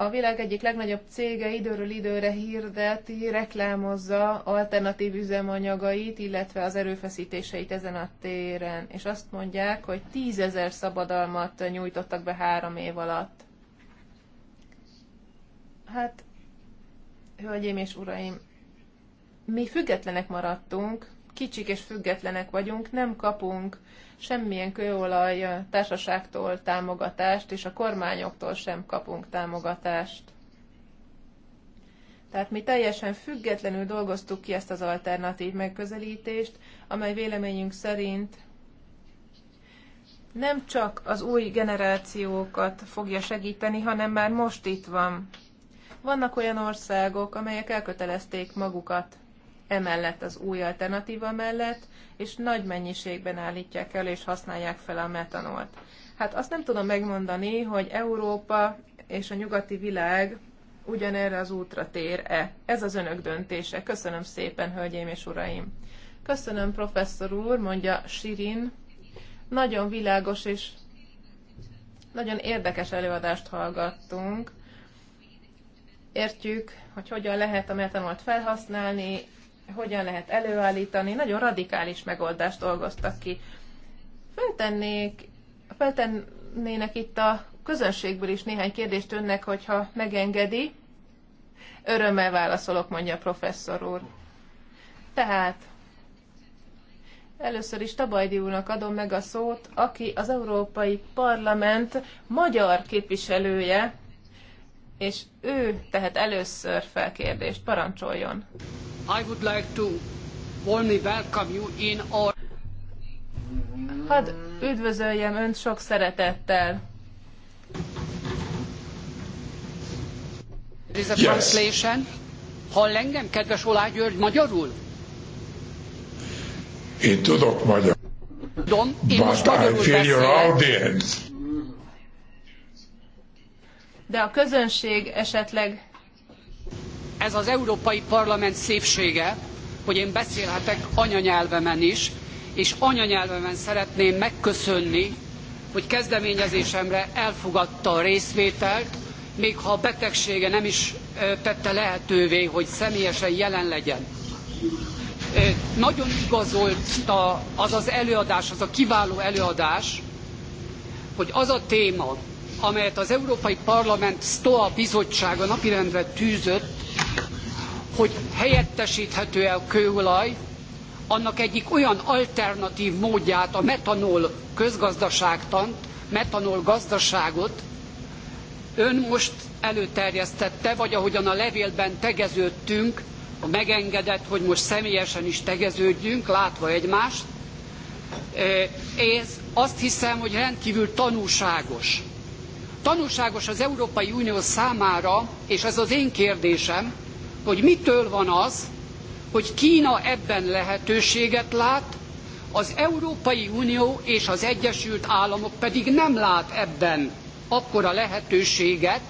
a világ egyik legnagyobb cége időről időre hirdeti, reklámozza alternatív üzemanyagait, illetve az erőfeszítéseit ezen a téren, és azt mondják, hogy tízezer szabadalmat nyújtottak be három év alatt. Hát, hölgyeim és uraim, mi függetlenek maradtunk, kicsik és függetlenek vagyunk, nem kapunk semmilyen kőolaj társaságtól támogatást, és a kormányoktól sem kapunk támogatást. Tehát mi teljesen függetlenül dolgoztuk ki ezt az alternatív megközelítést, amely véleményünk szerint nem csak az új generációkat fogja segíteni, hanem már most itt van. Vannak olyan országok, amelyek elkötelezték magukat emellett az új alternatíva mellett, és nagy mennyiségben állítják el és használják fel a metanolt. Hát azt nem tudom megmondani, hogy Európa és a nyugati világ ugyanerre az útra tér-e. Ez az önök döntése. Köszönöm szépen, hölgyeim és uraim. Köszönöm, professzor úr, mondja Sirin. Nagyon világos és nagyon érdekes előadást hallgattunk. Értjük, hogy hogyan lehet a metanolt felhasználni, hogyan lehet előállítani, nagyon radikális megoldást dolgoztak ki. Feltennék, feltennének itt a közönségből is néhány kérdést önnek, hogyha megengedi. Örömmel válaszolok, mondja a professzor úr. Tehát, Először is Tabajdi úrnak adom meg a szót, aki az Európai Parlament magyar képviselője, és ő tehet először felkérdést, parancsoljon. I would like to warmly welcome you in our... Hadd üdvözöljem Önt sok szeretettel. There is a yes. translation. Hall engem, kedves Olá György, magyarul? Én tudok magyar. Don, én But most magyarul I feel beszélek. your audience de a közönség esetleg... Ez az Európai Parlament szépsége, hogy én beszélhetek anyanyelvemen is, és anyanyelvemen szeretném megköszönni, hogy kezdeményezésemre elfogadta a részvételt, még ha a betegsége nem is tette lehetővé, hogy személyesen jelen legyen. Nagyon igazolta az az előadás, az a kiváló előadás, hogy az a téma, amelyet az Európai Parlament STOA bizottsága napirendre tűzött, hogy helyettesíthető el kőolaj, annak egyik olyan alternatív módját, a metanol közgazdaságtant, metanol gazdaságot ön most előterjesztette, vagy ahogyan a levélben tegeződtünk, a megengedett, hogy most személyesen is tegeződjünk, látva egymást. Eh, ez azt hiszem, hogy rendkívül tanúságos. Tanulságos az Európai Unió számára, és ez az én kérdésem, hogy mitől van az, hogy Kína ebben lehetőséget lát, az Európai Unió és az Egyesült Államok pedig nem lát ebben akkora lehetőséget,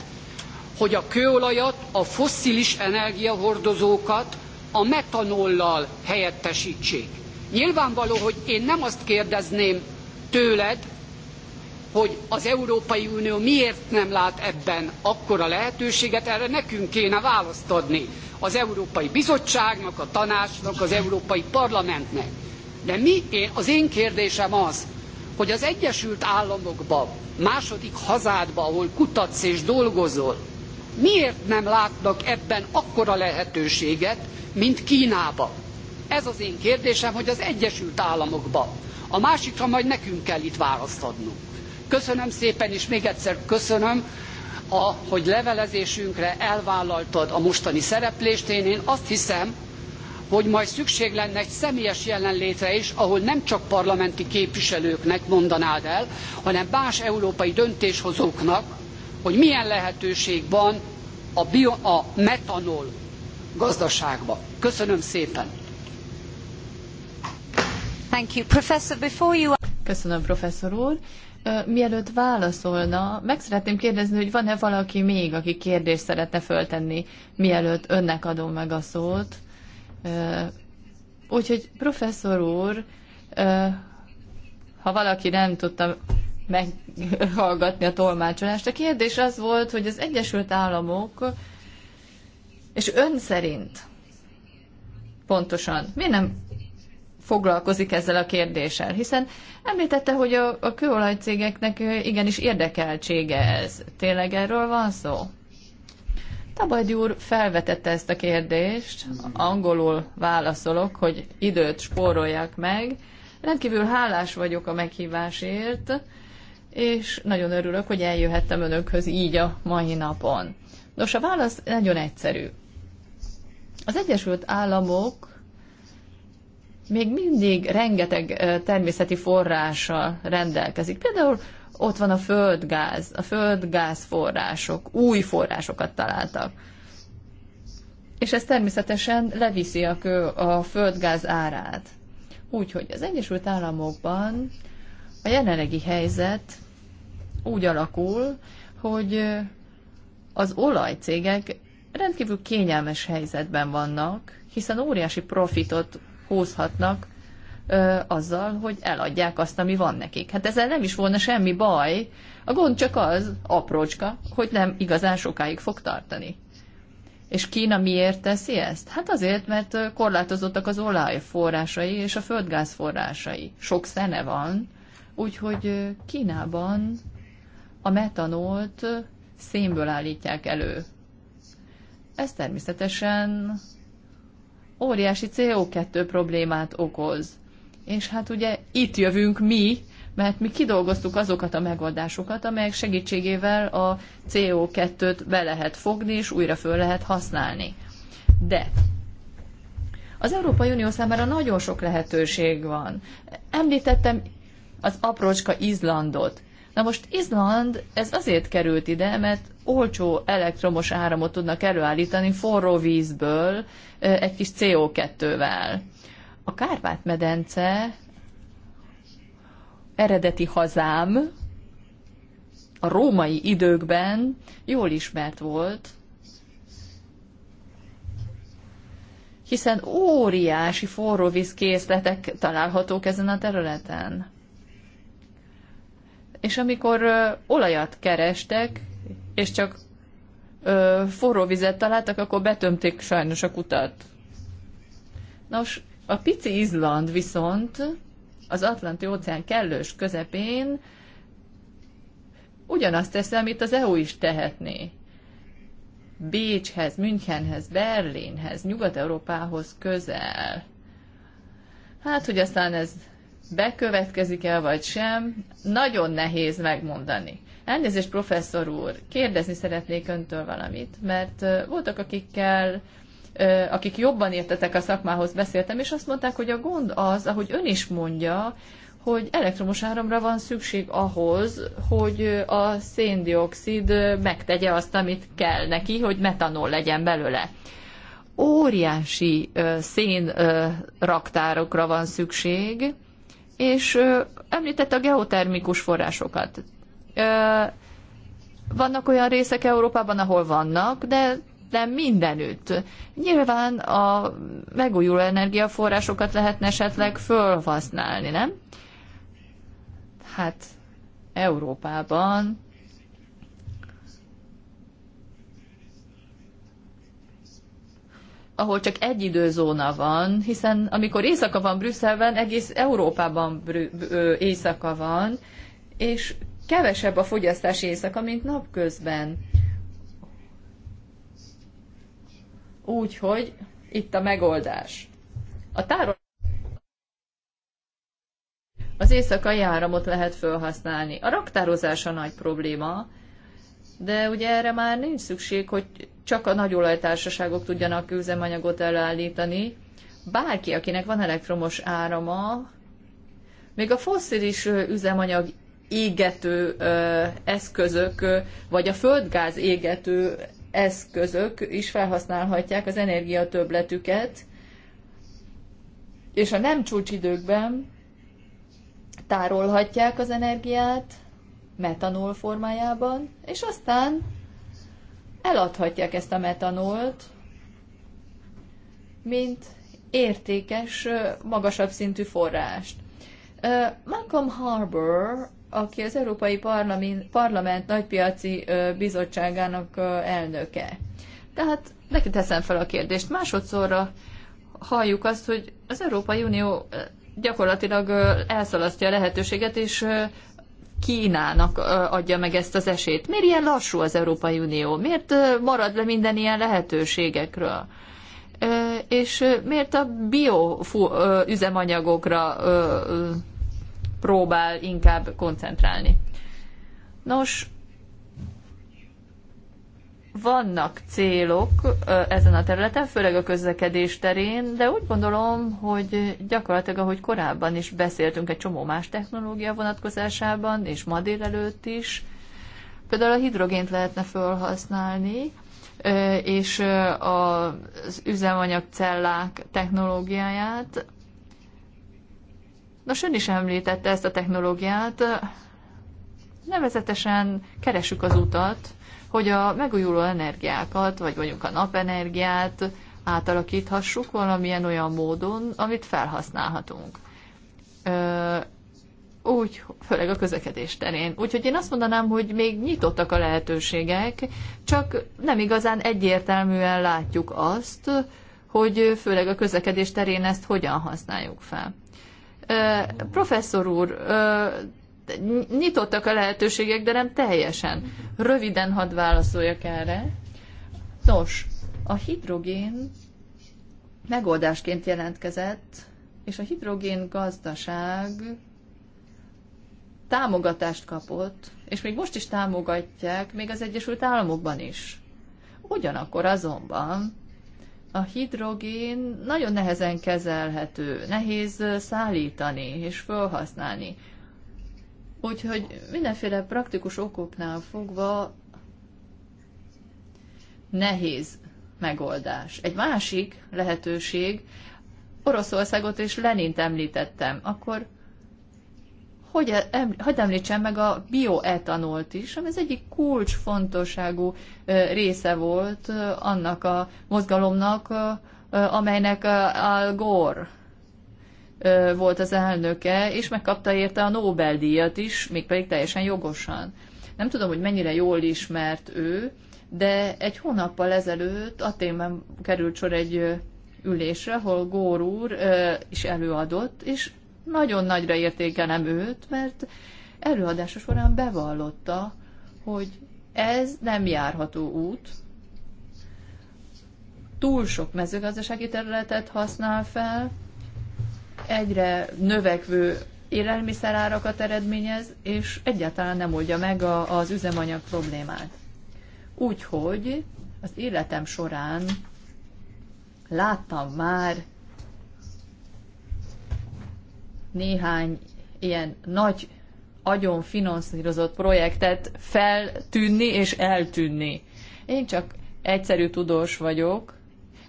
hogy a kőolajat, a fosszilis energiahordozókat a metanollal helyettesítsék. Nyilvánvaló, hogy én nem azt kérdezném tőled, hogy az Európai Unió miért nem lát ebben akkora lehetőséget, erre nekünk kéne választ adni az Európai Bizottságnak, a Tanácsnak, az Európai Parlamentnek. De mi, én, az én kérdésem az, hogy az Egyesült Államokban, második hazádban, ahol kutatsz és dolgozol, miért nem látnak ebben akkora lehetőséget, mint Kínába? Ez az én kérdésem, hogy az Egyesült Államokban. A másikra majd nekünk kell itt választ adnunk köszönöm szépen és még egyszer köszönöm a, hogy levelezésünkre elvállaltad a mostani szereplést. Én, én azt hiszem, hogy majd szükség lenne egy személyes jelenlétre is, ahol nem csak parlamenti képviselőknek mondanád el, hanem más európai döntéshozóknak, hogy milyen lehetőség van a, bio, a metanol gazdaságba. Köszönöm szépen! Thank you. Professor, before you... Köszönöm, professzor úr mielőtt válaszolna, meg szeretném kérdezni, hogy van-e valaki még, aki kérdést szeretne föltenni, mielőtt önnek adom meg a szót. Úgyhogy professzor úr, ha valaki nem tudta meghallgatni a tolmácsolást, a kérdés az volt, hogy az Egyesült Államok és ön szerint pontosan miért nem foglalkozik ezzel a kérdéssel, hiszen említette, hogy a, a kőolajcégeknek igenis érdekeltsége ez. Tényleg erről van szó? Tabagy úr felvetette ezt a kérdést, angolul válaszolok, hogy időt spórolják meg. Rendkívül hálás vagyok a meghívásért, és nagyon örülök, hogy eljöhettem önökhöz így a mai napon. Nos, a válasz nagyon egyszerű. Az Egyesült Államok még mindig rengeteg természeti forrással rendelkezik. Például ott van a földgáz, a földgáz források, új forrásokat találtak. És ez természetesen leviszi a, kő, a földgáz árát. Úgyhogy az Egyesült Államokban a jelenlegi helyzet úgy alakul, hogy az olajcégek rendkívül kényelmes helyzetben vannak, hiszen óriási profitot húzhatnak ö, azzal, hogy eladják azt, ami van nekik. Hát ezzel nem is volna semmi baj. A gond csak az, aprócska, hogy nem igazán sokáig fog tartani. És Kína miért teszi ezt? Hát azért, mert korlátozottak az olaj forrásai és a földgáz forrásai. Sok szene van, úgyhogy Kínában a metanolt szénből állítják elő. Ez természetesen óriási CO2 problémát okoz. És hát ugye itt jövünk mi, mert mi kidolgoztuk azokat a megoldásokat, amelyek segítségével a CO2-t be lehet fogni és újra föl lehet használni. De az Európai Unió számára nagyon sok lehetőség van. Említettem az aprócska Izlandot. Na most Izland, ez azért került ide, mert olcsó elektromos áramot tudnak előállítani forró vízből egy kis CO2-vel. A Kárpát-medence eredeti hazám a római időkben jól ismert volt, hiszen óriási forróvízkészletek találhatók ezen a területen. És amikor olajat kerestek, és csak ö, forró vizet találtak, akkor betömték sajnos a kutat. Nos, a pici Izland viszont az Atlanti óceán kellős közepén ugyanazt teszi, amit az EU is tehetné. Bécshez, Münchenhez, Berlinhez, Nyugat-Európához közel. Hát, hogy aztán ez bekövetkezik e vagy sem, nagyon nehéz megmondani. Elnézést, professzor úr, kérdezni szeretnék öntől valamit, mert voltak, akikkel akik jobban értetek a szakmához beszéltem, és azt mondták, hogy a gond az, ahogy ön is mondja, hogy elektromos áramra van szükség ahhoz, hogy a széndiokszid megtegye azt, amit kell neki, hogy metanol legyen belőle. Óriási szénraktárokra van szükség, és említette a geotermikus forrásokat. Vannak olyan részek Európában, ahol vannak, de nem mindenütt. Nyilván a megújuló energiaforrásokat lehetne esetleg fölhasználni, nem? Hát Európában ahol csak egy időzóna van, hiszen amikor éjszaka van Brüsszelben, egész Európában brü- éjszaka van, és kevesebb a fogyasztás éjszaka, mint napközben. Úgyhogy itt a megoldás. A tárol az éjszakai áramot lehet felhasználni. A raktározás a nagy probléma, de ugye erre már nincs szükség, hogy csak a nagyolajtársaságok tudjanak üzemanyagot elállítani. Bárki, akinek van elektromos árama, még a fosszilis üzemanyag égető eszközök, vagy a földgáz égető eszközök is felhasználhatják az energiatöbletüket, és a nem csúcsidőkben tárolhatják az energiát metanol formájában, és aztán eladhatják ezt a metanolt, mint értékes, magasabb szintű forrást. Malcolm Harbour, aki az Európai Parlament, Parlament Nagypiaci Bizottságának elnöke. Tehát neki teszem fel a kérdést. Másodszorra halljuk azt, hogy az Európai Unió gyakorlatilag elszalasztja a lehetőséget, és Kínának adja meg ezt az esélyt? Miért ilyen lassú az Európai Unió? Miért marad le minden ilyen lehetőségekről? És miért a bio üzemanyagokra próbál inkább koncentrálni? Nos, vannak célok ezen a területen, főleg a közlekedés terén, de úgy gondolom, hogy gyakorlatilag, ahogy korábban is beszéltünk egy csomó más technológia vonatkozásában, és ma délelőtt is, például a hidrogént lehetne felhasználni, és az üzemanyagcellák technológiáját. Nos, ön is említette ezt a technológiát, nevezetesen keresük az utat, hogy a megújuló energiákat, vagy mondjuk a napenergiát átalakíthassuk valamilyen olyan módon, amit felhasználhatunk. Ö, úgy, főleg a közlekedés terén. Úgyhogy én azt mondanám, hogy még nyitottak a lehetőségek, csak nem igazán egyértelműen látjuk azt, hogy főleg a közlekedés terén ezt hogyan használjuk fel. Ö, professzor úr, ö, nyitottak a lehetőségek, de nem teljesen. Röviden hadd válaszoljak erre. Nos, a hidrogén megoldásként jelentkezett, és a hidrogén gazdaság támogatást kapott, és még most is támogatják, még az Egyesült Államokban is. Ugyanakkor azonban a hidrogén nagyon nehezen kezelhető, nehéz szállítani és felhasználni. Úgyhogy mindenféle praktikus okoknál fogva nehéz megoldás. Egy másik lehetőség, Oroszországot és Lenint említettem, akkor hogy, e- eml- hogy említsem meg a bioetanolt is, ami az egyik kulcsfontosságú része volt annak a mozgalomnak, amelynek Al Gore volt az elnöke, és megkapta érte a Nobel-díjat is, mégpedig teljesen jogosan. Nem tudom, hogy mennyire jól ismert ő, de egy hónappal ezelőtt a témán került sor egy ülésre, ahol Gór úr is előadott, és nagyon nagyra értékelem őt, mert előadása során bevallotta, hogy ez nem járható út, túl sok mezőgazdasági területet használ fel, egyre növekvő élelmiszerárakat eredményez, és egyáltalán nem oldja meg a, az üzemanyag problémát. Úgyhogy az életem során láttam már néhány ilyen nagy, agyon finanszírozott projektet feltűnni és eltűnni. Én csak egyszerű tudós vagyok,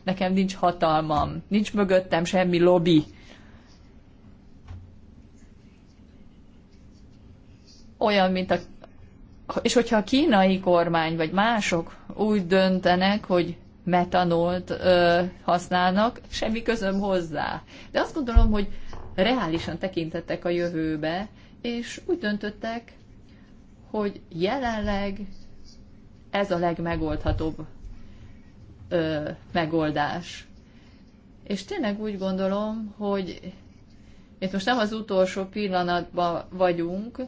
nekem nincs hatalmam, nincs mögöttem semmi lobby, olyan, mint a és hogyha a kínai kormány vagy mások úgy döntenek, hogy metanolt ö, használnak, semmi közöm hozzá. De azt gondolom, hogy reálisan tekintettek a jövőbe, és úgy döntöttek, hogy jelenleg ez a legmegoldhatóbb ö, megoldás. És tényleg úgy gondolom, hogy itt most nem az utolsó pillanatban vagyunk,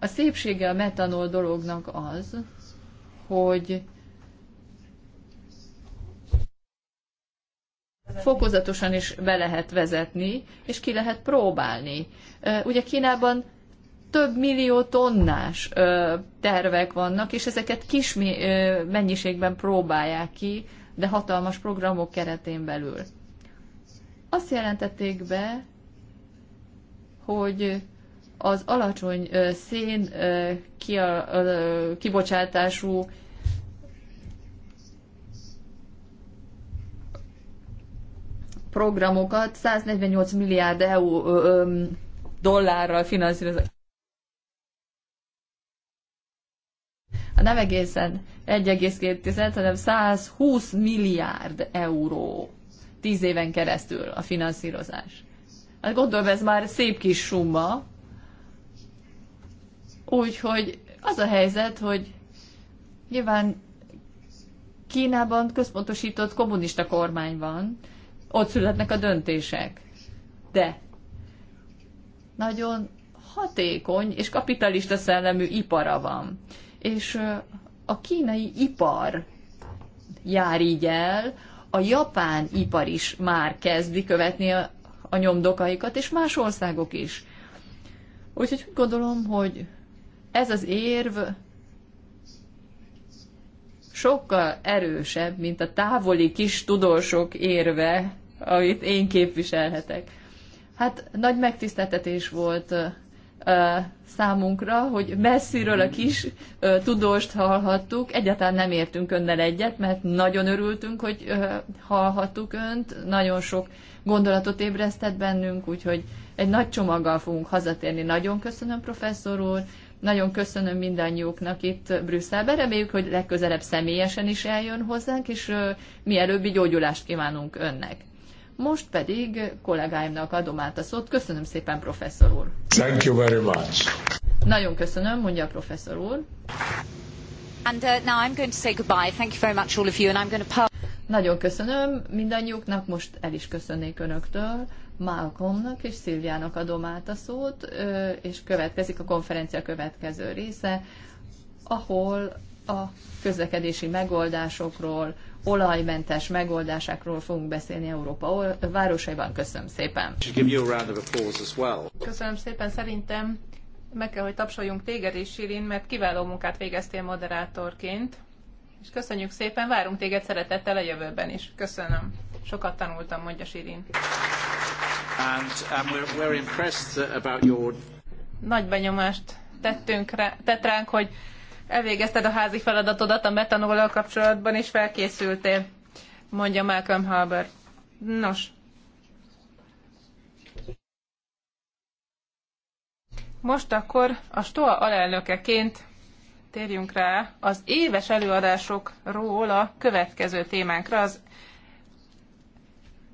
a szépsége a metanol dolognak az, hogy fokozatosan is be lehet vezetni, és ki lehet próbálni. Ugye Kínában több millió tonnás tervek vannak, és ezeket kis mennyiségben próbálják ki, de hatalmas programok keretén belül. Azt jelentették be, hogy az alacsony szén kibocsátású programokat 148 milliárd EU dollárral finanszírozott. Hát nem egészen 1,2, hanem 120 milliárd euró 10 éven keresztül a finanszírozás. Hát gondolom, ez már szép kis summa, Úgyhogy az a helyzet, hogy nyilván Kínában központosított kommunista kormány van, ott születnek a döntések. De nagyon hatékony és kapitalista szellemű ipara van. És a kínai ipar jár így el, a japán ipar is már kezdi követni a, a nyomdokaikat, és más országok is. Úgyhogy úgy gondolom, hogy ez az érv sokkal erősebb, mint a távoli kis tudósok érve, amit én képviselhetek. Hát nagy megtiszteltetés volt számunkra, hogy messziről a kis tudóst hallhattuk. Egyáltalán nem értünk önnel egyet, mert nagyon örültünk, hogy hallhattuk önt. Nagyon sok gondolatot ébresztett bennünk, úgyhogy egy nagy csomaggal fogunk hazatérni. Nagyon köszönöm, professzor úr. Nagyon köszönöm mindannyiuknak itt Brüsszelben. Reméljük, hogy legközelebb személyesen is eljön hozzánk, és mielőbbi gyógyulást kívánunk önnek. Most pedig kollégáimnak adom át a szót. Köszönöm szépen, professzor úr. Thank you very much. Nagyon köszönöm, mondja a professzor úr. And uh, now I'm going to say goodbye. Thank you very much all of you and I'm going to pass Nagyon köszönöm mindannyiuknak, most el is köszönnék önöktől. Malcolmnak és Szilviának adom át a szót, és következik a konferencia következő része, ahol a közlekedési megoldásokról, olajmentes megoldásákról fogunk beszélni Európa városaiban. Köszönöm szépen! Köszönöm szépen, szerintem meg kell, hogy tapsoljunk téged is, Sirin, mert kiváló munkát végeztél moderátorként. És köszönjük szépen, várunk téged szeretettel a jövőben is. Köszönöm. Sokat tanultam, mondja Sirin. And, and um, we're, we're impressed uh, about your... Nagy benyomást tettünk rá, tett ránk, hogy elvégezted a házi feladatodat a metanolal kapcsolatban, és felkészültél, mondja Malcolm Halber. Nos, Most akkor a STOA alelnökeként térjünk rá az éves előadásokról a következő témánkra, az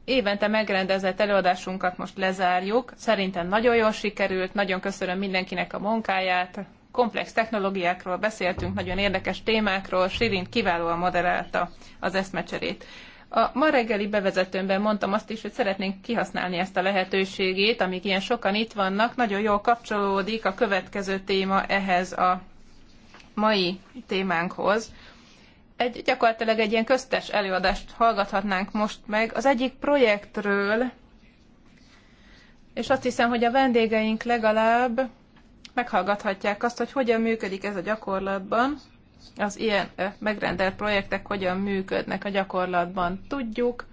évente megrendezett előadásunkat most lezárjuk. Szerintem nagyon jól sikerült, nagyon köszönöm mindenkinek a munkáját. Komplex technológiákról beszéltünk, nagyon érdekes témákról, Sirint kiválóan moderálta az eszmecserét. A ma reggeli bevezetőmben mondtam azt is, hogy szeretnénk kihasználni ezt a lehetőségét, amíg ilyen sokan itt vannak, nagyon jól kapcsolódik a következő téma ehhez a mai témánkhoz egy, gyakorlatilag egy ilyen köztes előadást hallgathatnánk most meg az egyik projektről, és azt hiszem, hogy a vendégeink legalább meghallgathatják azt, hogy hogyan működik ez a gyakorlatban, az ilyen megrendelt projektek hogyan működnek a gyakorlatban. Tudjuk,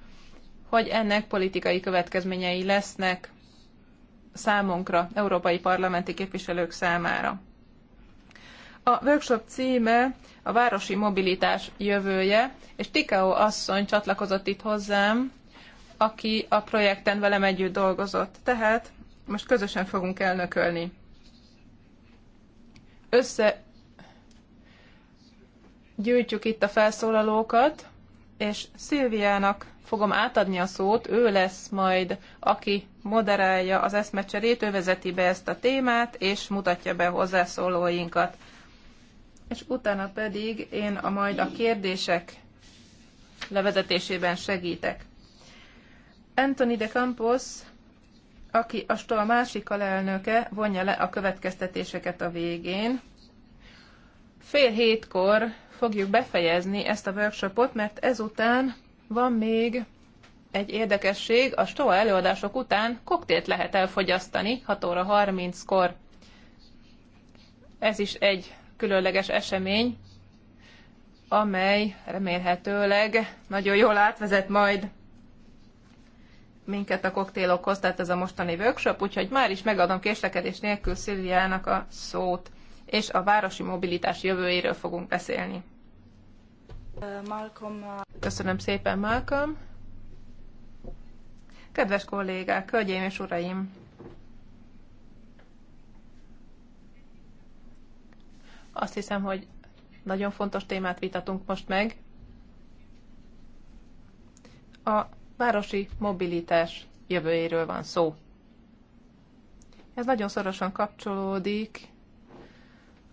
hogy ennek politikai következményei lesznek számunkra, európai parlamenti képviselők számára. A workshop címe a városi mobilitás jövője, és Tikao asszony csatlakozott itt hozzám, aki a projekten velem együtt dolgozott. Tehát most közösen fogunk elnökölni. Össze gyűjtjük itt a felszólalókat, és Szilviának fogom átadni a szót, ő lesz majd, aki moderálja az eszmecserét, ő vezeti be ezt a témát, és mutatja be hozzászólóinkat és utána pedig én a majd a kérdések levezetésében segítek. Anthony de Campos, aki a, a másik alelnöke, vonja le a következtetéseket a végén. Fél hétkor fogjuk befejezni ezt a workshopot, mert ezután van még egy érdekesség, a stoa előadások után koktélt lehet elfogyasztani 6 óra 30-kor. Ez is egy különleges esemény, amely remélhetőleg nagyon jól átvezet majd minket a koktélokhoz, tehát ez a mostani workshop, úgyhogy már is megadom késlekedés nélkül Szilviának a szót, és a városi mobilitás jövőjéről fogunk beszélni. Malcolm. Köszönöm szépen, Malcolm. Kedves kollégák, hölgyeim és uraim! Azt hiszem, hogy nagyon fontos témát vitatunk most meg. A városi mobilitás jövőjéről van szó. Ez nagyon szorosan kapcsolódik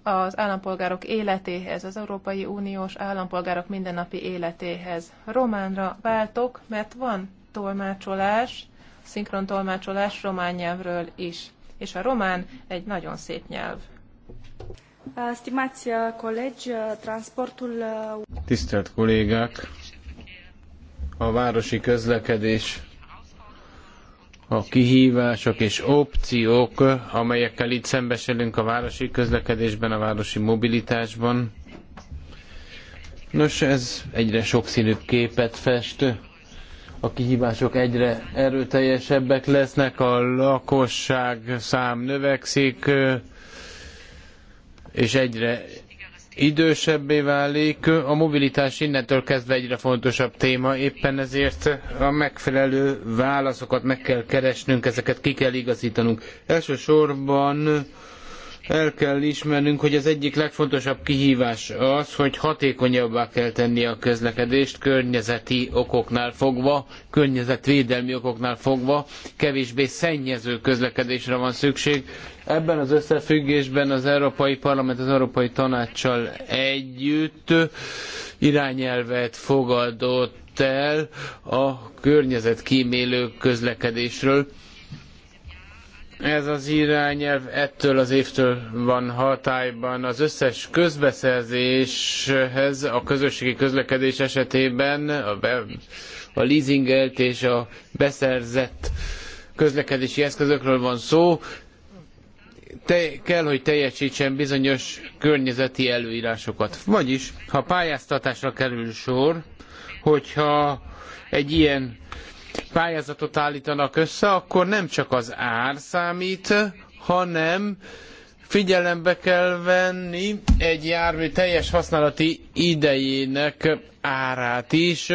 az állampolgárok életéhez, az Európai Uniós állampolgárok mindennapi életéhez. Románra váltok, mert van tolmácsolás, szinkron tolmácsolás román nyelvről is. És a román egy nagyon szép nyelv. Uh, stimați uh, colegi, uh, transportul... Tisztelt kollégák! A városi közlekedés, a kihívások és opciók, amelyekkel itt szembesülünk a városi közlekedésben, a városi mobilitásban. Nos, ez egyre sokszínűbb képet fest. A kihívások egyre erőteljesebbek lesznek, a lakosság szám növekszik, és egyre idősebbé válik. A mobilitás innentől kezdve egyre fontosabb téma, éppen ezért a megfelelő válaszokat meg kell keresnünk, ezeket ki kell igazítanunk. Elsősorban el kell ismernünk, hogy az egyik legfontosabb kihívás az, hogy hatékonyabbá kell tenni a közlekedést környezeti okoknál fogva, környezetvédelmi okoknál fogva, kevésbé szennyező közlekedésre van szükség. Ebben az összefüggésben az Európai Parlament az Európai Tanácssal együtt irányelvet fogadott el a környezetkímélő közlekedésről ez az irányelv ettől az évtől van hatályban. Az összes közbeszerzéshez a közösségi közlekedés esetében a, be, a leasingelt és a beszerzett közlekedési eszközökről van szó. Te, kell, hogy teljesítsen bizonyos környezeti előírásokat. Vagyis, ha pályáztatásra kerül sor, hogyha egy ilyen pályázatot állítanak össze, akkor nem csak az ár számít, hanem figyelembe kell venni egy jármű teljes használati idejének árát is,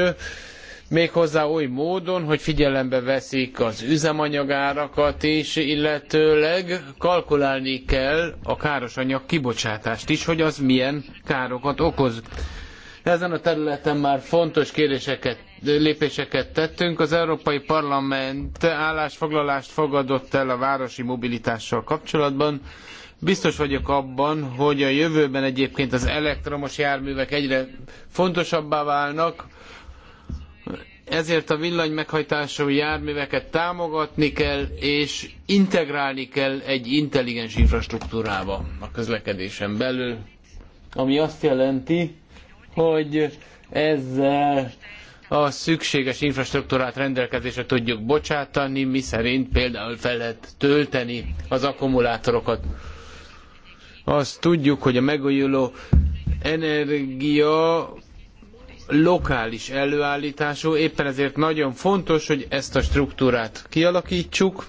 méghozzá oly módon, hogy figyelembe veszik az üzemanyagárakat is, illetőleg kalkulálni kell a káros anyag kibocsátást is, hogy az milyen károkat okoz. Ezen a területen már fontos kérdéseket lépéseket tettünk. Az Európai Parlament állásfoglalást fogadott el a városi mobilitással kapcsolatban. Biztos vagyok abban, hogy a jövőben egyébként az elektromos járművek egyre fontosabbá válnak, ezért a villany meghajtású járműveket támogatni kell, és integrálni kell egy intelligens infrastruktúrába a közlekedésen belül, ami azt jelenti, hogy ezzel a szükséges infrastruktúrát rendelkezésre tudjuk bocsátani, miszerint például fel lehet tölteni az akkumulátorokat. Azt tudjuk, hogy a megújuló energia lokális előállítású, éppen ezért nagyon fontos, hogy ezt a struktúrát kialakítsuk,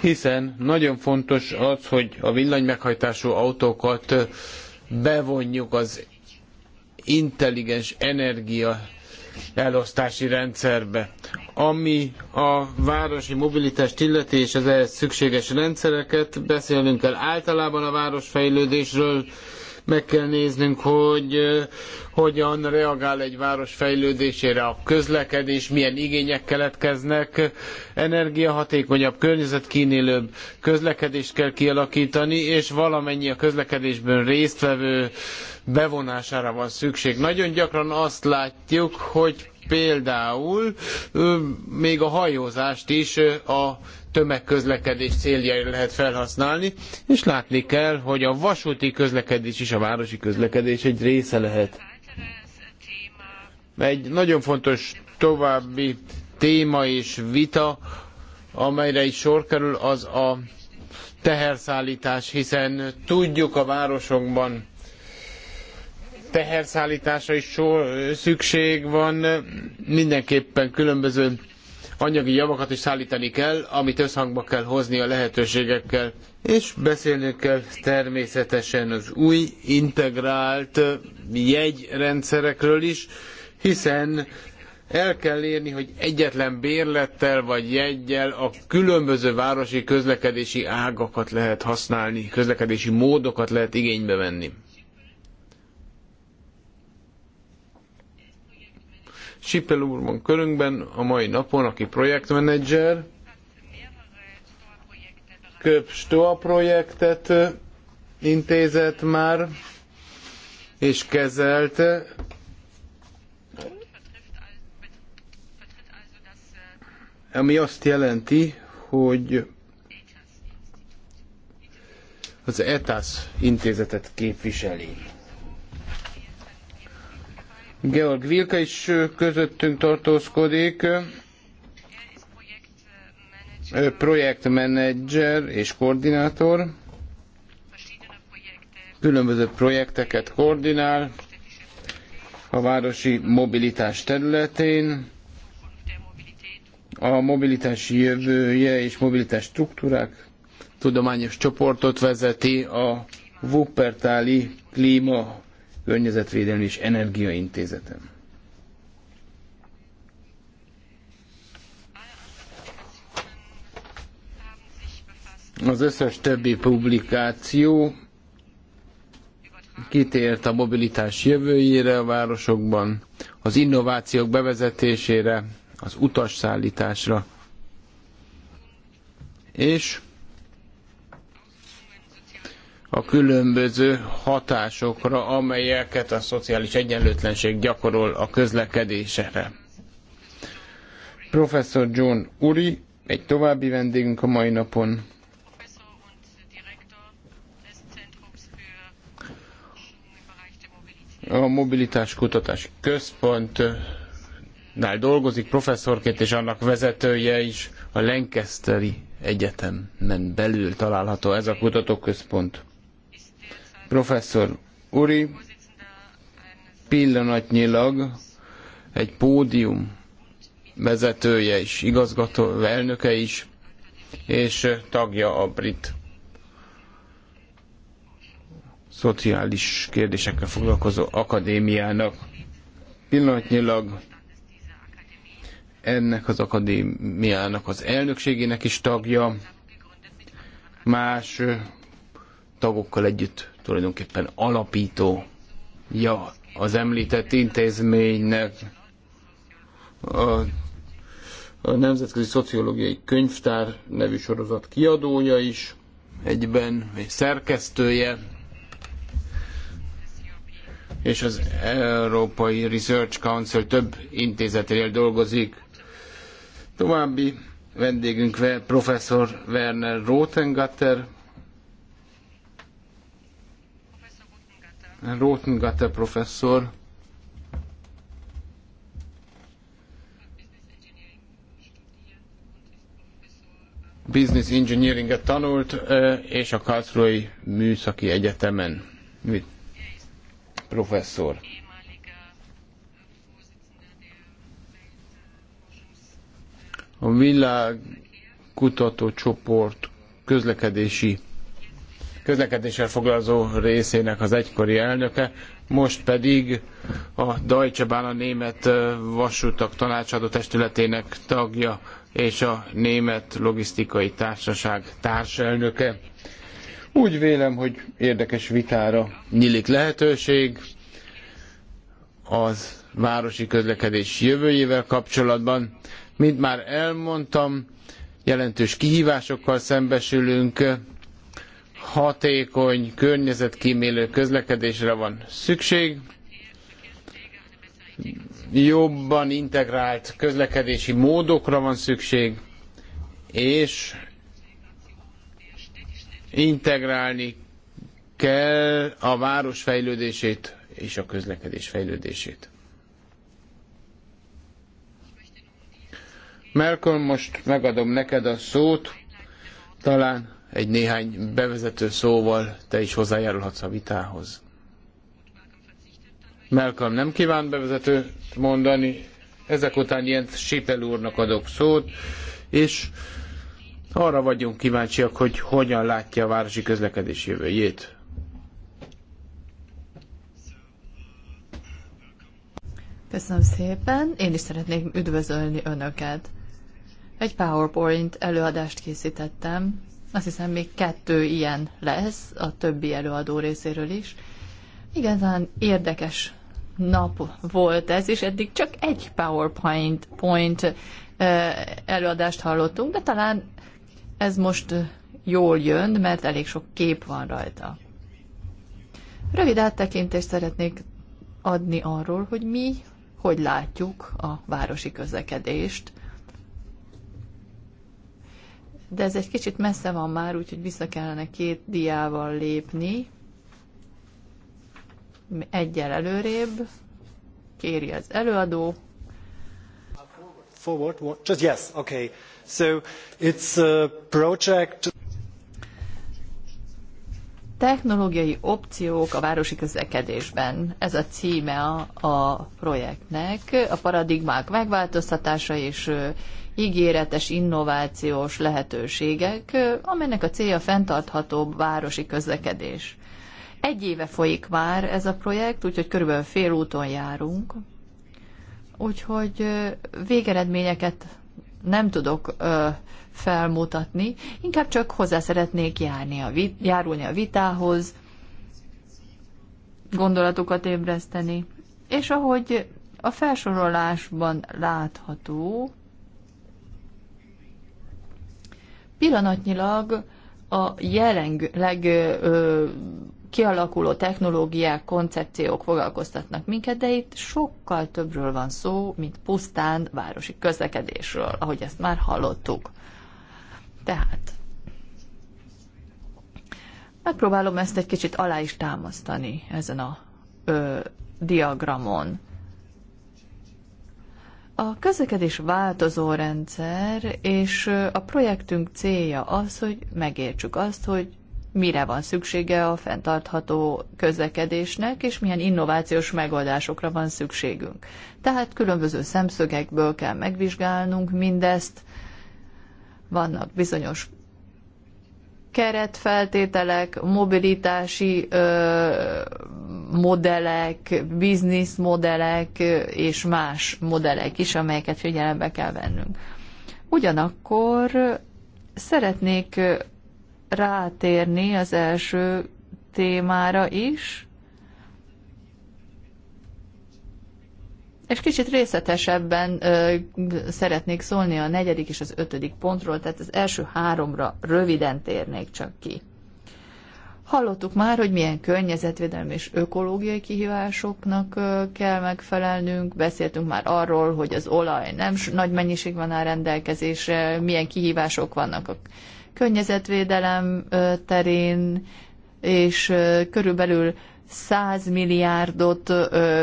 hiszen nagyon fontos az, hogy a villany meghajtású autókat bevonjuk az intelligens energia elosztási rendszerbe. Ami a városi mobilitást illeti és az ehhez szükséges rendszereket, beszélnünk kell általában a városfejlődésről, meg kell néznünk, hogy hogyan reagál egy város fejlődésére a közlekedés, milyen igények keletkeznek, energiahatékonyabb, környezetkínélőbb közlekedést kell kialakítani, és valamennyi a közlekedésben résztvevő bevonására van szükség. Nagyon gyakran azt látjuk, hogy például még a hajózást is a tömegközlekedés céljaira lehet felhasználni, és látni kell, hogy a vasúti közlekedés is a városi közlekedés egy része lehet. Egy nagyon fontos további téma és vita, amelyre is sor kerül, az a teherszállítás, hiszen tudjuk a városokban teherszállításra is sor, szükség van, mindenképpen különböző anyagi javakat is szállítani kell, amit összhangba kell hozni a lehetőségekkel. És beszélnünk kell természetesen az új integrált jegyrendszerekről is, hiszen el kell érni, hogy egyetlen bérlettel vagy jeggyel a különböző városi közlekedési ágakat lehet használni, közlekedési módokat lehet igénybe venni. Sipel úr van körünkben a mai napon, aki projektmenedzser, Stoa projektet intézett már, és kezelt. Ami azt jelenti, hogy az ETAS intézetet képviseli. Georg Vilka is közöttünk tartózkodik. Ő projektmenedzser és koordinátor. Különböző projekteket koordinál a városi mobilitás területén. A mobilitás jövője és mobilitás struktúrák tudományos csoportot vezeti a Wuppertali klíma Környezetvédelmi és Energiaintézetem. Az összes többi publikáció kitért a mobilitás jövőjére a városokban, az innovációk bevezetésére, az utasszállításra, és a különböző hatásokra, amelyeket a szociális egyenlőtlenség gyakorol a közlekedésre. Professor John Uri, egy további vendégünk a mai napon. A Mobilitás Kutatás Központnál dolgozik professzorként, és annak vezetője is a Lancasteri Egyetemen belül található ez a kutatóközpont. Professzor Uri, pillanatnyilag egy pódium vezetője is, igazgató elnöke is, és tagja a brit szociális kérdésekkel foglalkozó akadémiának. Pillanatnyilag ennek az akadémiának az elnökségének is tagja, más tagokkal együtt tulajdonképpen alapító ja, az említett intézménynek a, a Nemzetközi Szociológiai Könyvtár nevű sorozat kiadója is, egyben egy szerkesztője, és az Európai Research Council több intézeténél dolgozik. További vendégünk professzor Werner Rotengatter, Rotengatter professzor Business Engineeringet tanult, és a Karlsruhei Műszaki Egyetemen mit? professzor. A világkutató csoport közlekedési közlekedéssel foglalkozó részének az egykori elnöke, most pedig a Deutsche Bahn a német vasútak tanácsadó testületének tagja és a német logisztikai társaság társelnöke. Úgy vélem, hogy érdekes vitára nyílik lehetőség az városi közlekedés jövőjével kapcsolatban. Mint már elmondtam, jelentős kihívásokkal szembesülünk, hatékony, környezetkímélő közlekedésre van szükség, jobban integrált közlekedési módokra van szükség, és integrálni kell a város fejlődését és a közlekedés fejlődését. Malcolm, most megadom neked a szót, talán egy néhány bevezető szóval te is hozzájárulhatsz a vitához. Malcolm nem kíván bevezetőt mondani, ezek után ilyen Sipel úrnak adok szót, és arra vagyunk kíváncsiak, hogy hogyan látja a városi közlekedés jövőjét. Köszönöm szépen, én is szeretnék üdvözölni Önöket. Egy PowerPoint előadást készítettem, azt hiszem még kettő ilyen lesz a többi előadó részéről is. Igazán érdekes nap volt ez, és eddig csak egy PowerPoint point előadást hallottunk, de talán ez most jól jön, mert elég sok kép van rajta. Rövid áttekintést szeretnék adni arról, hogy mi hogy látjuk a városi közlekedést de ez egy kicsit messze van már, úgyhogy vissza kellene két diával lépni. Egyel előrébb, kéri az előadó. Forward, just yes, okay. So it's a project Technológiai opciók a városi közlekedésben. Ez a címe a projektnek. A paradigmák megváltoztatása és ígéretes innovációs lehetőségek, amelynek a célja fenntarthatóbb városi közlekedés. Egy éve folyik már ez a projekt, úgyhogy körülbelül fél úton járunk. Úgyhogy végeredményeket nem tudok ö, felmutatni, inkább csak hozzá szeretnék járni a vit, járulni a vitához, gondolatokat ébreszteni. És ahogy a felsorolásban látható, Pillanatnyilag a jelenleg kialakuló technológiák, koncepciók foglalkoztatnak minket, de itt sokkal többről van szó, mint pusztán városi közlekedésről, ahogy ezt már hallottuk. Tehát megpróbálom ezt egy kicsit alá is támasztani ezen a ö, diagramon. A közlekedés változó rendszer, és a projektünk célja az, hogy megértsük azt, hogy mire van szüksége a fenntartható közlekedésnek, és milyen innovációs megoldásokra van szükségünk. Tehát különböző szemszögekből kell megvizsgálnunk mindezt. Vannak bizonyos keretfeltételek, mobilitási ö, modellek, modellek és más modellek is, amelyeket figyelembe kell vennünk. Ugyanakkor szeretnék rátérni az első témára is, és kicsit részletesebben ö, szeretnék szólni a negyedik és az ötödik pontról, tehát az első háromra röviden térnék csak ki. Hallottuk már, hogy milyen környezetvédelmi és ökológiai kihívásoknak kell megfelelnünk, beszéltünk már arról, hogy az olaj nem nagy mennyiségben áll rendelkezésre, milyen kihívások vannak a környezetvédelem terén, és körülbelül 100 milliárdot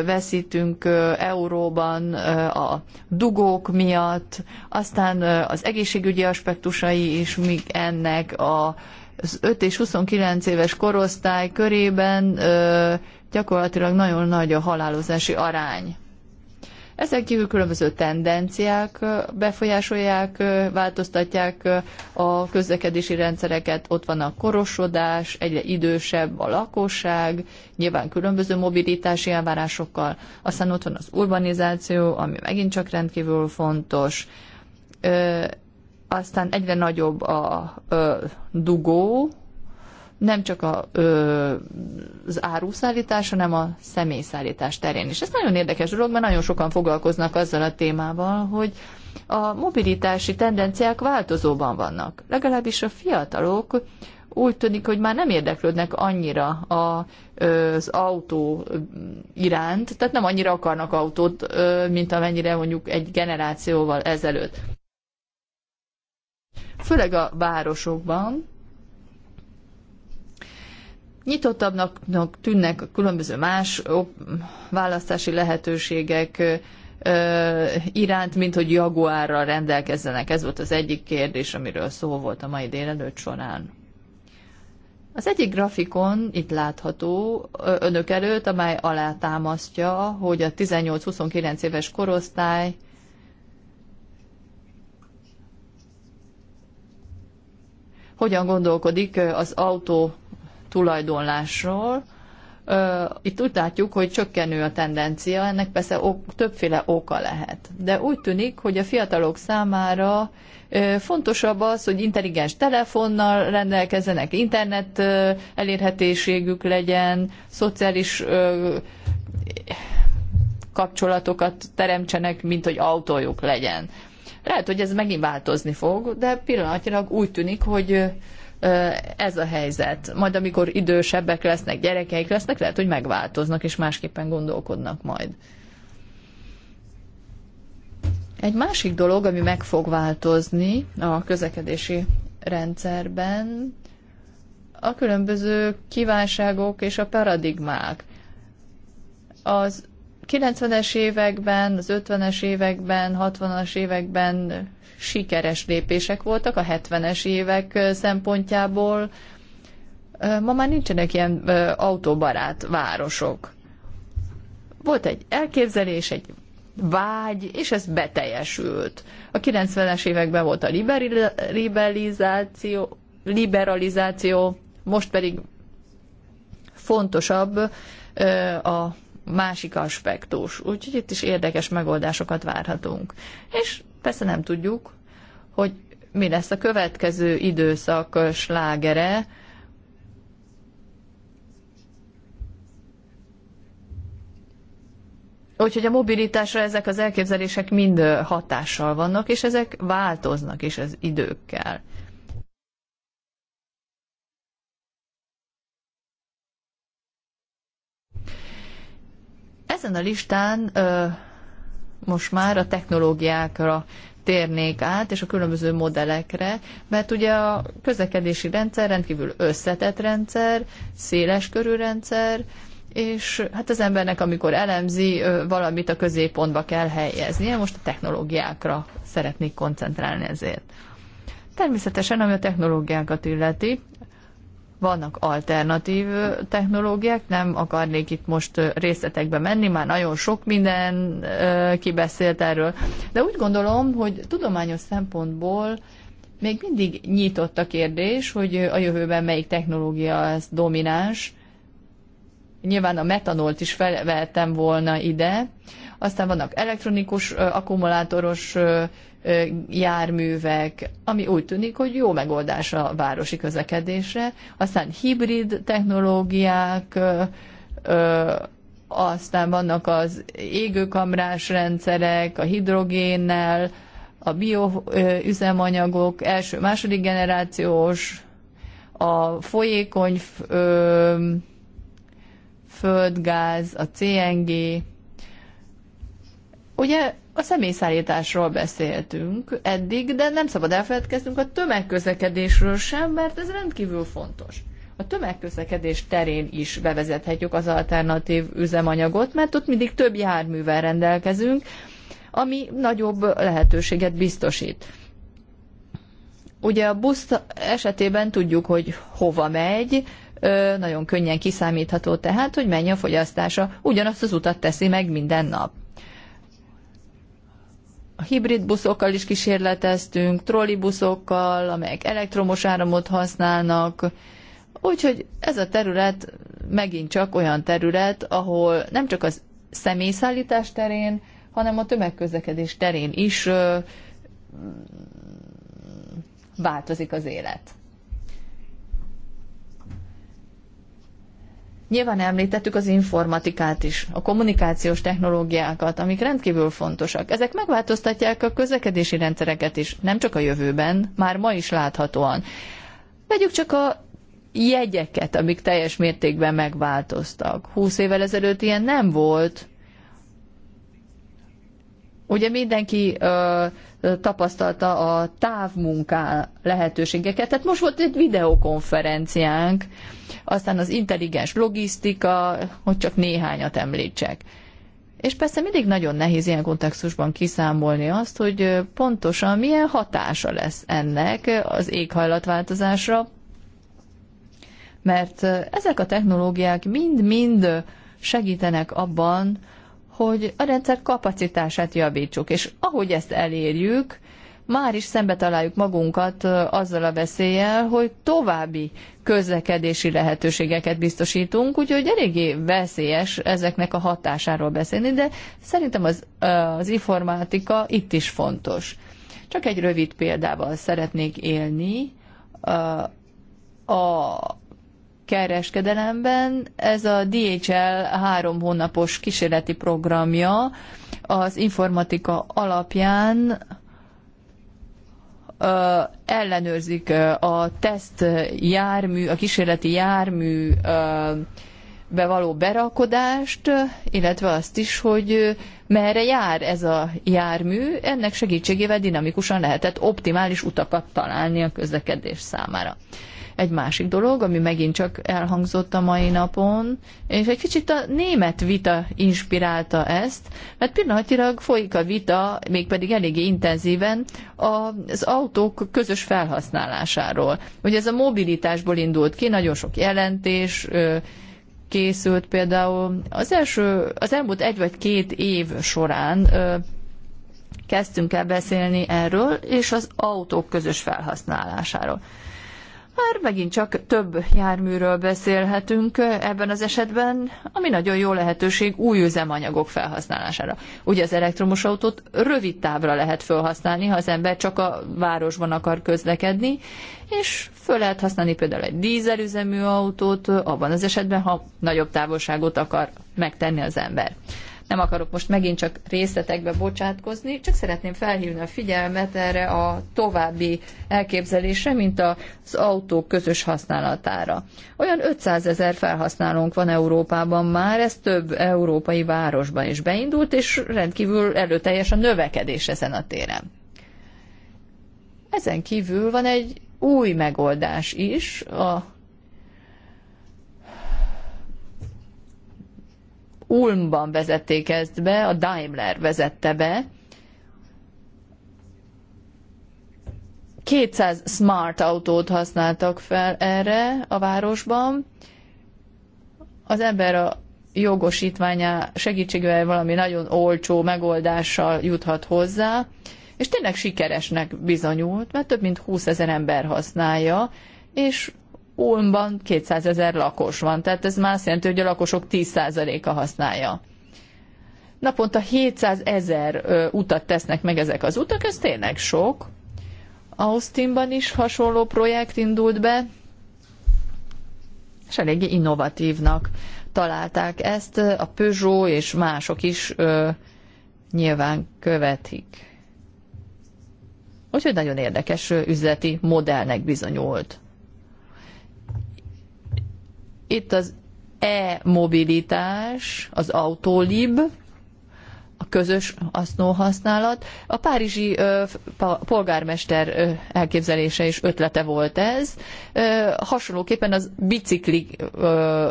veszítünk euróban a dugók miatt, aztán az egészségügyi aspektusai is még ennek a az 5 és 29 éves korosztály körében ö, gyakorlatilag nagyon nagy a halálozási arány. Ezek kívül különböző tendenciák befolyásolják, változtatják a közlekedési rendszereket. Ott van a korosodás, egyre idősebb a lakosság, nyilván különböző mobilitási elvárásokkal. Aztán ott van az urbanizáció, ami megint csak rendkívül fontos aztán egyre nagyobb a ö, dugó, nem csak a, ö, az áruszállítás, hanem a személyszállítás terén is. Ez nagyon érdekes dolog, mert nagyon sokan foglalkoznak azzal a témával, hogy a mobilitási tendenciák változóban vannak. Legalábbis a fiatalok úgy tűnik, hogy már nem érdeklődnek annyira a, az autó iránt, tehát nem annyira akarnak autót, mint amennyire mondjuk egy generációval ezelőtt főleg a városokban. Nyitottabbnak tűnnek a különböző más választási lehetőségek iránt, mint hogy jaguárral rendelkezzenek. Ez volt az egyik kérdés, amiről szó volt a mai délelőtt során. Az egyik grafikon itt látható önök előtt, amely alátámasztja, hogy a 18-29 éves korosztály hogyan gondolkodik az autó tulajdonlásról. Itt úgy látjuk, hogy csökkenő a tendencia, ennek persze ok, többféle oka lehet. De úgy tűnik, hogy a fiatalok számára fontosabb az, hogy intelligens telefonnal rendelkezzenek, internet elérhetőségük legyen, szociális kapcsolatokat teremtsenek, mint hogy autójuk legyen. Lehet, hogy ez megint változni fog, de pillanatnyilag úgy tűnik, hogy ez a helyzet. Majd amikor idősebbek lesznek, gyerekeik lesznek, lehet, hogy megváltoznak és másképpen gondolkodnak majd. Egy másik dolog, ami meg fog változni a közlekedési rendszerben, a különböző kívánságok és a paradigmák. Az 90-es években, az 50-es években, 60-as években sikeres lépések voltak a 70-es évek szempontjából. Ma már nincsenek ilyen autóbarát városok. Volt egy elképzelés, egy vágy, és ez beteljesült. A 90-es években volt a liberalizáció, liberalizáció most pedig fontosabb a másik aspektus. Úgyhogy itt is érdekes megoldásokat várhatunk. És persze nem tudjuk, hogy mi lesz a következő időszak slágere, Úgyhogy a mobilitásra ezek az elképzelések mind hatással vannak, és ezek változnak is az időkkel. Ezen a listán most már a technológiákra térnék át, és a különböző modellekre, mert ugye a közlekedési rendszer rendkívül összetett rendszer, széles körű rendszer, és hát az embernek, amikor elemzi, valamit a középpontba kell helyeznie, most a technológiákra szeretnék koncentrálni ezért. Természetesen, ami a technológiákat illeti, vannak alternatív technológiák, nem akarnék itt most részletekbe menni, már nagyon sok minden kibeszélt erről, de úgy gondolom, hogy tudományos szempontból még mindig nyitott a kérdés, hogy a jövőben melyik technológia az domináns. Nyilván a metanolt is felvehettem volna ide. Aztán vannak elektronikus, akkumulátoros járművek, ami úgy tűnik, hogy jó megoldás a városi közlekedésre, aztán hibrid technológiák, aztán vannak az égőkamrás rendszerek, a hidrogénnel, a bioüzemanyagok, első-második generációs, a folyékony földgáz, a CNG. Ugye a személyszállításról beszéltünk eddig, de nem szabad elfeledkeznünk a tömegközlekedésről sem, mert ez rendkívül fontos. A tömegközlekedés terén is bevezethetjük az alternatív üzemanyagot, mert ott mindig több járművel rendelkezünk, ami nagyobb lehetőséget biztosít. Ugye a busz esetében tudjuk, hogy hova megy, nagyon könnyen kiszámítható tehát, hogy mennyi a fogyasztása, ugyanazt az utat teszi meg minden nap. A hibrid buszokkal is kísérleteztünk, trollibuszokkal, amelyek elektromos áramot használnak. Úgyhogy ez a terület megint csak olyan terület, ahol nem csak az személyszállítás terén, hanem a tömegközlekedés terén is változik az élet. Nyilván említettük az informatikát is, a kommunikációs technológiákat, amik rendkívül fontosak. Ezek megváltoztatják a közlekedési rendszereket is, nem csak a jövőben, már ma is láthatóan. Vegyük csak a jegyeket, amik teljes mértékben megváltoztak. Húsz évvel ezelőtt ilyen nem volt. Ugye mindenki Uh, tapasztalta a távmunká lehetőségeket. Tehát most volt egy videokonferenciánk, aztán az intelligens logisztika, hogy csak néhányat említsek. És persze mindig nagyon nehéz ilyen kontextusban kiszámolni azt, hogy pontosan milyen hatása lesz ennek az éghajlatváltozásra, mert ezek a technológiák mind-mind segítenek abban, hogy a rendszer kapacitását javítsuk, és ahogy ezt elérjük, már is szembe találjuk magunkat azzal a veszéllyel, hogy további közlekedési lehetőségeket biztosítunk, úgyhogy eléggé veszélyes ezeknek a hatásáról beszélni, de szerintem az, az informatika itt is fontos. Csak egy rövid példával szeretnék élni. A kereskedelemben. Ez a DHL három hónapos kísérleti programja az informatika alapján ellenőrzik a teszt jármű, a kísérleti jármű bevaló berakodást, illetve azt is, hogy merre jár ez a jármű, ennek segítségével dinamikusan lehetett optimális utakat találni a közlekedés számára egy másik dolog, ami megint csak elhangzott a mai napon, és egy kicsit a német vita inspirálta ezt, mert pillanatilag folyik a vita, mégpedig eléggé intenzíven, az autók közös felhasználásáról. Ugye ez a mobilitásból indult ki, nagyon sok jelentés, készült például. Az első, az elmúlt egy vagy két év során kezdtünk el beszélni erről, és az autók közös felhasználásáról már megint csak több járműről beszélhetünk ebben az esetben, ami nagyon jó lehetőség új üzemanyagok felhasználására. Ugye az elektromos autót rövid távra lehet felhasználni, ha az ember csak a városban akar közlekedni, és föl lehet használni például egy dízelüzemű autót, abban az esetben, ha nagyobb távolságot akar megtenni az ember. Nem akarok most megint csak részletekbe bocsátkozni, csak szeretném felhívni a figyelmet erre a további elképzelésre, mint az autók közös használatára. Olyan 500 ezer felhasználónk van Európában már, ez több európai városban is beindult, és rendkívül előteljes a növekedés ezen a téren. Ezen kívül van egy új megoldás is a Ulmban vezették ezt be, a Daimler vezette be. 200 smart autót használtak fel erre a városban. Az ember a jogosítványa segítségével valami nagyon olcsó megoldással juthat hozzá, és tényleg sikeresnek bizonyult, mert több mint 20 ezer ember használja, és Ulmban 200 ezer lakos van, tehát ez már azt jelenti, hogy a lakosok 10%-a használja. Naponta 700 ezer utat tesznek meg ezek az utak, ez tényleg sok. Austinban is hasonló projekt indult be, és eléggé innovatívnak találták ezt. A Peugeot és mások is ö, nyilván követik. Úgyhogy nagyon érdekes üzleti modellnek bizonyult. Itt az e-mobilitás, az autólib, a közös használat. A párizsi ö, polgármester ö, elképzelése és ötlete volt ez. Ö, hasonlóképpen az bicikli ö,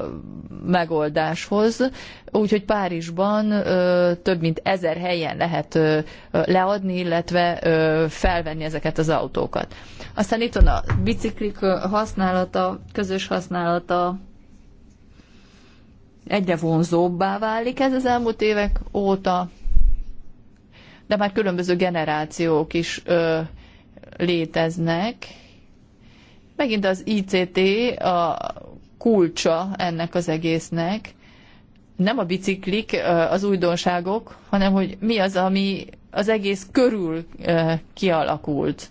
megoldáshoz, úgyhogy Párizsban ö, több mint ezer helyen lehet ö, leadni, illetve ö, felvenni ezeket az autókat. Aztán itt van a biciklik használata, közös használata, egyre vonzóbbá válik ez az elmúlt évek óta, de már különböző generációk is ö, léteznek. Megint az ICT a kulcsa ennek az egésznek. Nem a biciklik az újdonságok, hanem hogy mi az, ami az egész körül kialakult.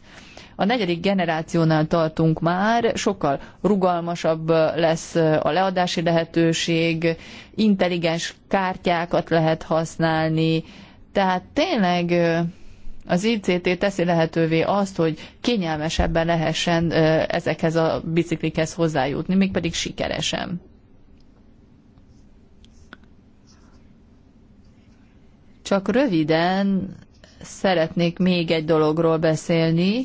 A negyedik generációnál tartunk már, sokkal rugalmasabb lesz a leadási lehetőség, intelligens kártyákat lehet használni, tehát tényleg az ICT teszi lehetővé azt, hogy kényelmesebben lehessen ezekhez a biciklikhez hozzájutni, mégpedig sikeresen. Csak röviden szeretnék még egy dologról beszélni,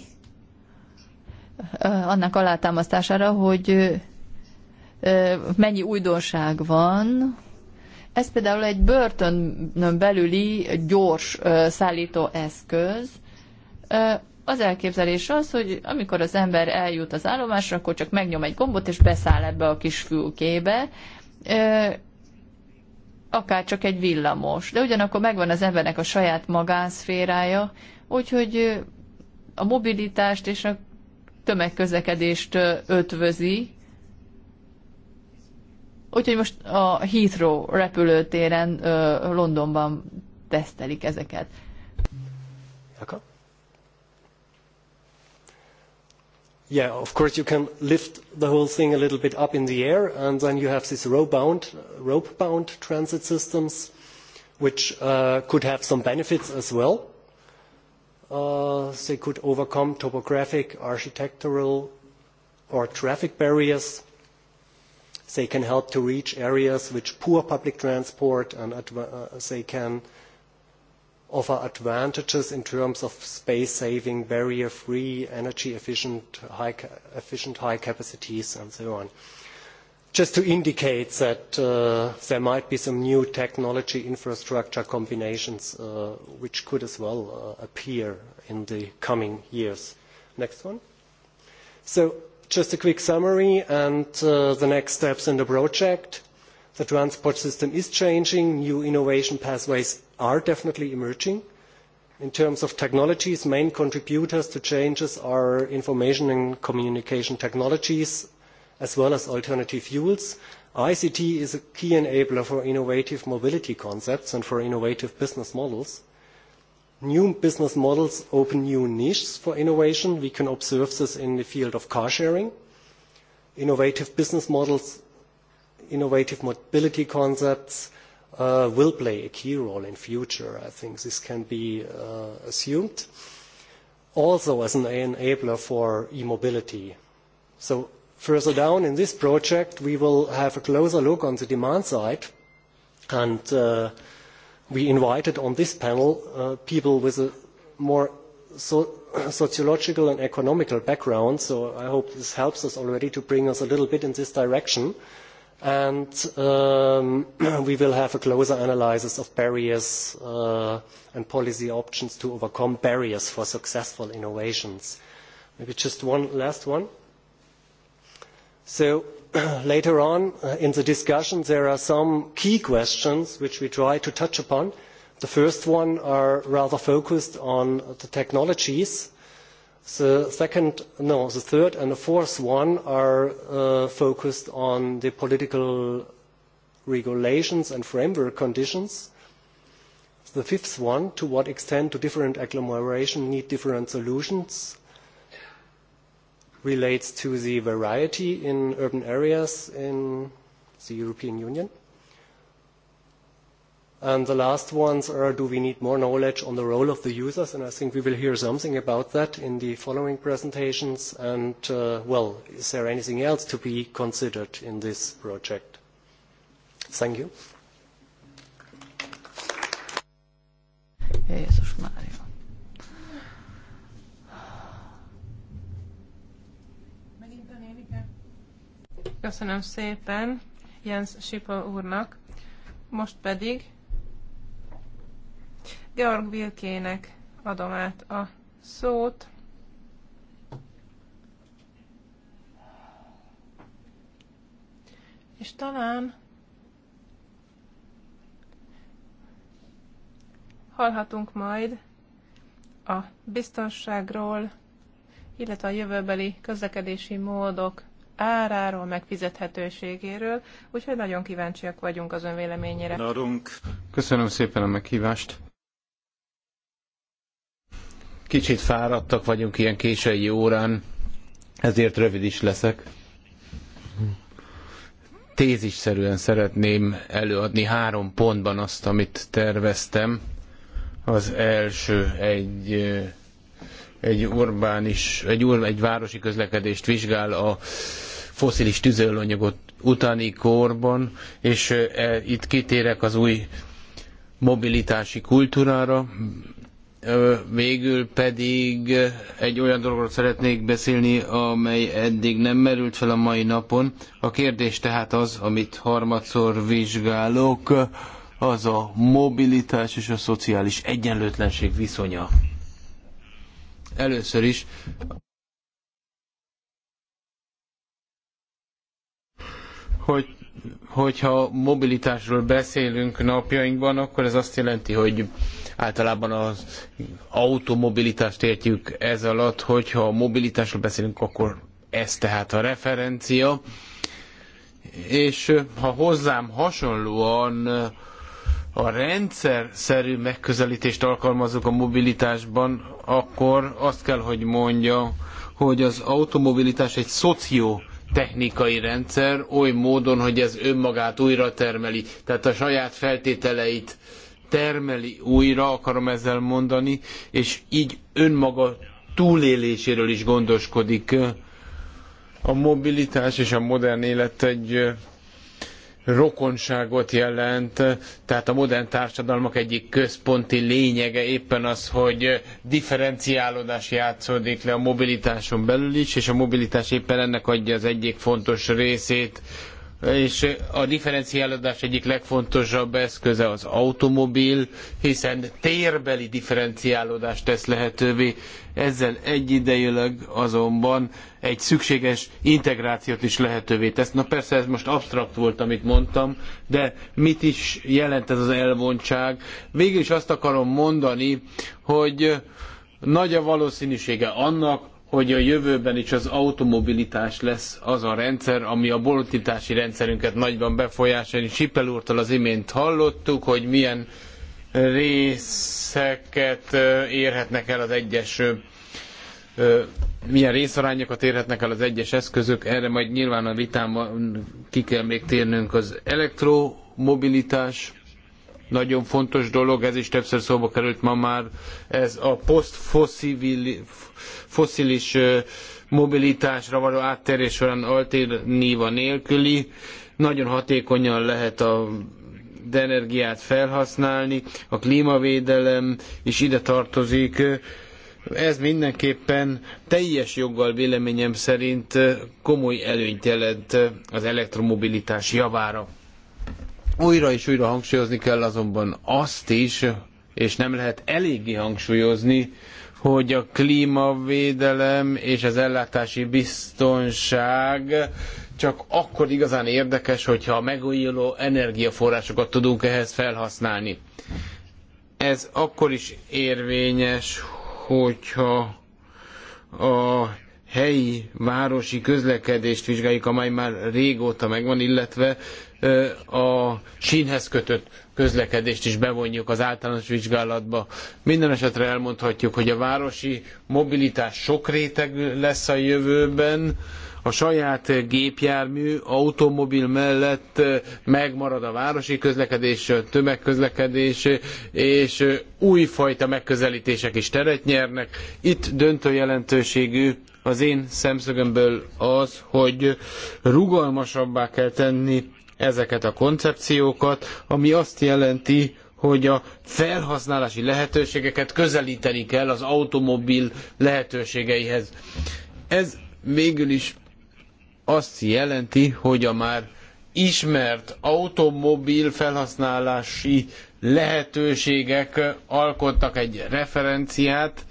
annak alátámasztására, hogy mennyi újdonság van. Ez például egy börtönön belüli gyors szállító eszköz. Az elképzelés az, hogy amikor az ember eljut az állomásra, akkor csak megnyom egy gombot, és beszáll ebbe a kis fülkébe, akár csak egy villamos. De ugyanakkor megvan az embernek a saját magánszférája, úgyhogy a mobilitást és a tömegközlekedést ötvözi. Úgyhogy most a Heathrow repülőtéren Londonban tesztelik ezeket. Akkor? Yeah, of course you can lift the whole thing a little bit up in the air and then you have these rope-bound rope -bound transit systems which uh, could have some benefits as well. Uh, they could overcome topographic, architectural, or traffic barriers. They can help to reach areas which poor public transport and uh, they can offer advantages in terms of space saving, barrier free, energy efficient, high, efficient high capacities and so on just to indicate that uh, there might be some new technology infrastructure combinations uh, which could as well uh, appear in the coming years. Next one. So just a quick summary and the next steps in the project. The transport system is changing. New innovation pathways are definitely emerging. In terms of technologies, main contributors to changes are information and communication technologies, as well as alternative fuels. ICT is a key enabler for innovative mobility concepts and for innovative business models. New business models open new niches for innovation. We can observe this in the field of car sharing. Innovative business models, innovative mobility concepts uh, will play a key role in future. I think this can be uh, assumed. Also as an enabler for e-mobility. So Further down in this project, we will have a closer look on the demand side, and uh, we invited on this panel uh, people with a more so sociological and economical background, so I hope this helps us already to bring us a little bit in this direction. And um, we will have a closer analysis of barriers uh, and policy options to overcome barriers for successful innovations. Maybe just one last one. So later on uh, in the discussion there are some key questions which we try to touch upon. The first one are rather focused on the technologies. The third and the fourth one are uh, focused on the political regulations and framework conditions. The fifth one, to what extent do different agglomerations need different solutions? relates to the variety in urban areas in the European Union. And the last ones are, do we need more knowledge on the role of the users? And I think we will hear something about that in the following presentations. And, uh, well, is there anything else to be considered in this project? Thank you. Jézus Mária. Köszönöm szépen Jens Sipa úrnak. Most pedig Georg Vilkének adom át a szót. És talán hallhatunk majd a biztonságról, illetve a jövőbeli közlekedési módok áráról, megfizethetőségéről, úgyhogy nagyon kíváncsiak vagyunk az ön véleményére. Köszönöm szépen a meghívást. Kicsit fáradtak vagyunk ilyen késői órán, ezért rövid is leszek. Tézisszerűen szeretném előadni három pontban azt, amit terveztem. Az első egy egy urbánis, egy, egy városi közlekedést vizsgál a foszilis tüzelőanyagot utáni korban, és e, itt kitérek az új mobilitási kultúrára, végül pedig egy olyan dologról szeretnék beszélni, amely eddig nem merült fel a mai napon. A kérdés tehát az, amit harmadszor vizsgálok, az a mobilitás és a szociális egyenlőtlenség viszonya. Először is hogy hogyha mobilitásról beszélünk napjainkban, akkor ez azt jelenti, hogy általában az automobilitást értjük ez alatt, hogyha mobilitásról beszélünk, akkor ez tehát a referencia. És ha hozzám hasonlóan a rendszer szerű megközelítést alkalmazok a mobilitásban, akkor azt kell, hogy mondja, hogy az automobilitás egy szoció technikai rendszer oly módon, hogy ez önmagát újra termeli, tehát a saját feltételeit termeli újra, akarom ezzel mondani, és így önmaga túléléséről is gondoskodik. A mobilitás és a modern élet egy rokonságot jelent, tehát a modern társadalmak egyik központi lényege éppen az, hogy differenciálódás játszódik le a mobilitáson belül is, és a mobilitás éppen ennek adja az egyik fontos részét, és a differenciálódás egyik legfontosabb eszköze az automobil, hiszen térbeli differenciálódást tesz lehetővé, ezzel egyidejűleg azonban egy szükséges integrációt is lehetővé tesz. Na persze ez most absztrakt volt, amit mondtam, de mit is jelent ez az elvontság? Végül is azt akarom mondani, hogy nagy a valószínűsége annak, hogy a jövőben is az automobilitás lesz az a rendszer, ami a boltítási rendszerünket nagyban befolyásolja. Sipel úrtól az imént hallottuk, hogy milyen részeket érhetnek el az egyes milyen részarányokat érhetnek el az egyes eszközök, erre majd nyilván a vitában ki kell még térnünk az elektromobilitás nagyon fontos dolog, ez is többször szóba került ma már, ez a posztfoszilis mobilitásra való áttérés során alternatíva nélküli. Nagyon hatékonyan lehet a de energiát felhasználni, a klímavédelem is ide tartozik. Ez mindenképpen teljes joggal véleményem szerint komoly előnyt jelent az elektromobilitás javára. Újra és újra hangsúlyozni kell azonban azt is, és nem lehet eléggé hangsúlyozni, hogy a klímavédelem és az ellátási biztonság csak akkor igazán érdekes, hogyha a megújuló energiaforrásokat tudunk ehhez felhasználni. Ez akkor is érvényes, hogyha a helyi városi közlekedést vizsgáljuk, amely már régóta megvan, illetve a sínhez kötött közlekedést is bevonjuk az általános vizsgálatba. Minden esetre elmondhatjuk, hogy a városi mobilitás réteg lesz a jövőben, a saját gépjármű, automobil mellett megmarad a városi közlekedés, tömegközlekedés, és újfajta megközelítések is teret nyernek. Itt döntő jelentőségű az én szemszögömből az, hogy rugalmasabbá kell tenni ezeket a koncepciókat, ami azt jelenti, hogy a felhasználási lehetőségeket közelíteni kell az automobil lehetőségeihez. Ez végül is azt jelenti, hogy a már ismert automobil felhasználási lehetőségek alkottak egy referenciát,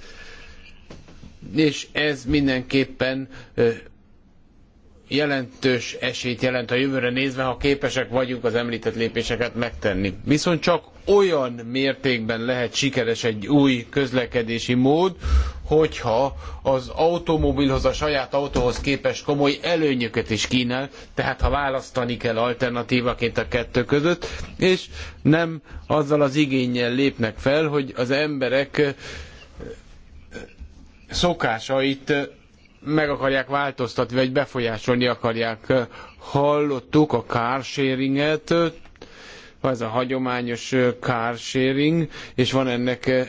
és ez mindenképpen jelentős esélyt jelent a jövőre nézve, ha képesek vagyunk az említett lépéseket megtenni. Viszont csak olyan mértékben lehet sikeres egy új közlekedési mód, hogyha az automobilhoz, a saját autóhoz képest komoly előnyöket is kínál, tehát ha választani kell alternatívaként a kettő között, és nem azzal az igényel lépnek fel, hogy az emberek szokásait meg akarják változtatni, vagy befolyásolni akarják. Hallottuk a carsharinget, ez a hagyományos carsharing, és van ennek eh,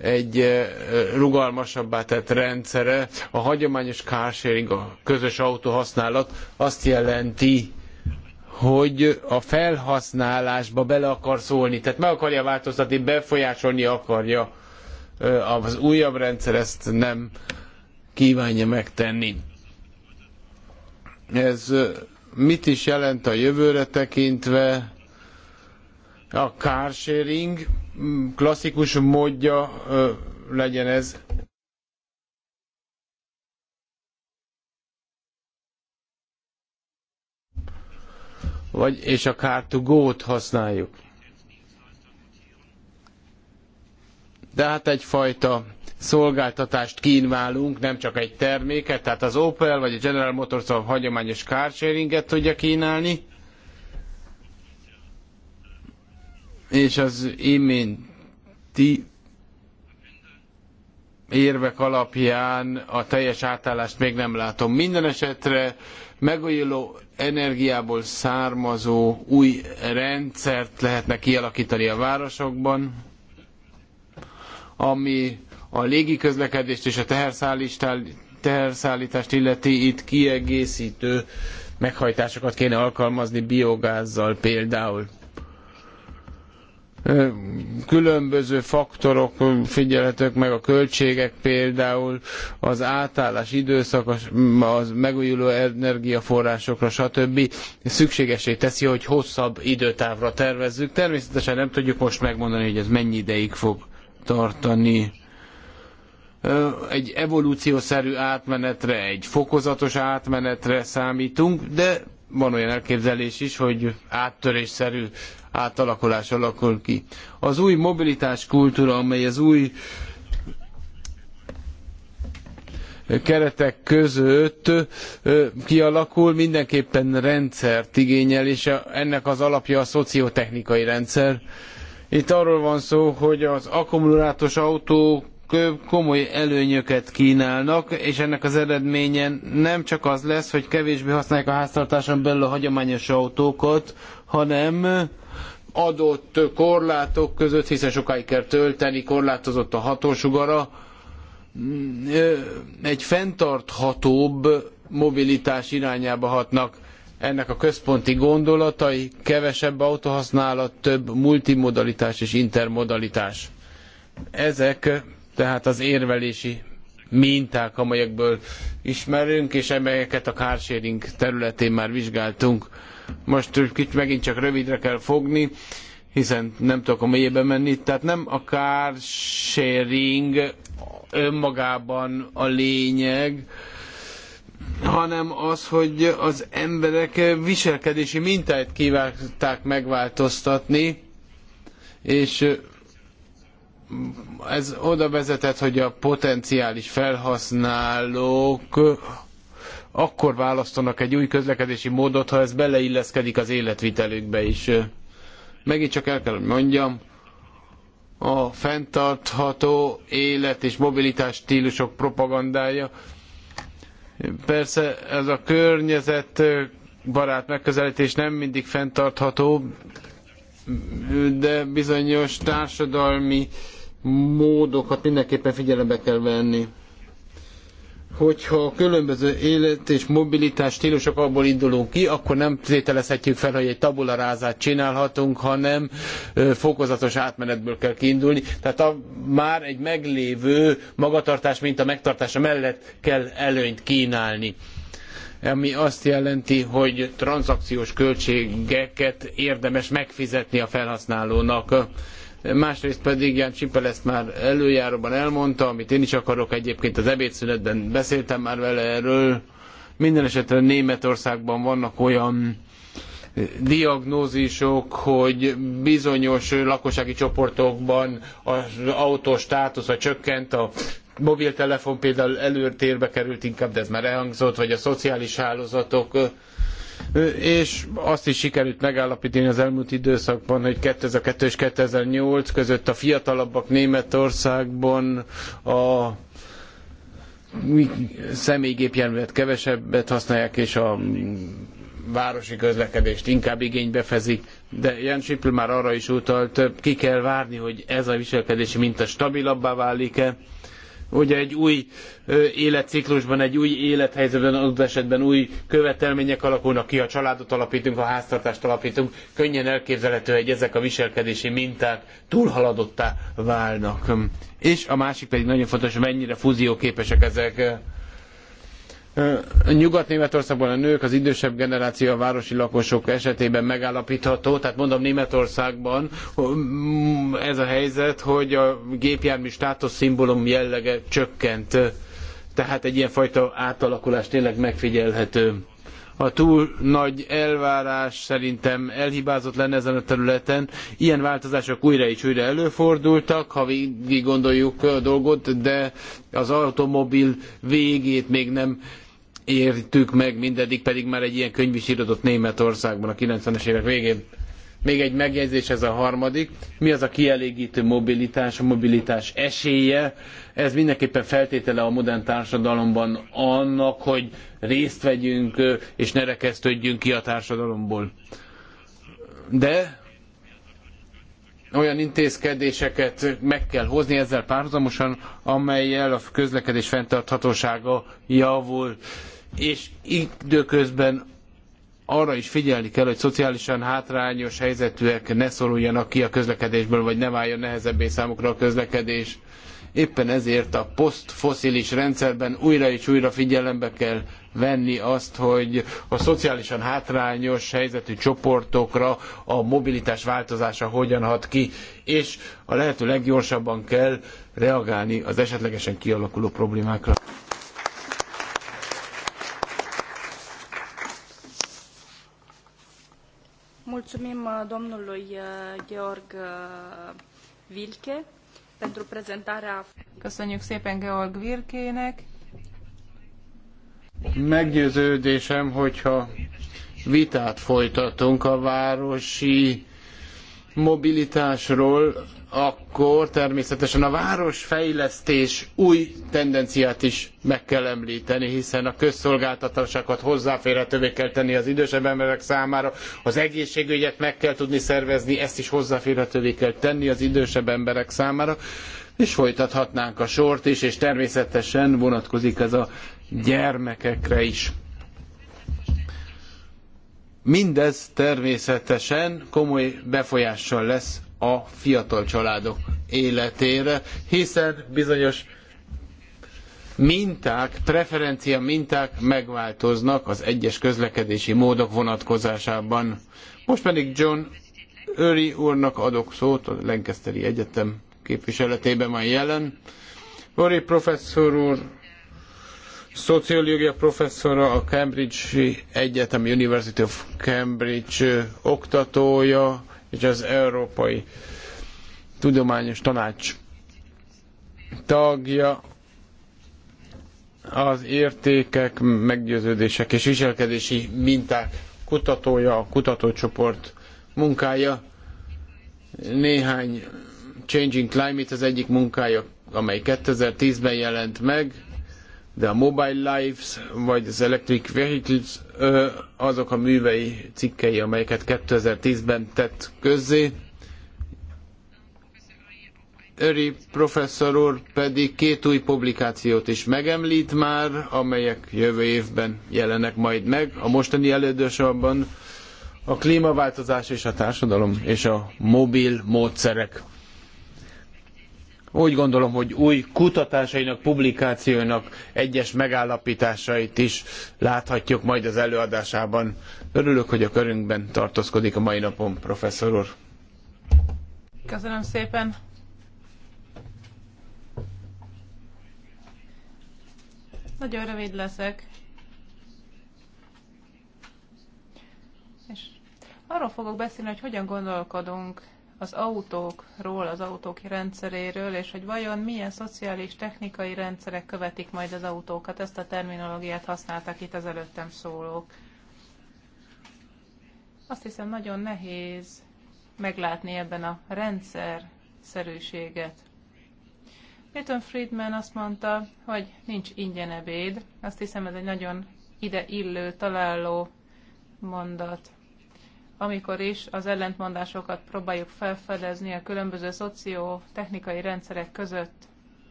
egy eh, rugalmasabbá tett rendszere. A hagyományos carsharing, a közös autóhasználat azt jelenti, hogy a felhasználásba bele akar szólni, tehát meg akarja változtatni, befolyásolni akarja. Eh, az újabb rendszer ezt nem kívánja megtenni. Ez mit is jelent a jövőre tekintve? A carsharing mm, klasszikus módja legyen ez vagy, és a car to go-t használjuk. De hát egyfajta szolgáltatást kínálunk, nem csak egy terméket, tehát az Opel vagy a General Motors a hagyományos carsharinget tudja kínálni. És az iménti érvek alapján a teljes átállást még nem látom. Minden esetre megújuló energiából származó új rendszert lehetne kialakítani a városokban, ami a légi közlekedést és a teherszállítást illeti itt kiegészítő meghajtásokat kéne alkalmazni biogázzal például különböző faktorok figyelhetők meg a költségek például az átállás időszak, az megújuló energiaforrásokra, stb. szükségesé teszi, hogy hosszabb időtávra tervezzük. Természetesen nem tudjuk most megmondani, hogy ez mennyi ideig fog tartani egy evolúciószerű átmenetre, egy fokozatos átmenetre számítunk, de van olyan elképzelés is, hogy áttörésszerű átalakulás alakul ki. Az új mobilitás kultúra, amely az új keretek között kialakul, mindenképpen rendszert igényel, és ennek az alapja a szociotechnikai rendszer. Itt arról van szó, hogy az akkumulátoros autók komoly előnyöket kínálnak, és ennek az eredménye nem csak az lesz, hogy kevésbé használják a háztartáson belül a hagyományos autókat, hanem adott korlátok között, hiszen sokáig kell tölteni, korlátozott a hatósugara, egy fenntarthatóbb mobilitás irányába hatnak ennek a központi gondolatai, kevesebb autóhasználat, több multimodalitás és intermodalitás. Ezek tehát az érvelési minták, amelyekből ismerünk, és amelyeket a kársérink területén már vizsgáltunk. Most kicsit megint csak rövidre kell fogni, hiszen nem tudok a mélyébe menni. Tehát nem a carsharing önmagában a lényeg, hanem az, hogy az emberek viselkedési mintáit kívánták megváltoztatni, és ez oda vezetett, hogy a potenciális felhasználók akkor választanak egy új közlekedési módot, ha ez beleilleszkedik az életvitelükbe is. Megint csak el kell, hogy mondjam, a fenntartható élet és mobilitás stílusok propagandája. Persze ez a környezet barát megközelítés nem mindig fenntartható, de bizonyos társadalmi módokat mindenképpen figyelembe kell venni. Hogyha a különböző élet és mobilitás stílusok abból indulunk ki, akkor nem tételezhetjük fel, hogy egy tabularázát csinálhatunk, hanem fokozatos átmenetből kell kiindulni. Tehát a, már egy meglévő magatartás mint a megtartása mellett kell előnyt kínálni ami azt jelenti, hogy tranzakciós költségeket érdemes megfizetni a felhasználónak másrészt pedig Ján Csipel ezt már előjáróban elmondta, amit én is akarok, egyébként az ebédszünetben beszéltem már vele erről. Minden esetre Németországban vannak olyan diagnózisok, hogy bizonyos lakossági csoportokban az autó státusza csökkent, a mobiltelefon például előtérbe került inkább, de ez már elhangzott, vagy a szociális hálózatok és azt is sikerült megállapítani az elmúlt időszakban, hogy 2002 és 2008 között a fiatalabbak Németországban a személygépjárművet kevesebbet használják, és a városi közlekedést inkább igénybe fezik, de Jan Sipl már arra is utalt, ki kell várni, hogy ez a viselkedési minta stabilabbá válik-e, hogy egy új életciklusban, egy új élethelyzetben, adott esetben új követelmények alakulnak ki, ha családot alapítunk, ha háztartást alapítunk, könnyen elképzelhető, hogy ezek a viselkedési minták túlhaladottá válnak. Hm. És a másik pedig nagyon fontos, mennyire fúzióképesek ezek Nyugat-Németországban a nők, az idősebb generáció, a városi lakosok esetében megállapítható. Tehát mondom, Németországban mm, ez a helyzet, hogy a gépjármű státuszszimbólum jellege csökkent. Tehát egy ilyen fajta átalakulás tényleg megfigyelhető. A túl nagy elvárás szerintem elhibázott lenne ezen a területen. Ilyen változások újra és újra előfordultak, ha végig gondoljuk a dolgot, de az automobil végét még nem értük meg, mindeddig pedig már egy ilyen könyv is írodott Németországban a 90-es évek végén. Még egy megjegyzés, ez a harmadik. Mi az a kielégítő mobilitás, a mobilitás esélye? Ez mindenképpen feltétele a modern társadalomban annak, hogy részt vegyünk és ne rekesztődjünk ki a társadalomból. De olyan intézkedéseket meg kell hozni ezzel párhuzamosan, amelyel a közlekedés fenntarthatósága javul és időközben arra is figyelni kell, hogy szociálisan hátrányos helyzetűek ne szoruljanak ki a közlekedésből, vagy ne váljon nehezebbé számukra a közlekedés. Éppen ezért a posztfoszilis rendszerben újra és újra figyelembe kell venni azt, hogy a szociálisan hátrányos helyzetű csoportokra a mobilitás változása hogyan hat ki, és a lehető leggyorsabban kell reagálni az esetlegesen kialakuló problémákra. mulțumim uh, domnului uh, Georg Vilke uh, pentru prezentarea. Köszönjük szépen Georg Vilkének. Meggyőződésem, hogyha vitát folytatunk a városi mobilitásról, akkor természetesen a városfejlesztés új tendenciát is meg kell említeni, hiszen a közszolgáltatásokat hozzáférhetővé kell tenni az idősebb emberek számára, az egészségügyet meg kell tudni szervezni, ezt is hozzáférhetővé kell tenni az idősebb emberek számára, és folytathatnánk a sort is, és természetesen vonatkozik ez a gyermekekre is. Mindez természetesen komoly befolyással lesz a fiatal családok életére, hiszen bizonyos minták, preferencia minták megváltoznak az egyes közlekedési módok vonatkozásában. Most pedig John Öri úrnak adok szót, a Lancasteri Egyetem képviseletében van jelen. Öri professzor úr szociológia professzora, a Cambridge Egyetem, University of Cambridge oktatója, és az Európai Tudományos Tanács tagja, az értékek, meggyőződések és viselkedési minták kutatója, a kutatócsoport munkája. Néhány Changing Climate az egyik munkája, amely 2010-ben jelent meg, de a Mobile Lives, vagy az Electric Vehicles azok a művei cikkei, amelyeket 2010-ben tett közzé. Öri professzor úr pedig két új publikációt is megemlít már, amelyek jövő évben jelenek majd meg. A mostani elődősorban a klímaváltozás és a társadalom és a mobil módszerek úgy gondolom, hogy új kutatásainak, publikációinak egyes megállapításait is láthatjuk majd az előadásában. Örülök, hogy a körünkben tartózkodik a mai napon, professzor úr. Köszönöm szépen. Nagyon rövid leszek. És arról fogok beszélni, hogy hogyan gondolkodunk az autókról, az autók rendszeréről, és hogy vajon milyen szociális, technikai rendszerek követik majd az autókat. Ezt a terminológiát használták itt az előttem szólók. Azt hiszem nagyon nehéz meglátni ebben a rendszer szerűséget. Milton Friedman azt mondta, hogy nincs ingyen ebéd. Azt hiszem ez egy nagyon ide illő, találó mondat amikor is az ellentmondásokat próbáljuk felfedezni a különböző szociotechnikai rendszerek között.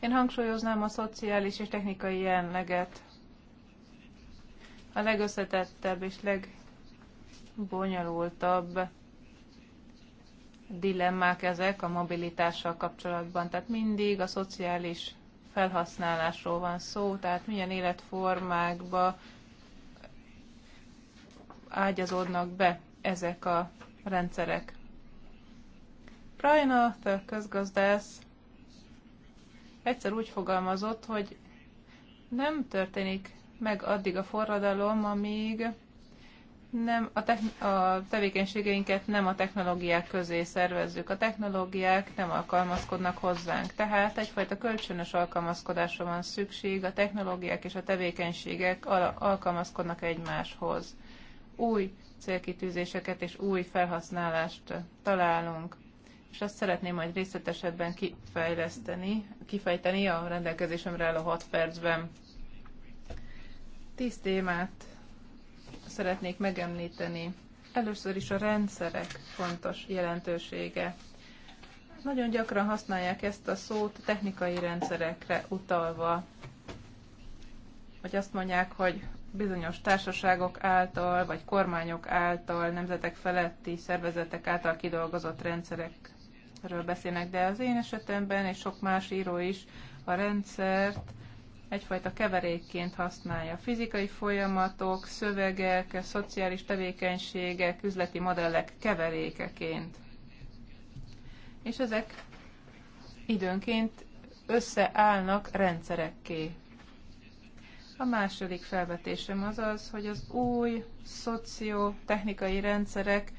Én hangsúlyoznám a szociális és technikai jelenleget. A legösszetettebb és legbonyolultabb dilemmák ezek a mobilitással kapcsolatban. Tehát mindig a szociális felhasználásról van szó, tehát milyen életformákba ágyazódnak be ezek a rendszerek. Prajna, Arthur közgazdász egyszer úgy fogalmazott, hogy nem történik meg addig a forradalom, amíg nem a, techn- a tevékenységeinket nem a technológiák közé szervezzük. A technológiák nem alkalmazkodnak hozzánk. Tehát egyfajta kölcsönös alkalmazkodásra van szükség, a technológiák és a tevékenységek al- alkalmazkodnak egymáshoz új célkitűzéseket és új felhasználást találunk. És azt szeretném majd részletesebben kifejleszteni, kifejteni a rendelkezésemre álló 6 percben. Tíz témát szeretnék megemlíteni. Először is a rendszerek fontos jelentősége. Nagyon gyakran használják ezt a szót technikai rendszerekre utalva, hogy azt mondják, hogy bizonyos társaságok által, vagy kormányok által, nemzetek feletti szervezetek által kidolgozott rendszerekről beszélnek, de az én esetemben, és sok más író is a rendszert egyfajta keverékként használja. Fizikai folyamatok, szövegek, szociális tevékenységek, üzleti modellek keverékeként. És ezek időnként összeállnak rendszerekké a második felvetésem az az, hogy az új szociotechnikai rendszerek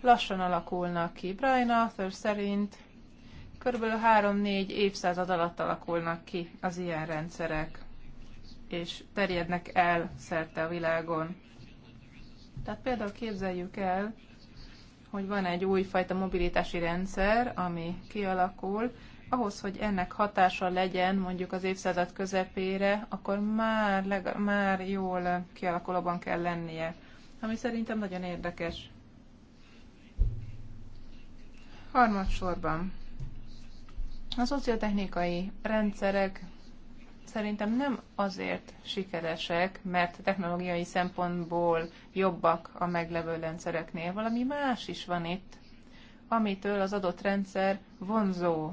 lassan alakulnak ki. Brian Arthur szerint kb. 3-4 évszázad alatt alakulnak ki az ilyen rendszerek, és terjednek el szerte a világon. Tehát például képzeljük el, hogy van egy újfajta mobilitási rendszer, ami kialakul, ahhoz, hogy ennek hatása legyen mondjuk az évszázad közepére, akkor már, legal- már jól kialakulóban kell lennie, ami szerintem nagyon érdekes. Harmadsorban a szociotechnikai rendszerek szerintem nem azért sikeresek, mert technológiai szempontból jobbak a meglevő rendszereknél. Valami más is van itt, amitől az adott rendszer vonzó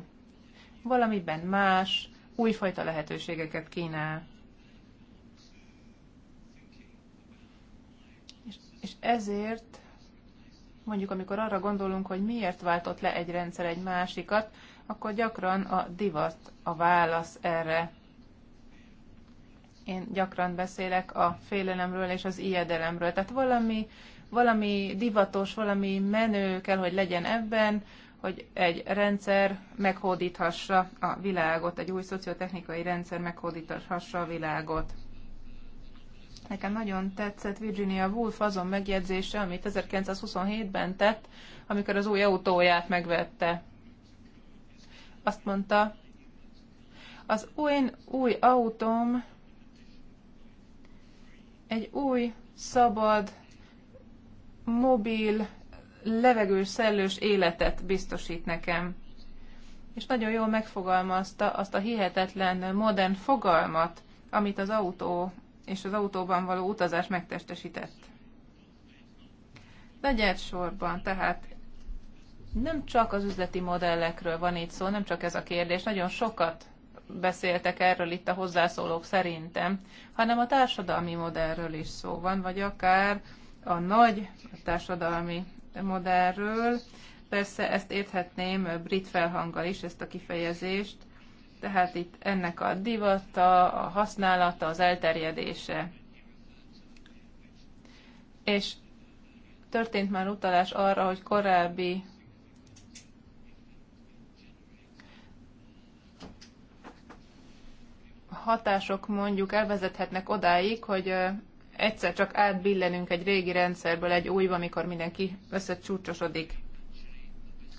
valamiben más, újfajta lehetőségeket kínál. És, és ezért mondjuk amikor arra gondolunk, hogy miért váltott le egy rendszer egy másikat, akkor gyakran a divat a válasz erre. Én gyakran beszélek a félelemről és az ijedelemről. Tehát valami, valami divatos, valami menő kell, hogy legyen ebben, hogy egy rendszer meghódíthassa a világot, egy új szociotechnikai rendszer meghódíthassa a világot. Nekem nagyon tetszett Virginia Woolf azon megjegyzése, amit 1927-ben tett, amikor az új autóját megvette. Azt mondta, az én új autóm egy új, szabad, mobil levegős, szellős életet biztosít nekem. És nagyon jól megfogalmazta azt a hihetetlen modern fogalmat, amit az autó és az autóban való utazás megtestesített. Negyed sorban, tehát nem csak az üzleti modellekről van itt szó, nem csak ez a kérdés, nagyon sokat beszéltek erről itt a hozzászólók szerintem, hanem a társadalmi modellről is szó van, vagy akár a nagy társadalmi modellről. Persze ezt érthetném brit felhanggal is, ezt a kifejezést, tehát itt ennek a divata, a használata, az elterjedése. És történt már utalás arra, hogy korábbi hatások mondjuk elvezethetnek odáig, hogy egyszer csak átbillenünk egy régi rendszerből egy újba, amikor mindenki összecsúcsosodik.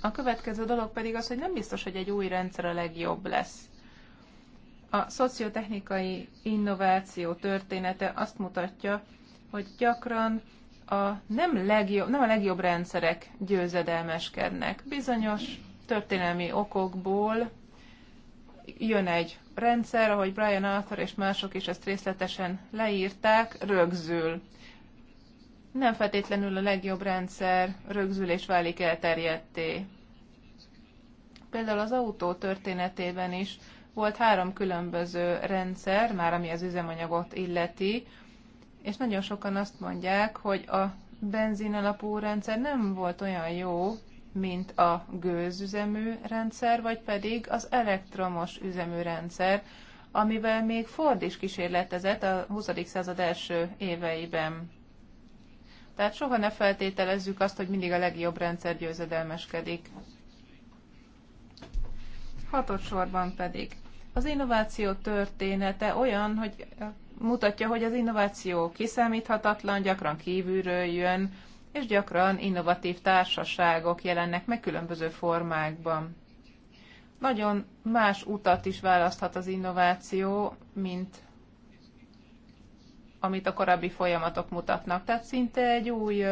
A következő dolog pedig az, hogy nem biztos, hogy egy új rendszer a legjobb lesz. A szociotechnikai innováció története azt mutatja, hogy gyakran a nem, legjobb, nem a legjobb rendszerek győzedelmeskednek. Bizonyos történelmi okokból jön egy rendszer, ahogy Brian Arthur és mások is ezt részletesen leírták, rögzül. Nem feltétlenül a legjobb rendszer rögzül és válik elterjedté. Például az autó történetében is volt három különböző rendszer, már ami az üzemanyagot illeti, és nagyon sokan azt mondják, hogy a benzin alapú rendszer nem volt olyan jó, mint a gőzüzemű rendszer, vagy pedig az elektromos üzemű rendszer, amivel még Ford is kísérletezett a 20. század első éveiben. Tehát soha ne feltételezzük azt, hogy mindig a legjobb rendszer győzedelmeskedik. Hatod sorban pedig. Az innováció története olyan, hogy mutatja, hogy az innováció kiszámíthatatlan, gyakran kívülről jön, és gyakran innovatív társaságok jelennek meg különböző formákban. Nagyon más utat is választhat az innováció, mint amit a korábbi folyamatok mutatnak. Tehát szinte egy új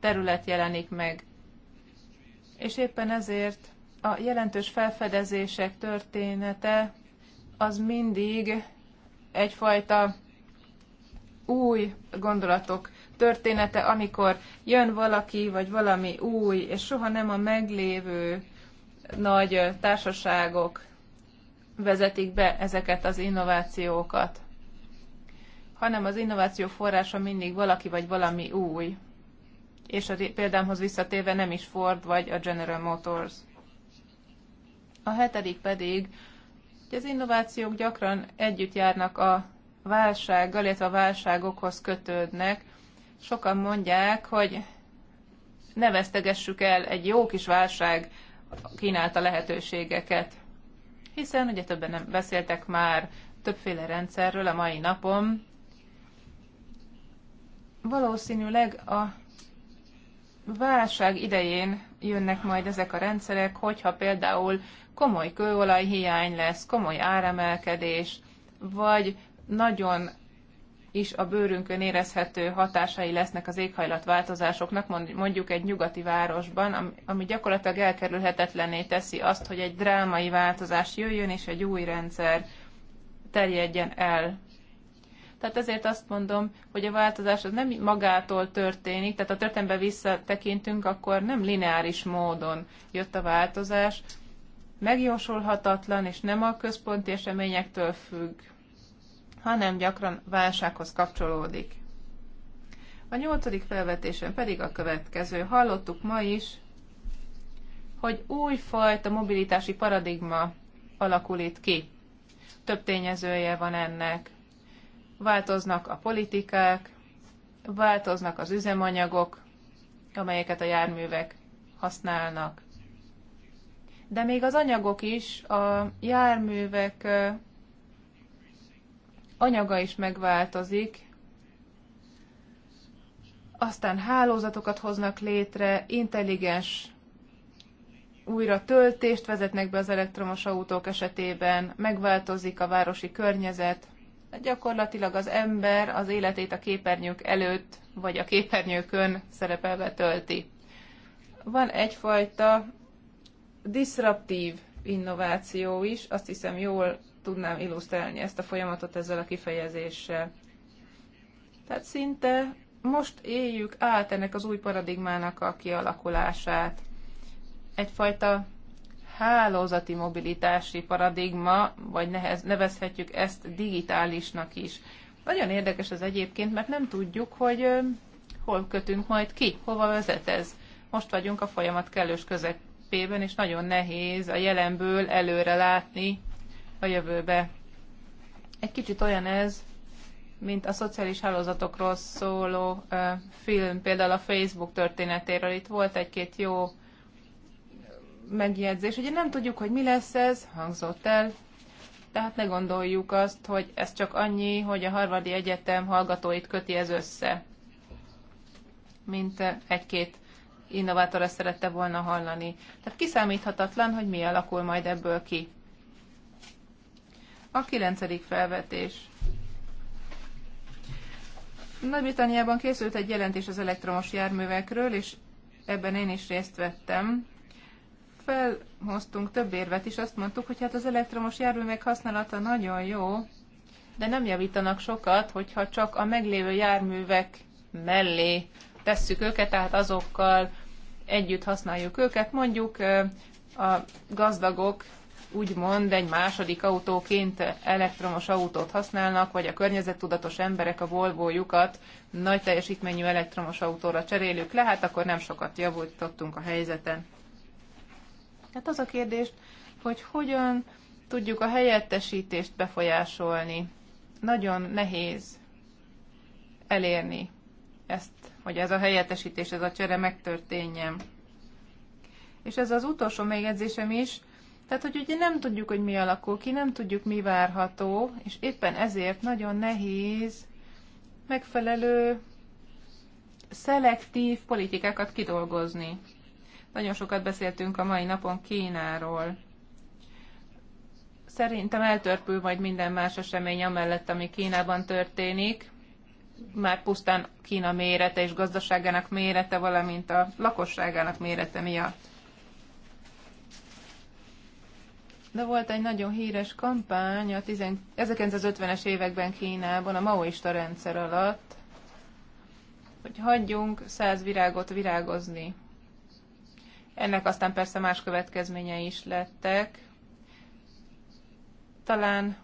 terület jelenik meg. És éppen ezért a jelentős felfedezések története az mindig egyfajta új gondolatok története, amikor jön valaki, vagy valami új, és soha nem a meglévő nagy társaságok vezetik be ezeket az innovációkat, hanem az innováció forrása mindig valaki vagy valami új. És a példámhoz visszatérve nem is Ford vagy a General Motors. A hetedik pedig, hogy az innovációk gyakran együtt járnak a válsággal, illetve a válságokhoz kötődnek, Sokan mondják, hogy ne vesztegessük el egy jó kis válság kínálta lehetőségeket. Hiszen ugye többen nem beszéltek már többféle rendszerről a mai napon. Valószínűleg a válság idején jönnek majd ezek a rendszerek, hogyha például komoly kőolajhiány lesz, komoly áremelkedés, vagy nagyon is a bőrünkön érezhető hatásai lesznek az éghajlatváltozásoknak, mondjuk egy nyugati városban, ami gyakorlatilag elkerülhetetlené teszi azt, hogy egy drámai változás jöjjön, és egy új rendszer terjedjen el. Tehát ezért azt mondom, hogy a változás az nem magától történik, tehát a történetbe visszatekintünk, akkor nem lineáris módon jött a változás, megjósolhatatlan és nem a központi eseményektől függ hanem gyakran válsághoz kapcsolódik. A nyolcadik felvetésen pedig a következő. Hallottuk ma is, hogy újfajta mobilitási paradigma alakul itt ki. Több tényezője van ennek. Változnak a politikák, változnak az üzemanyagok, amelyeket a járművek használnak. De még az anyagok is a járművek anyaga is megváltozik, aztán hálózatokat hoznak létre, intelligens újra töltést vezetnek be az elektromos autók esetében, megváltozik a városi környezet, gyakorlatilag az ember az életét a képernyők előtt vagy a képernyőkön szerepelve tölti. Van egyfajta diszraptív innováció is, azt hiszem jól tudnám illusztrálni ezt a folyamatot ezzel a kifejezéssel. Tehát szinte most éljük át ennek az új paradigmának a kialakulását. Egyfajta hálózati mobilitási paradigma, vagy nehez, nevezhetjük ezt digitálisnak is. Nagyon érdekes ez egyébként, mert nem tudjuk, hogy hol kötünk majd ki, hova vezet ez. Most vagyunk a folyamat kellős közepében, és nagyon nehéz a jelenből előre látni, a jövőbe. Egy kicsit olyan ez, mint a szociális hálózatokról szóló ö, film, például a Facebook történetéről. Itt volt egy-két jó megjegyzés. Ugye nem tudjuk, hogy mi lesz ez, hangzott el, tehát ne gondoljuk azt, hogy ez csak annyi, hogy a Harvardi Egyetem hallgatóit köti ez össze, mint egy-két innovátor ezt szerette volna hallani. Tehát kiszámíthatatlan, hogy mi alakul majd ebből ki. A kilencedik felvetés. Nagy-Britanniában készült egy jelentés az elektromos járművekről, és ebben én is részt vettem. Felhoztunk több érvet is, azt mondtuk, hogy hát az elektromos járművek használata nagyon jó, de nem javítanak sokat, hogyha csak a meglévő járművek mellé tesszük őket, tehát azokkal együtt használjuk őket. Mondjuk a gazdagok úgymond egy második autóként elektromos autót használnak, vagy a környezettudatos emberek a Volvo-jukat nagy teljesítményű elektromos autóra cserélők le, hát akkor nem sokat javultottunk a helyzeten. Hát az a kérdés, hogy hogyan tudjuk a helyettesítést befolyásolni. Nagyon nehéz elérni ezt, hogy ez a helyettesítés, ez a csere megtörténjen. És ez az utolsó megjegyzésem is, tehát, hogy ugye nem tudjuk, hogy mi alakul ki, nem tudjuk, mi várható, és éppen ezért nagyon nehéz megfelelő szelektív politikákat kidolgozni. Nagyon sokat beszéltünk a mai napon Kínáról. Szerintem eltörpül majd minden más esemény amellett, ami Kínában történik. Már pusztán Kína mérete és gazdaságának mérete, valamint a lakosságának mérete miatt. de volt egy nagyon híres kampány a 1950-es években Kínában, a maoista rendszer alatt, hogy hagyjunk száz virágot virágozni. Ennek aztán persze más következményei is lettek. Talán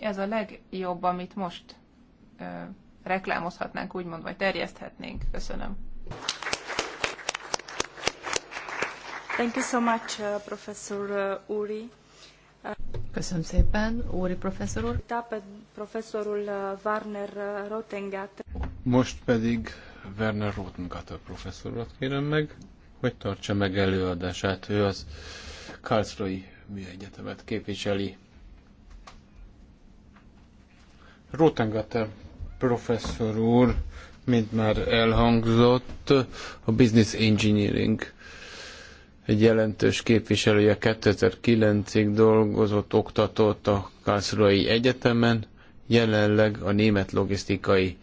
ez a legjobb, amit most ö, reklámozhatnánk, úgymond, vagy terjeszthetnénk. Köszönöm. Thank you so much, uh, Professor uh, Uri. Köszönöm szépen, Óri professzor úr. úr uh, Warner uh, Rotengat. Most pedig Werner a professzorat kérem meg, hogy tartsa meg előadását. Ő az Karlsruhe Műegyetemet képviseli. Rotengat professzor úr, mint már elhangzott, a Business Engineering egy jelentős képviselője 2009-ig dolgozott, oktatott a Karlsruhei Egyetemen, jelenleg a Német Logisztikai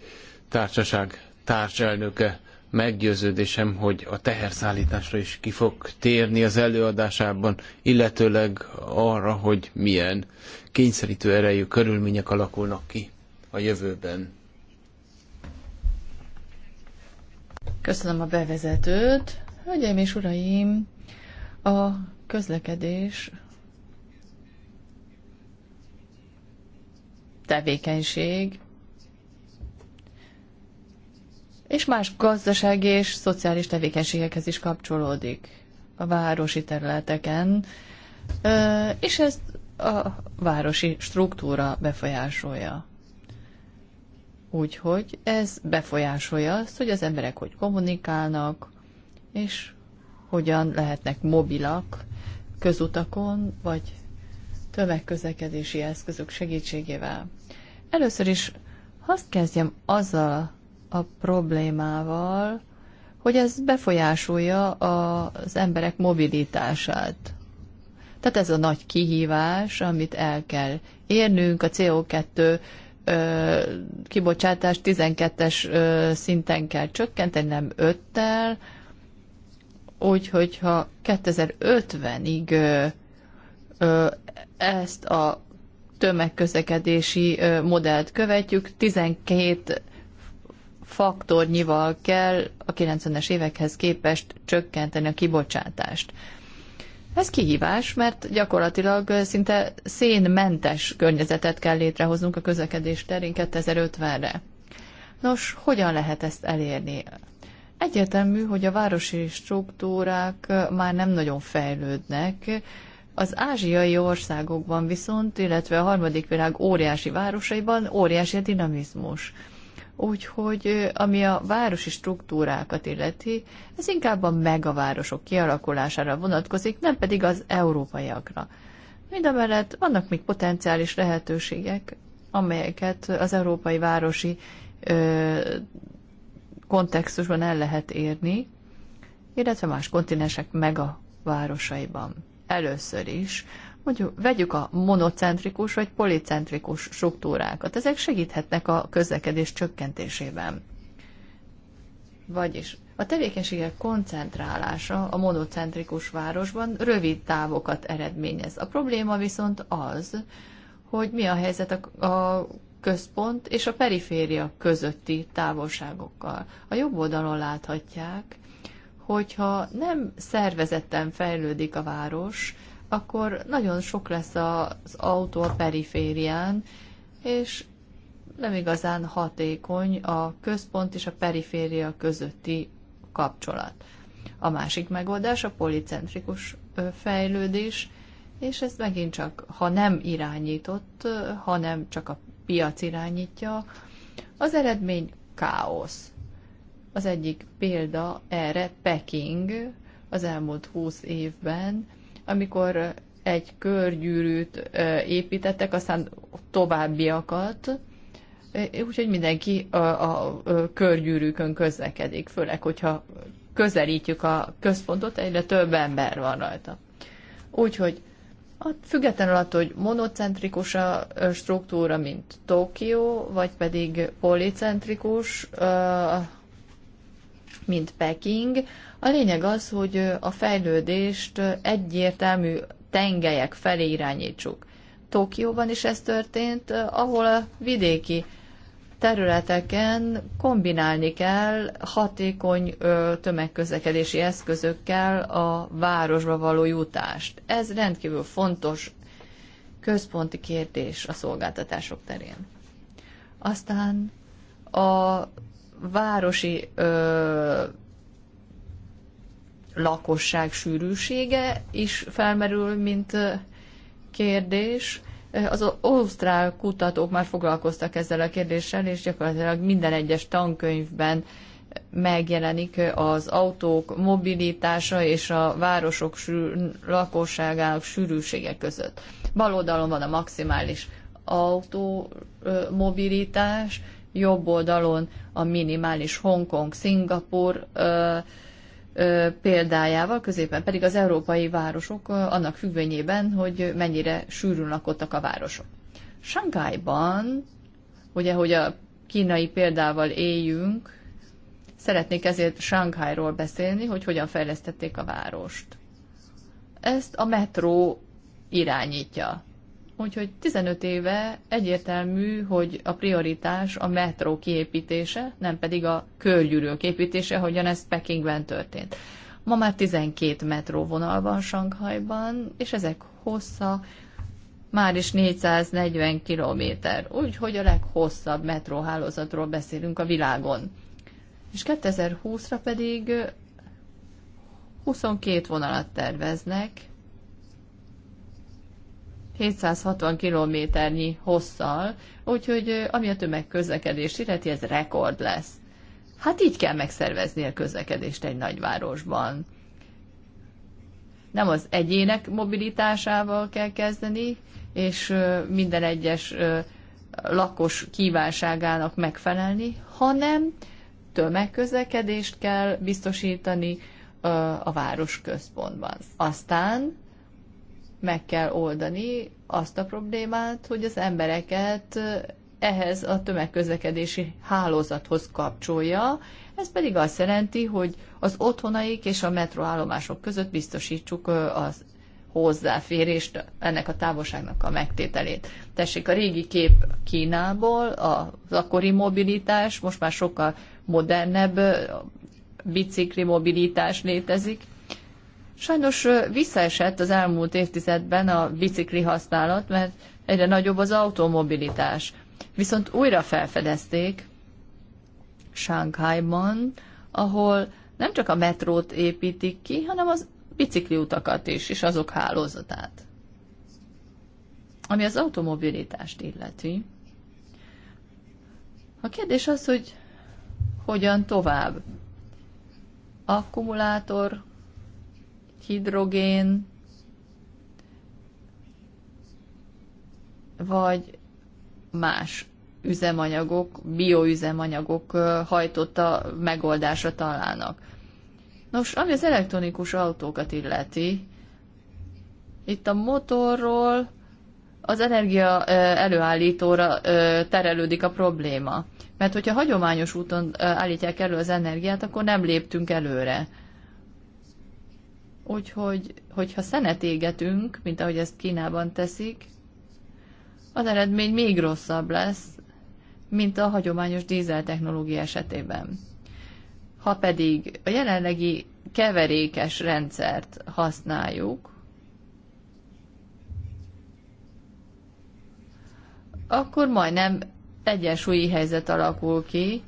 Társaság társelnöke. Meggyőződésem, hogy a teherszállításra is ki fog térni az előadásában, illetőleg arra, hogy milyen kényszerítő erejű körülmények alakulnak ki a jövőben. Köszönöm a bevezetőt. Hölgyeim és uraim, a közlekedés tevékenység és más gazdasági és szociális tevékenységekhez is kapcsolódik a városi területeken, és ezt a városi struktúra befolyásolja. Úgyhogy ez befolyásolja azt, hogy az emberek hogy kommunikálnak, és hogyan lehetnek mobilak közutakon, vagy tömegközlekedési eszközök segítségével. Először is azt kezdjem azzal a problémával, hogy ez befolyásolja az emberek mobilitását. Tehát ez a nagy kihívás, amit el kell érnünk, a CO2 ö, kibocsátás 12-es szinten kell csökkenteni, nem 5-tel, Úgyhogy ha 2050-ig ezt a tömegközlekedési modellt követjük, 12 faktornyival kell a 90-es évekhez képest csökkenteni a kibocsátást. Ez kihívás, mert gyakorlatilag szinte szénmentes környezetet kell létrehoznunk a közlekedés terén 2050-re. Nos, hogyan lehet ezt elérni? Egyértelmű, hogy a városi struktúrák már nem nagyon fejlődnek, az ázsiai országokban viszont, illetve a harmadik világ óriási városaiban óriási a dinamizmus. Úgyhogy ami a városi struktúrákat illeti, ez inkább a megavárosok kialakulására vonatkozik, nem pedig az európaiakra. Mindemellett vannak még potenciális lehetőségek, amelyeket az európai városi ö, kontextusban el lehet érni, illetve más kontinensek meg a városaiban. Először is, mondjuk vegyük a monocentrikus vagy policentrikus struktúrákat. Ezek segíthetnek a közlekedés csökkentésében. Vagyis a tevékenységek koncentrálása a monocentrikus városban rövid távokat eredményez. A probléma viszont az, hogy mi a helyzet a, a központ és a periféria közötti távolságokkal. A jobb oldalon láthatják, hogyha nem szervezetten fejlődik a város, akkor nagyon sok lesz az autó a periférián, és nem igazán hatékony a központ és a periféria közötti kapcsolat. A másik megoldás a policentrikus fejlődés, és ez megint csak, ha nem irányított, hanem csak a piac irányítja. Az eredmény káosz. Az egyik példa erre Peking az elmúlt 20 évben, amikor egy körgyűrűt építettek, aztán továbbiakat, úgyhogy mindenki a, a körgyűrűkön közlekedik, főleg, hogyha közelítjük a központot, egyre több ember van rajta. Úgyhogy Függetlenül attól, hogy monocentrikus a struktúra, mint Tokió, vagy pedig policentrikus, mint Peking, a lényeg az, hogy a fejlődést egyértelmű tengelyek felé irányítsuk. Tokióban is ez történt, ahol a vidéki területeken kombinálni kell hatékony ö, tömegközlekedési eszközökkel a városba való jutást. Ez rendkívül fontos központi kérdés a szolgáltatások terén. Aztán a városi ö, lakosság sűrűsége is felmerül, mint kérdés. Az ausztrál kutatók már foglalkoztak ezzel a kérdéssel, és gyakorlatilag minden egyes tankönyvben megjelenik az autók mobilitása és a városok sűr, lakosságának sűrűsége között. Bal oldalon van a maximális autó mobilitás, jobb oldalon a minimális Hongkong-Szingapur példájával, középen pedig az európai városok annak függvényében, hogy mennyire sűrűn lakottak a városok. Sankájban, ugye, hogy a kínai példával éljünk, szeretnék ezért Sánkhájról beszélni, hogy hogyan fejlesztették a várost. Ezt a metró irányítja. Úgyhogy 15 éve egyértelmű, hogy a prioritás a metró kiépítése, nem pedig a körgyűrők építése, hogyan ez Pekingben történt. Ma már 12 metró vonal van Sanghajban, és ezek hossza már is 440 km. úgyhogy a leghosszabb metróhálózatról beszélünk a világon. És 2020-ra pedig 22 vonalat terveznek, 760 kilométernyi hosszal, úgyhogy ami a tömegközlekedés illeti, ez rekord lesz. Hát így kell megszervezni a közlekedést egy nagyvárosban. Nem az egyének mobilitásával kell kezdeni, és minden egyes lakos kívánságának megfelelni, hanem tömegközlekedést kell biztosítani a városközpontban. Aztán meg kell oldani azt a problémát, hogy az embereket ehhez a tömegközlekedési hálózathoz kapcsolja, ez pedig azt jelenti, hogy az otthonaik és a metroállomások között biztosítsuk az hozzáférést, ennek a távolságnak a megtételét. Tessék, a régi kép Kínából, az akkori mobilitás, most már sokkal modernebb bicikli mobilitás létezik, Sajnos visszaesett az elmúlt évtizedben a bicikli használat, mert egyre nagyobb az automobilitás. Viszont újra felfedezték Sánkhájban, ahol nem csak a metrót építik ki, hanem az bicikliutakat is, és azok hálózatát. Ami az automobilitást illeti. A kérdés az, hogy hogyan tovább. Akkumulátor hidrogén, vagy más üzemanyagok, bioüzemanyagok hajtotta megoldásra találnak. Nos, ami az elektronikus autókat illeti, itt a motorról az energia előállítóra terelődik a probléma. Mert hogyha hagyományos úton állítják elő az energiát, akkor nem léptünk előre. Úgyhogy, hogyha szenet égetünk, mint ahogy ezt Kínában teszik, az eredmény még rosszabb lesz, mint a hagyományos dízel technológia esetében. Ha pedig a jelenlegi keverékes rendszert használjuk, akkor majdnem egyensúlyi helyzet alakul ki,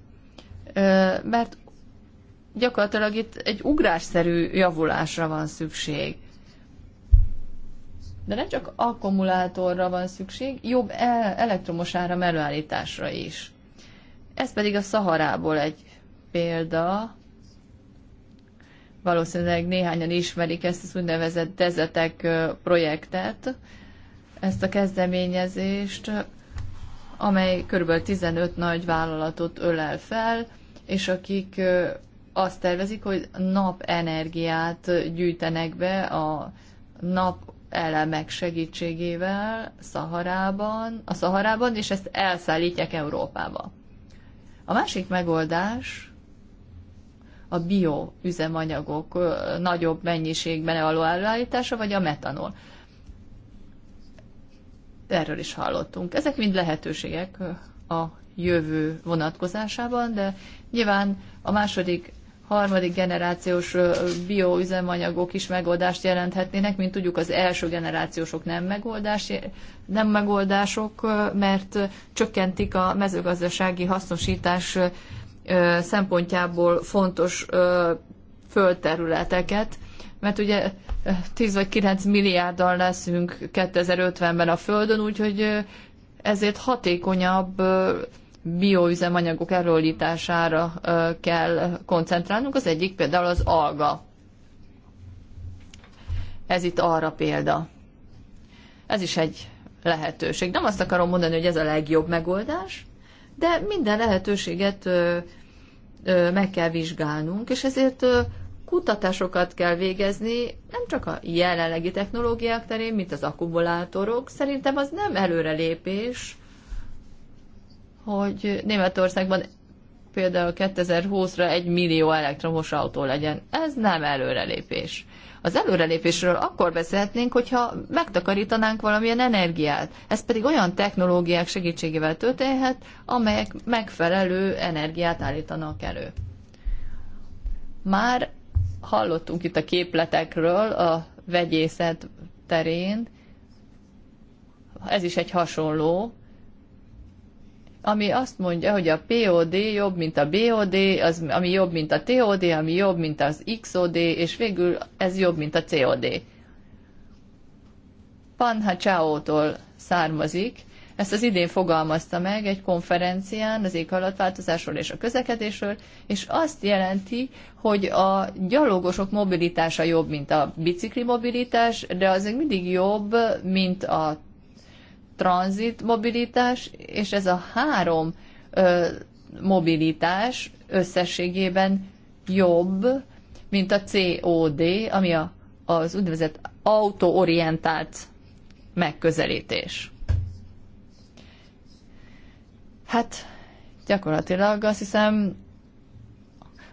mert gyakorlatilag itt egy ugrásszerű javulásra van szükség. De nem csak akkumulátorra van szükség, jobb e- elektromos áram előállításra is. Ez pedig a Szaharából egy példa. Valószínűleg néhányan ismerik ezt az úgynevezett Dezetek projektet, ezt a kezdeményezést, amely kb. 15 nagy vállalatot ölel fel, és akik azt tervezik, hogy napenergiát gyűjtenek be a nap elemek segítségével Szaharában, a Szaharában, és ezt elszállítják Európába. A másik megoldás a bioüzemanyagok nagyobb mennyiségben való előállítása, vagy a metanol. Erről is hallottunk. Ezek mind lehetőségek a jövő vonatkozásában, de nyilván a második harmadik generációs bioüzemanyagok is megoldást jelenthetnének, mint tudjuk az első generációsok nem, megoldás, nem megoldások, mert csökkentik a mezőgazdasági hasznosítás szempontjából fontos földterületeket, mert ugye 10 vagy 9 milliárdal leszünk 2050-ben a Földön, úgyhogy ezért hatékonyabb bioüzemanyagok előállítására kell koncentrálnunk. Az egyik például az alga. Ez itt arra példa. Ez is egy lehetőség. Nem azt akarom mondani, hogy ez a legjobb megoldás, de minden lehetőséget meg kell vizsgálnunk, és ezért kutatásokat kell végezni, nem csak a jelenlegi technológiák terén, mint az akkumulátorok. Szerintem az nem előrelépés, hogy Németországban például 2020-ra egy millió elektromos autó legyen. Ez nem előrelépés. Az előrelépésről akkor beszélhetnénk, hogyha megtakarítanánk valamilyen energiát. Ez pedig olyan technológiák segítségével történhet, amelyek megfelelő energiát állítanak elő. Már hallottunk itt a képletekről a vegyészet terén, ez is egy hasonló, ami azt mondja, hogy a POD jobb, mint a BOD, az, ami jobb, mint a TOD, ami jobb, mint az XOD, és végül ez jobb, mint a COD. Panha Chao-tól származik, ezt az idén fogalmazta meg egy konferencián az éghajlatváltozásról és a közlekedésről, és azt jelenti, hogy a gyalogosok mobilitása jobb, mint a bicikli mobilitás, de az még mindig jobb, mint a tranzit mobilitás, és ez a három ö, mobilitás összességében jobb, mint a COD, ami a, az úgynevezett autoorientált megközelítés. Hát gyakorlatilag azt hiszem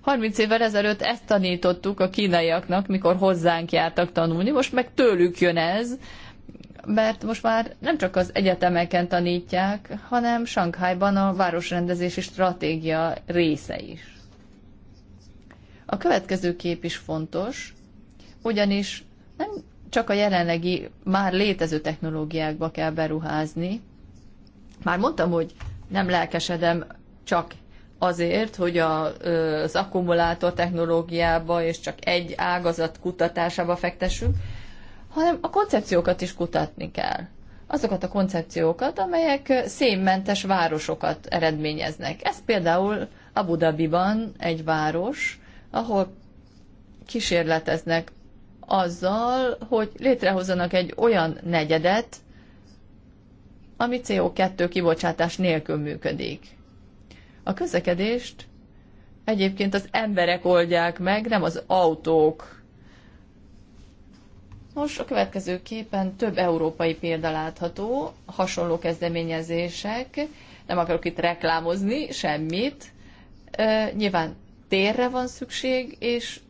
30 évvel ezelőtt ezt tanítottuk a kínaiaknak, mikor hozzánk jártak tanulni, most meg tőlük jön ez, mert most már nem csak az egyetemeken tanítják, hanem Sankhájban a városrendezési stratégia része is. A következő kép is fontos, ugyanis nem csak a jelenlegi, már létező technológiákba kell beruházni. Már mondtam, hogy nem lelkesedem csak azért, hogy a, az akkumulátor technológiába és csak egy ágazat kutatásába fektessünk, hanem a koncepciókat is kutatni kell. Azokat a koncepciókat, amelyek szénmentes városokat eredményeznek. Ez például Abu Dhabiban egy város, ahol kísérleteznek azzal, hogy létrehozzanak egy olyan negyedet, ami CO2 kibocsátás nélkül működik. A közlekedést egyébként az emberek oldják meg, nem az autók Nos, a következő képen több európai példa látható, hasonló kezdeményezések, nem akarok itt reklámozni semmit. E, nyilván térre van szükség, és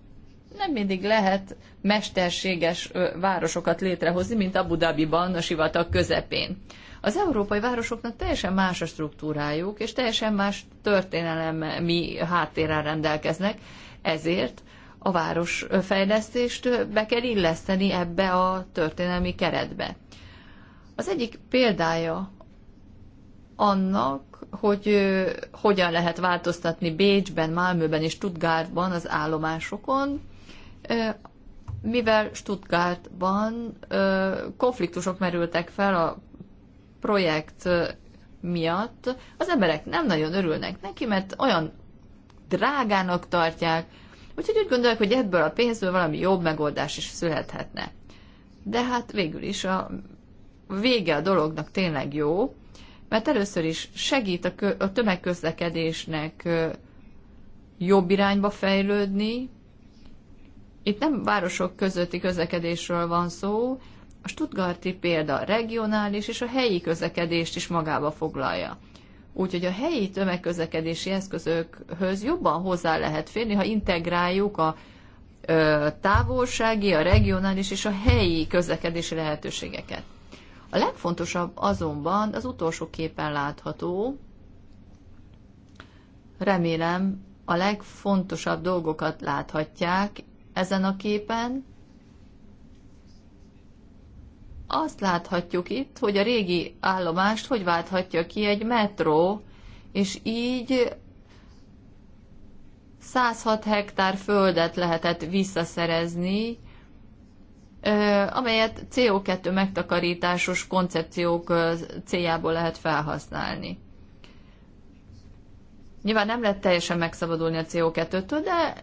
nem mindig lehet mesterséges városokat létrehozni, mint Abu Dhabiban a sivatag közepén. Az európai városoknak teljesen más a struktúrájuk, és teljesen más történelemi háttérrel rendelkeznek, ezért a városfejlesztést be kell illeszteni ebbe a történelmi keretbe. Az egyik példája annak, hogy hogyan lehet változtatni Bécsben, Malmöben és Stuttgartban az állomásokon, mivel Stuttgartban konfliktusok merültek fel a projekt miatt, az emberek nem nagyon örülnek neki, mert olyan drágának tartják, Úgyhogy úgy gondolják, hogy ebből a pénzből valami jobb megoldás is születhetne. De hát végül is a vége a dolognak tényleg jó, mert először is segít a, kö, a tömegközlekedésnek jobb irányba fejlődni. Itt nem városok közötti közlekedésről van szó, a Stuttgarti példa regionális és a helyi közlekedést is magába foglalja. Úgyhogy a helyi tömegközlekedési eszközökhöz jobban hozzá lehet férni, ha integráljuk a ö, távolsági, a regionális és a helyi közlekedési lehetőségeket. A legfontosabb azonban az utolsó képen látható, remélem a legfontosabb dolgokat láthatják ezen a képen, azt láthatjuk itt, hogy a régi állomást hogy válthatja ki egy metró, és így 106 hektár földet lehetett visszaszerezni, amelyet CO2 megtakarításos koncepciók céljából lehet felhasználni. Nyilván nem lehet teljesen megszabadulni a CO2-től, de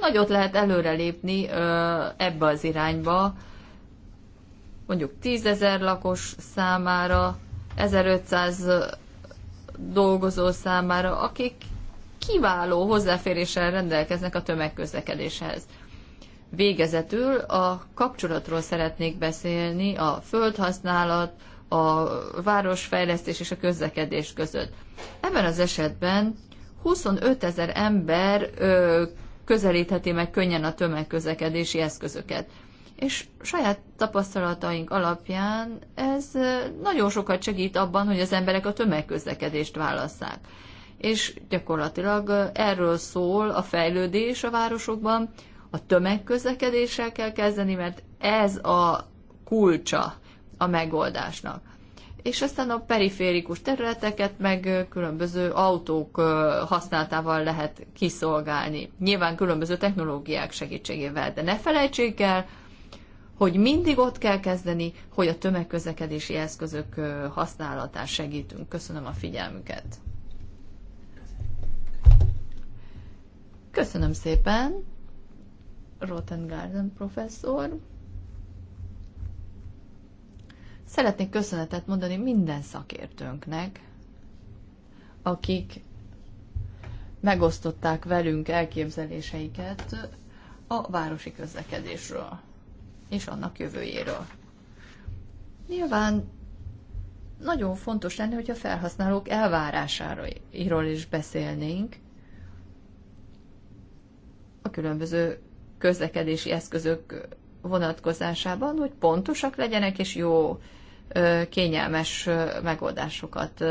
nagyot lehet előrelépni ebbe az irányba, mondjuk 10 ezer lakos számára, 1500 dolgozó számára, akik kiváló hozzáféréssel rendelkeznek a tömegközlekedéshez. Végezetül a kapcsolatról szeretnék beszélni, a földhasználat, a városfejlesztés és a közlekedés között. Ebben az esetben 25 ezer ember ö, közelítheti meg könnyen a tömegközlekedési eszközöket és saját tapasztalataink alapján ez nagyon sokat segít abban, hogy az emberek a tömegközlekedést válasszák. És gyakorlatilag erről szól a fejlődés a városokban, a tömegközlekedéssel kell kezdeni, mert ez a kulcsa a megoldásnak. És aztán a periférikus területeket meg különböző autók használatával lehet kiszolgálni. Nyilván különböző technológiák segítségével, de ne felejtsék el, hogy mindig ott kell kezdeni, hogy a tömegközlekedési eszközök használatát segítünk. Köszönöm a figyelmüket. Köszönöm szépen, Rottengarden professzor. Szeretnék köszönetet mondani minden szakértőnknek, akik megosztották velünk elképzeléseiket a városi közlekedésről és annak jövőjéről. Nyilván nagyon fontos lenne, hogy a felhasználók elvárásáról is beszélnénk, a különböző közlekedési eszközök vonatkozásában, hogy pontosak legyenek és jó, kényelmes megoldásokat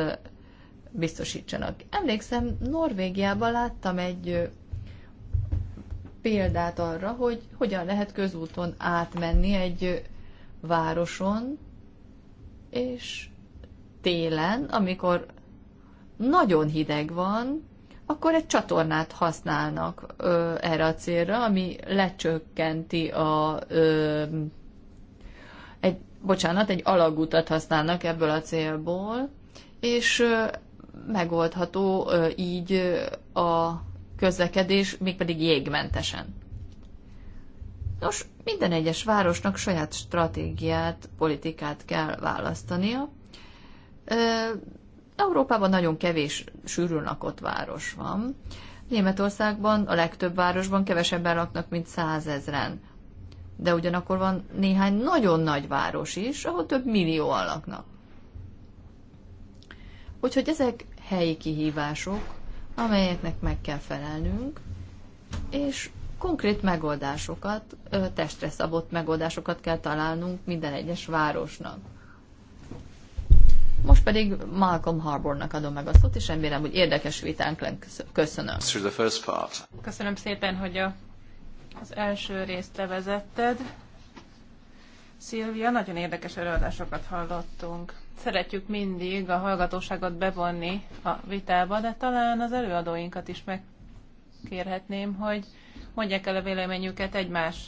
biztosítsanak. Emlékszem, Norvégiában láttam egy példát arra, hogy hogyan lehet közúton átmenni egy városon, és télen, amikor nagyon hideg van, akkor egy csatornát használnak ö, erre a célra, ami lecsökkenti a ö, egy, bocsánat, egy alagutat használnak ebből a célból, és ö, megoldható ö, így a közlekedés, mégpedig jégmentesen. Nos, minden egyes városnak saját stratégiát, politikát kell választania. Európában nagyon kevés sűrűn lakott város van. Németországban a legtöbb városban kevesebben laknak, mint százezren. De ugyanakkor van néhány nagyon nagy város is, ahol több millió laknak. Úgyhogy ezek helyi kihívások, amelyeknek meg kell felelnünk, és konkrét megoldásokat, testre szabott megoldásokat kell találnunk minden egyes városnak. Most pedig Malcolm Harbornak adom meg a szót, és remélem, hogy érdekes vitánk lenne. Köszönöm. Köszönöm szépen, hogy a, az első részt levezetted. Szilvia, nagyon érdekes előadásokat hallottunk. Szeretjük mindig a hallgatóságot bevonni a vitába, de talán az előadóinkat is megkérhetném, hogy mondják el a véleményüket egymás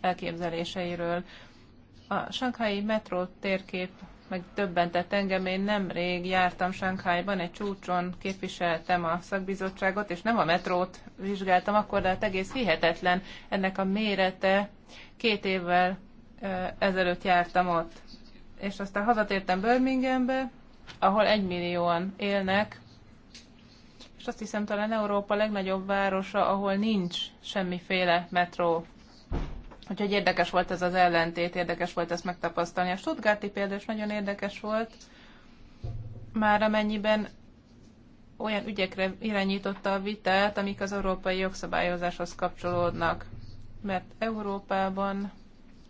elképzeléseiről. A Sankhai metró térkép meg többentett engem, én nemrég jártam Sankhájban, egy csúcson képviseltem a szakbizottságot, és nem a metrót vizsgáltam akkor, de hát egész hihetetlen ennek a mérete. Két évvel ezelőtt jártam ott és aztán hazatértem Birminghambe, ahol egymillióan élnek, és azt hiszem talán Európa legnagyobb városa, ahol nincs semmiféle metró. Úgyhogy érdekes volt ez az ellentét, érdekes volt ezt megtapasztalni. A Stuttgarti példa is nagyon érdekes volt, már amennyiben olyan ügyekre irányította a vitát, amik az európai jogszabályozáshoz kapcsolódnak. Mert Európában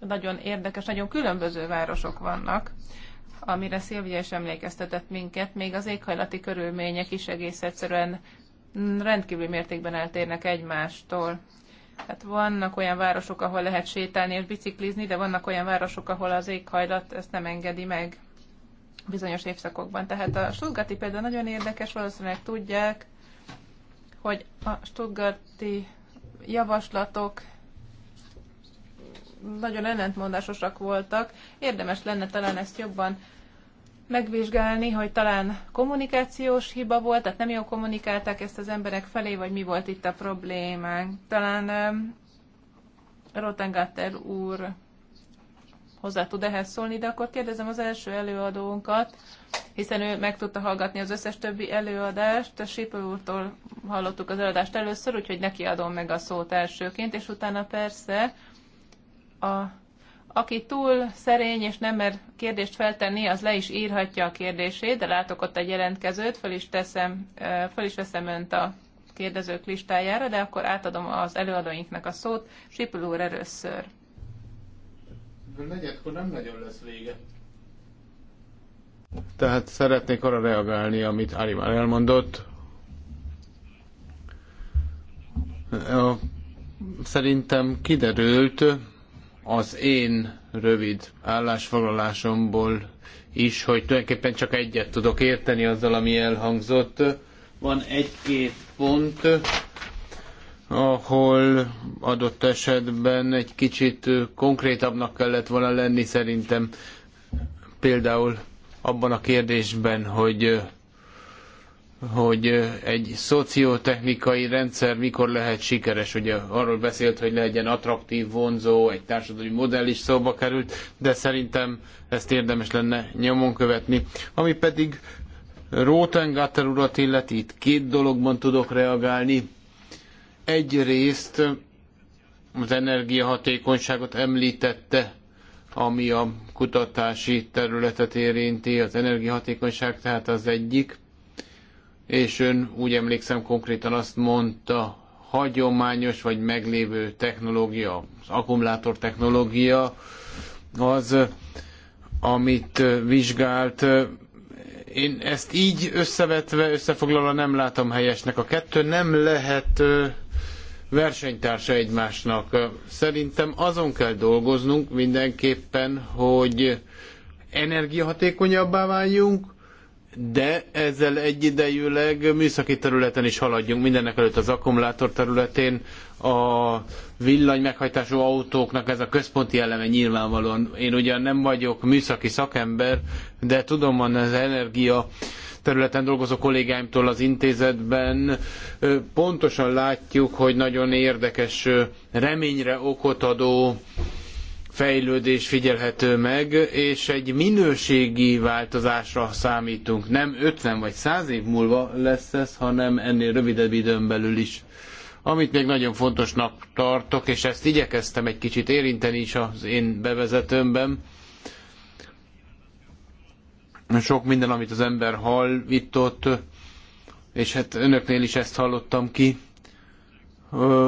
nagyon érdekes, nagyon különböző városok vannak, amire Szilvia is emlékeztetett minket, még az éghajlati körülmények is egész egyszerűen rendkívül mértékben eltérnek egymástól. Tehát vannak olyan városok, ahol lehet sétálni és biciklizni, de vannak olyan városok, ahol az éghajlat ezt nem engedi meg bizonyos évszakokban. Tehát a Stuttgarti például nagyon érdekes, valószínűleg tudják, hogy a Stuttgarti javaslatok nagyon ellentmondásosak voltak. Érdemes lenne talán ezt jobban megvizsgálni, hogy talán kommunikációs hiba volt, tehát nem jól kommunikálták ezt az emberek felé, vagy mi volt itt a problémánk. Talán um, Rotengatter úr hozzá tud ehhez szólni, de akkor kérdezem az első előadónkat, hiszen ő meg tudta hallgatni az összes többi előadást. A Sipő úrtól hallottuk az előadást először, úgyhogy neki adom meg a szót elsőként, és utána persze a, aki túl szerény és nem mer kérdést feltenni, az le is írhatja a kérdését, de látok ott egy jelentkezőt, fel is, teszem, fel is veszem önt a kérdezők listájára, de akkor átadom az előadóinknak a szót. Sipul úr először. A negyedkor nem nagyon lesz vége. Tehát szeretnék arra reagálni, amit már elmondott. A, szerintem kiderült, az én rövid állásfoglalásomból is, hogy tulajdonképpen csak egyet tudok érteni azzal, ami elhangzott. Van egy-két pont, ahol adott esetben egy kicsit konkrétabbnak kellett volna lenni szerintem. Például abban a kérdésben, hogy hogy egy szociotechnikai rendszer mikor lehet sikeres. Ugye arról beszélt, hogy legyen attraktív, vonzó, egy társadalmi modell is szóba került, de szerintem ezt érdemes lenne nyomon követni. Ami pedig Rótengáter urat illeti, itt két dologban tudok reagálni. Egyrészt az energiahatékonyságot említette, ami a kutatási területet érinti, az energiahatékonyság tehát az egyik és ön úgy emlékszem konkrétan azt mondta, hagyományos vagy meglévő technológia, az akkumulátor technológia az, amit vizsgált. Én ezt így összevetve, összefoglalva nem látom helyesnek. A kettő nem lehet versenytársa egymásnak. Szerintem azon kell dolgoznunk mindenképpen, hogy energiahatékonyabbá váljunk, de ezzel egyidejűleg műszaki területen is haladjunk. mindenekelőtt előtt az akkumulátor területén a villany meghajtású autóknak ez a központi eleme nyilvánvalóan. Én ugyan nem vagyok műszaki szakember, de tudom, van az energia területen dolgozó kollégáimtól az intézetben pontosan látjuk, hogy nagyon érdekes, reményre okot adó fejlődés figyelhető meg, és egy minőségi változásra számítunk. Nem 50 vagy 100 év múlva lesz ez, hanem ennél rövidebb időn belül is. Amit még nagyon fontosnak tartok, és ezt igyekeztem egy kicsit érinteni is az én bevezetőmben, sok minden, amit az ember hall itt-ott, és hát önöknél is ezt hallottam ki,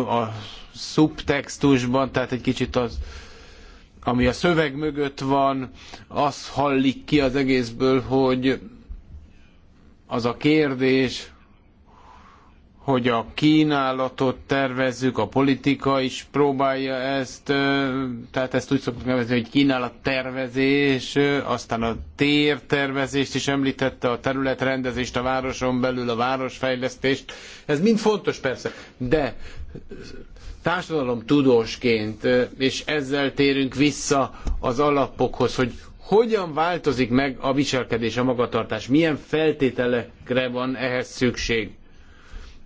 a szubtextusban, tehát egy kicsit az ami a szöveg mögött van, az hallik ki az egészből, hogy az a kérdés, hogy a kínálatot tervezzük, a politika is próbálja ezt, tehát ezt úgy szoktuk nevezni, hogy kínálattervezés, aztán a tértervezést is említette, a területrendezést a városon belül, a városfejlesztést. Ez mind fontos persze, de társadalomtudósként, és ezzel térünk vissza az alapokhoz, hogy hogyan változik meg a viselkedés, a magatartás, milyen feltételekre van ehhez szükség.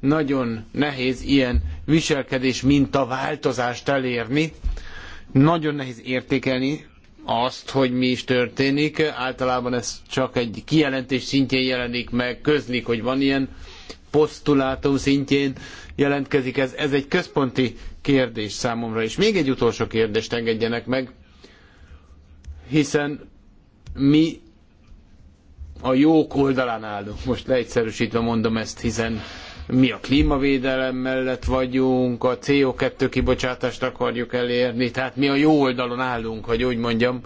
Nagyon nehéz ilyen viselkedés változást elérni, nagyon nehéz értékelni azt, hogy mi is történik. Általában ez csak egy kijelentés szintjén jelenik meg, közlik, hogy van ilyen posztulátum szintjén, jelentkezik ez. Ez egy központi kérdés számomra. És még egy utolsó kérdést engedjenek meg, hiszen mi a jók oldalán állunk, most leegyszerűsítve mondom ezt, hiszen mi a klímavédelem mellett vagyunk, a CO2 kibocsátást akarjuk elérni, tehát mi a jó oldalon állunk, hogy úgy mondjam.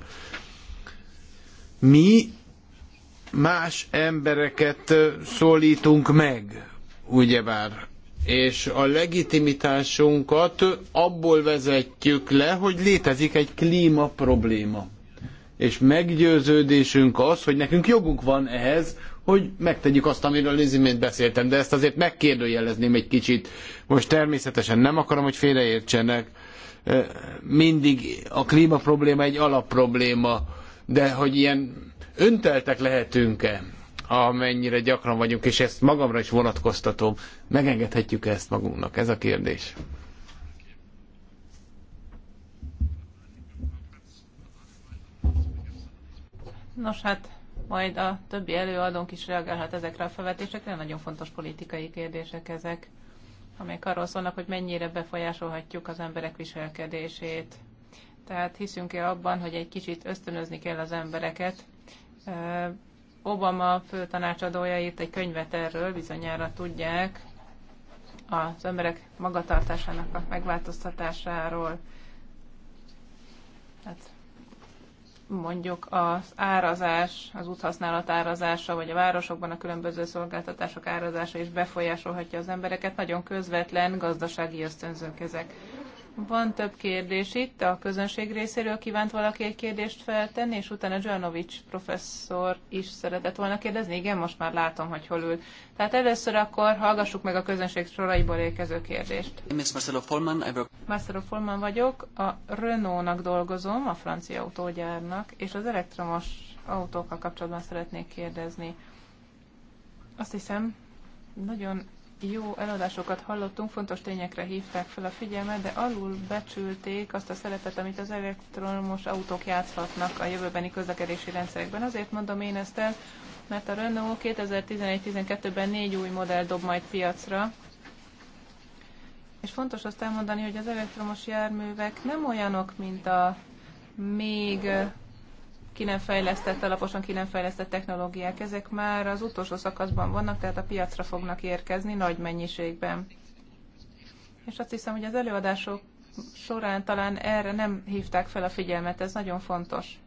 Mi más embereket szólítunk meg, ugyebár és a legitimitásunkat abból vezetjük le, hogy létezik egy klíma probléma. És meggyőződésünk az, hogy nekünk jogunk van ehhez, hogy megtegyük azt, amiről az imént beszéltem, de ezt azért megkérdőjelezném egy kicsit. Most természetesen nem akarom, hogy félreértsenek. Mindig a klíma probléma egy alapprobléma, de hogy ilyen önteltek lehetünk-e? amennyire gyakran vagyunk, és ezt magamra is vonatkoztatom. Megengedhetjük -e ezt magunknak? Ez a kérdés. Nos hát, majd a többi előadónk is reagálhat ezekre a felvetésekre, nagyon fontos politikai kérdések ezek, amelyek arról szólnak, hogy mennyire befolyásolhatjuk az emberek viselkedését. Tehát hiszünk-e abban, hogy egy kicsit ösztönözni kell az embereket, Obama fő tanácsadója írt egy könyvet erről, bizonyára tudják, az emberek magatartásának a megváltoztatásáról. Hát mondjuk az árazás, az úthasználat árazása, vagy a városokban a különböző szolgáltatások árazása is befolyásolhatja az embereket. Nagyon közvetlen gazdasági ösztönzők ezek. Van több kérdés itt a közönség részéről. Kívánt valaki egy kérdést feltenni, és utána Zsanovics professzor is szeretett volna kérdezni. Igen, most már látom, hogy hol ül. Tehát először akkor hallgassuk meg a közönség soraiból érkező kérdést. Én Marcelo Forman, Marcelo Folman vagyok, a Renault-nak dolgozom, a francia autógyárnak, és az elektromos autókkal kapcsolatban szeretnék kérdezni. Azt hiszem, nagyon jó előadásokat hallottunk, fontos tényekre hívták fel a figyelmet, de alul becsülték azt a szerepet, amit az elektromos autók játszhatnak a jövőbeni közlekedési rendszerekben. Azért mondom én ezt el, mert a Renault 2011-12-ben négy új modell dob majd piacra, és fontos azt elmondani, hogy az elektromos járművek nem olyanok, mint a még ki nem fejlesztett, alaposan ki nem fejlesztett technológiák. Ezek már az utolsó szakaszban vannak, tehát a piacra fognak érkezni nagy mennyiségben. És azt hiszem, hogy az előadások során talán erre nem hívták fel a figyelmet, ez nagyon fontos.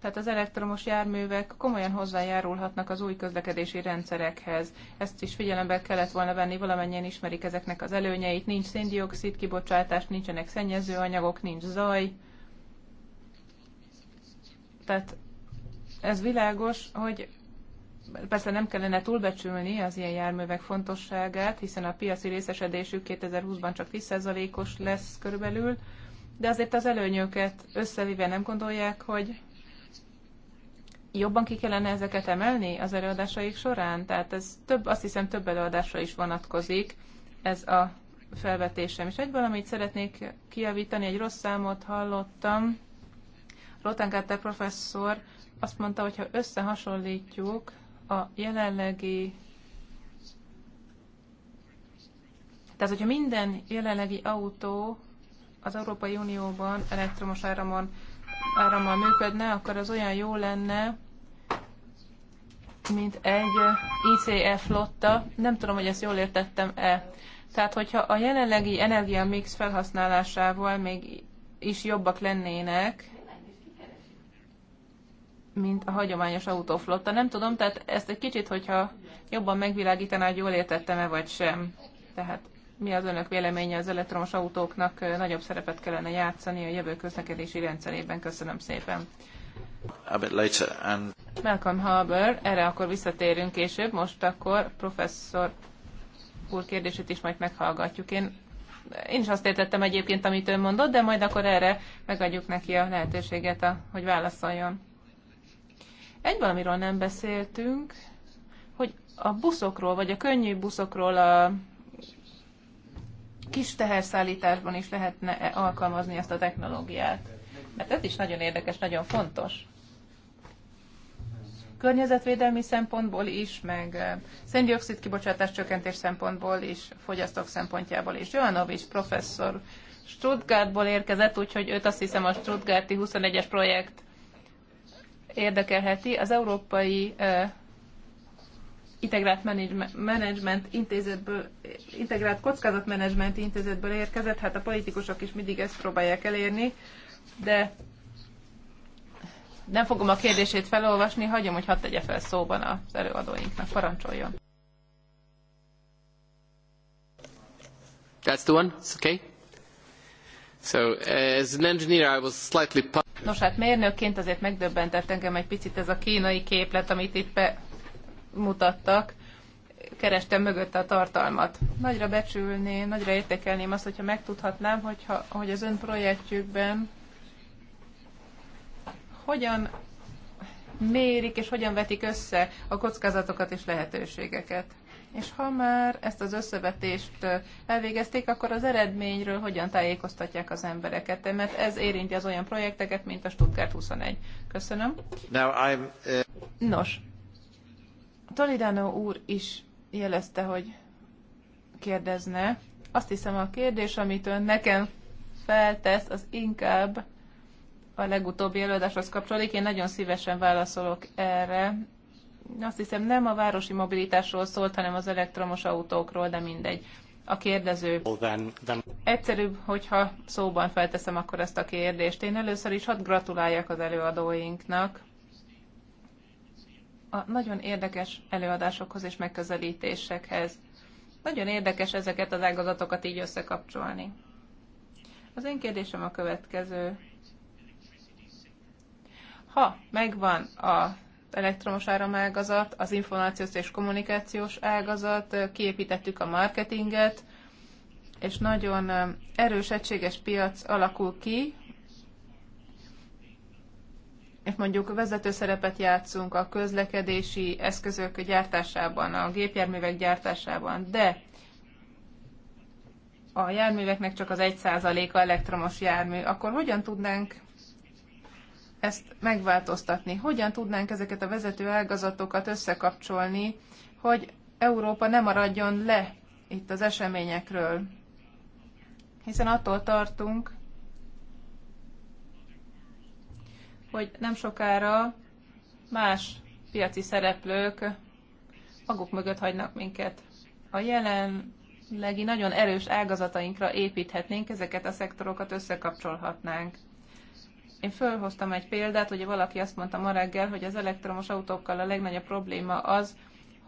Tehát az elektromos járművek komolyan hozzájárulhatnak az új közlekedési rendszerekhez. Ezt is figyelembe kellett volna venni, valamennyien ismerik ezeknek az előnyeit. Nincs széndiokszid kibocsátás, nincsenek szennyezőanyagok, nincs zaj, tehát ez világos, hogy persze nem kellene túlbecsülni az ilyen járművek fontosságát, hiszen a piaci részesedésük 2020-ban csak 10%-os lesz körülbelül, de azért az előnyöket összevéve nem gondolják, hogy jobban ki kellene ezeket emelni az előadásaik során? Tehát ez több, azt hiszem több előadásra is vonatkozik ez a felvetésem. És egy valamit szeretnék kiavítani egy rossz számot hallottam, Rotengáter professzor azt mondta, hogy ha összehasonlítjuk a jelenlegi tehát, hogyha minden jelenlegi autó az Európai Unióban elektromos áramon, árammal működne, akkor az olyan jó lenne, mint egy ICE flotta. Nem tudom, hogy ezt jól értettem-e. Tehát, hogyha a jelenlegi energiamix felhasználásával még is jobbak lennének, mint a hagyományos autóflotta. Nem tudom, tehát ezt egy kicsit, hogyha jobban megvilágítaná, hogy jól értettem-e vagy sem. Tehát mi az önök véleménye az elektromos autóknak nagyobb szerepet kellene játszani a jövő közlekedési rendszerében? Köszönöm szépen. A bit later and... Malcolm Harbour, erre akkor visszatérünk később, most akkor professzor úr kérdését is majd meghallgatjuk. Én, én is azt értettem egyébként, amit ön mondott, de majd akkor erre megadjuk neki a lehetőséget, a, hogy válaszoljon. Egy valamiről nem beszéltünk, hogy a buszokról, vagy a könnyű buszokról a kis teherszállításban is lehetne alkalmazni ezt a technológiát. Mert ez is nagyon érdekes, nagyon fontos. Környezetvédelmi szempontból is, meg széndiokszid kibocsátás csökkentés szempontból is, fogyasztók szempontjából is. Jovanovics professzor Stuttgartból érkezett, úgyhogy őt azt hiszem a Stuttgarti 21-es projekt érdekelheti. Az Európai Integrált Management Intézetből, Integrált Kockázatmenedzsment Intézetből érkezett, hát a politikusok is mindig ezt próbálják elérni, de nem fogom a kérdését felolvasni, hagyom, hogy hadd tegye fel szóban az előadóinknak. Parancsoljon! That's the one? It's okay? So, as an engineer, I was slightly... Nos, hát mérnökként azért megdöbbentett engem egy picit ez a kínai képlet, amit itt bemutattak. Kerestem mögötte a tartalmat. Nagyra becsülném, nagyra értékelném azt, hogyha megtudhatnám, hogyha, hogy az ön projektjükben hogyan mérik és hogyan vetik össze a kockázatokat és lehetőségeket. És ha már ezt az összevetést elvégezték, akkor az eredményről hogyan tájékoztatják az embereket? Mert ez érinti az olyan projekteket, mint a Stuttgart 21. Köszönöm. Now I'm, uh... Nos, Tolidano úr is jelezte, hogy kérdezne. Azt hiszem a kérdés, amit ön nekem feltesz, az inkább a legutóbbi előadáshoz kapcsolódik. Én nagyon szívesen válaszolok erre, azt hiszem nem a városi mobilitásról szólt, hanem az elektromos autókról, de mindegy. A kérdező. Egyszerűbb, hogyha szóban felteszem akkor ezt a kérdést. Én először is hadd gratuláljak az előadóinknak a nagyon érdekes előadásokhoz és megközelítésekhez. Nagyon érdekes ezeket az ágazatokat így összekapcsolni. Az én kérdésem a következő. Ha megvan a elektromos áramágazat, az információs és kommunikációs ágazat, kiépítettük a marketinget, és nagyon erős egységes piac alakul ki, és mondjuk vezető szerepet játszunk a közlekedési eszközök gyártásában, a gépjárművek gyártásában, de a járműveknek csak az 1%-a elektromos jármű, akkor hogyan tudnánk ezt megváltoztatni? Hogyan tudnánk ezeket a vezető ágazatokat összekapcsolni, hogy Európa ne maradjon le itt az eseményekről? Hiszen attól tartunk, hogy nem sokára más piaci szereplők maguk mögött hagynak minket. A jelenlegi nagyon erős ágazatainkra építhetnénk, ezeket a szektorokat összekapcsolhatnánk. Én fölhoztam egy példát, ugye valaki azt mondta ma reggel, hogy az elektromos autókkal a legnagyobb probléma az,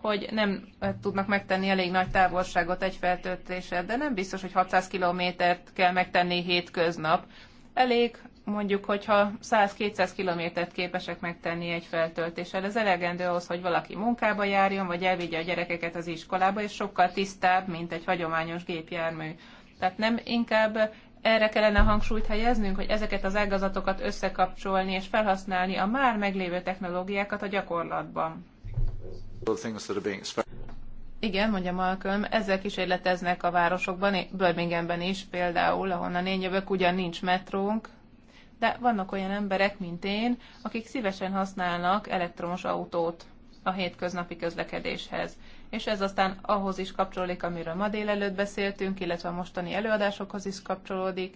hogy nem eh, tudnak megtenni elég nagy távolságot egy feltöltéssel, de nem biztos, hogy 600 kilométert kell megtenni hétköznap. Elég mondjuk, hogyha 100-200 kilométert képesek megtenni egy feltöltéssel, ez elegendő ahhoz, hogy valaki munkába járjon, vagy elvigye a gyerekeket az iskolába, és sokkal tisztább, mint egy hagyományos gépjármű. Tehát nem inkább erre kellene hangsúlyt helyeznünk, hogy ezeket az ágazatokat összekapcsolni és felhasználni a már meglévő technológiákat a gyakorlatban. Igen, mondja Malcolm, ezzel kísérleteznek a városokban, Birminghamben is például, ahonnan én jövök, ugyan nincs metrónk, de vannak olyan emberek, mint én, akik szívesen használnak elektromos autót a hétköznapi közlekedéshez és ez aztán ahhoz is kapcsolódik, amiről ma délelőtt beszéltünk, illetve a mostani előadásokhoz is kapcsolódik,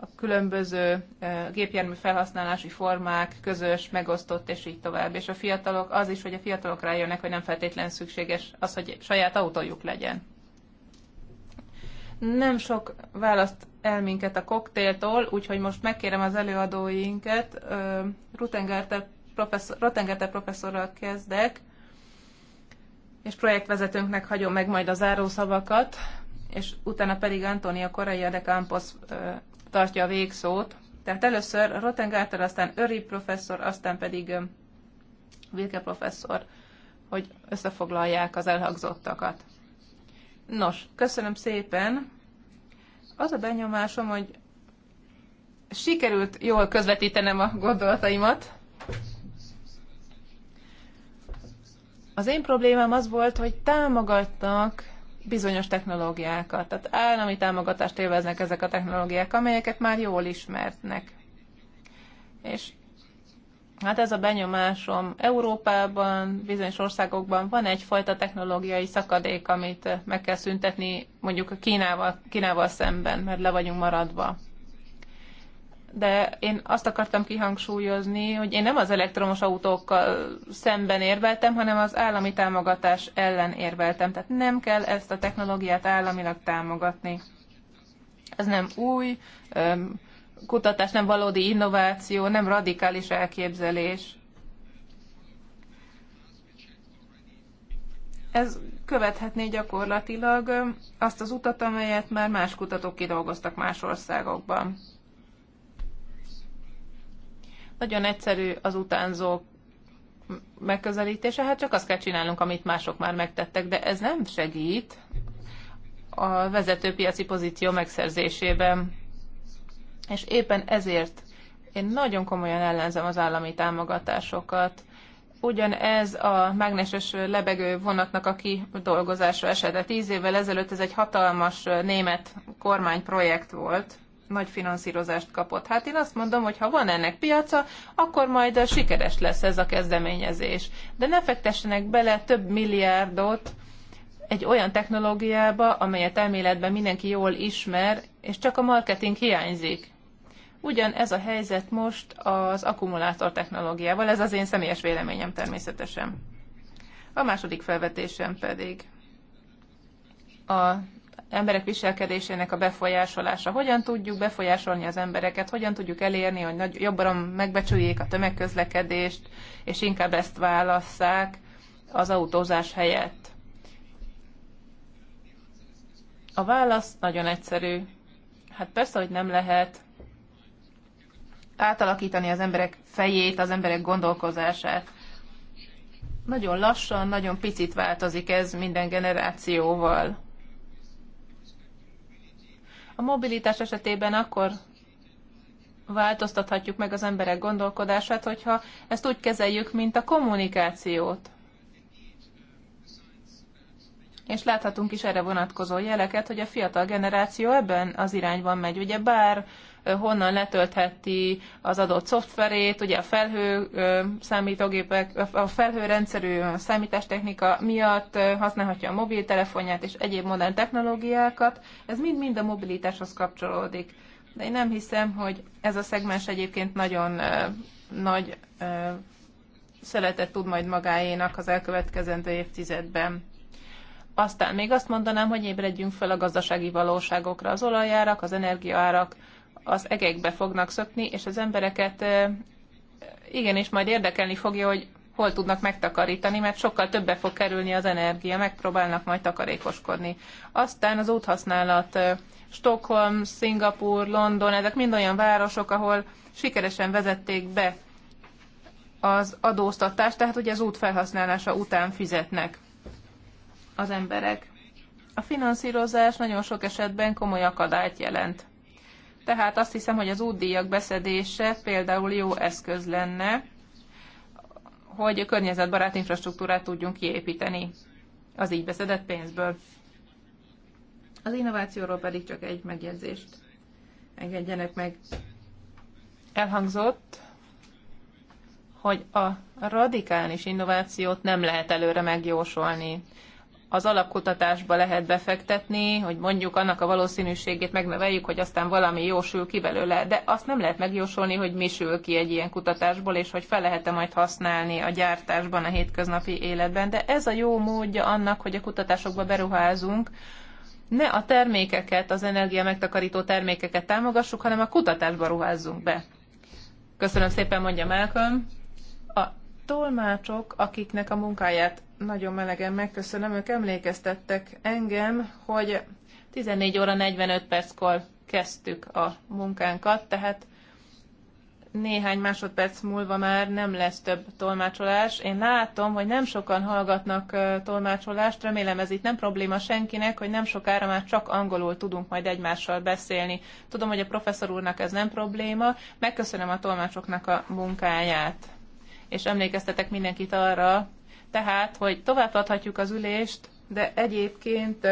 a különböző gépjármű felhasználási formák, közös, megosztott, és így tovább. És a fiatalok, az is, hogy a fiatalok rájönnek, hogy nem feltétlenül szükséges az, hogy saját autójuk legyen. Nem sok választ el minket a koktéltól, úgyhogy most megkérem az előadóinket. Rutengárter professzor, professzorral kezdek, és projektvezetőnknek hagyom meg majd a zárószavakat, és utána pedig Antonia Correia de Campos tartja a végszót. Tehát először Rottengárter, aztán Öri professzor, aztán pedig Vilke professzor, hogy összefoglalják az elhangzottakat. Nos, köszönöm szépen. Az a benyomásom, hogy sikerült jól közvetítenem a gondolataimat. Az én problémám az volt, hogy támogatnak bizonyos technológiákat. Tehát állami támogatást élveznek ezek a technológiák, amelyeket már jól ismertnek. És hát ez a benyomásom Európában, bizonyos országokban van egyfajta technológiai szakadék, amit meg kell szüntetni mondjuk Kínával, Kínával szemben, mert le vagyunk maradva de én azt akartam kihangsúlyozni, hogy én nem az elektromos autókkal szemben érveltem, hanem az állami támogatás ellen érveltem. Tehát nem kell ezt a technológiát államilag támogatni. Ez nem új kutatás, nem valódi innováció, nem radikális elképzelés. Ez követhetné gyakorlatilag azt az utat, amelyet már más kutatók kidolgoztak más országokban. Nagyon egyszerű az utánzó megközelítése, hát csak azt kell csinálnunk, amit mások már megtettek, de ez nem segít a vezetőpiaci pozíció megszerzésében. És éppen ezért én nagyon komolyan ellenzem az állami támogatásokat. Ugyanez a mágneses lebegő vonatnak a kidolgozása esete. Tíz évvel ezelőtt ez egy hatalmas német kormányprojekt volt, nagy finanszírozást kapott. Hát én azt mondom, hogy ha van ennek piaca, akkor majd sikeres lesz ez a kezdeményezés. De ne fektessenek bele több milliárdot egy olyan technológiába, amelyet elméletben mindenki jól ismer, és csak a marketing hiányzik. Ugyan ez a helyzet most az akkumulátor technológiával, ez az én személyes véleményem természetesen. A második felvetésem pedig a emberek viselkedésének a befolyásolása. Hogyan tudjuk befolyásolni az embereket, hogyan tudjuk elérni, hogy nagy, jobban megbecsüljék a tömegközlekedést, és inkább ezt válasszák az autózás helyett. A válasz nagyon egyszerű. Hát persze, hogy nem lehet átalakítani az emberek fejét, az emberek gondolkozását. Nagyon lassan, nagyon picit változik ez minden generációval. A mobilitás esetében akkor változtathatjuk meg az emberek gondolkodását, hogyha ezt úgy kezeljük, mint a kommunikációt. És láthatunk is erre vonatkozó jeleket, hogy a fiatal generáció ebben az irányban megy. Ugye bár honnan letöltheti az adott szoftverét, ugye a felhő számítógépek, a felhőrendszerű számítástechnika miatt használhatja a mobiltelefonját és egyéb modern technológiákat. Ez mind-mind a mobilitáshoz kapcsolódik. De én nem hiszem, hogy ez a szegmens egyébként nagyon nagy szeletet tud majd magáénak az elkövetkezendő évtizedben. Aztán még azt mondanám, hogy ébredjünk fel a gazdasági valóságokra, az olajárak, az energiaárak az egekbe fognak szökni, és az embereket igenis majd érdekelni fogja, hogy hol tudnak megtakarítani, mert sokkal többe fog kerülni az energia, megpróbálnak majd takarékoskodni. Aztán az úthasználat, Stockholm, Szingapur, London, ezek mind olyan városok, ahol sikeresen vezették be az adóztatást, tehát ugye az út felhasználása után fizetnek az emberek. A finanszírozás nagyon sok esetben komoly akadályt jelent. Tehát azt hiszem, hogy az útdíjak beszedése például jó eszköz lenne, hogy környezetbarát infrastruktúrát tudjunk kiépíteni az így beszedett pénzből. Az innovációról pedig csak egy megjegyzést engedjenek meg. Elhangzott, hogy a radikális innovációt nem lehet előre megjósolni az alapkutatásba lehet befektetni, hogy mondjuk annak a valószínűségét megneveljük, hogy aztán valami jósül ki belőle, de azt nem lehet megjósolni, hogy mi sül ki egy ilyen kutatásból, és hogy fel lehet-e majd használni a gyártásban, a hétköznapi életben. De ez a jó módja annak, hogy a kutatásokba beruházunk, ne a termékeket, az energia megtakarító termékeket támogassuk, hanem a kutatásba ruházzunk be. Köszönöm szépen, mondja Malcolm. A tolmácsok, akiknek a munkáját nagyon melegen megköszönöm. Ők emlékeztettek engem, hogy 14 óra 45 perckor kezdtük a munkánkat, tehát néhány másodperc múlva már nem lesz több tolmácsolás. Én látom, hogy nem sokan hallgatnak tolmácsolást, remélem ez itt nem probléma senkinek, hogy nem sokára már csak angolul tudunk majd egymással beszélni. Tudom, hogy a professzor úrnak ez nem probléma, megköszönöm a tolmácsoknak a munkáját. És emlékeztetek mindenkit arra, tehát, hogy továbbadhatjuk az ülést, de egyébként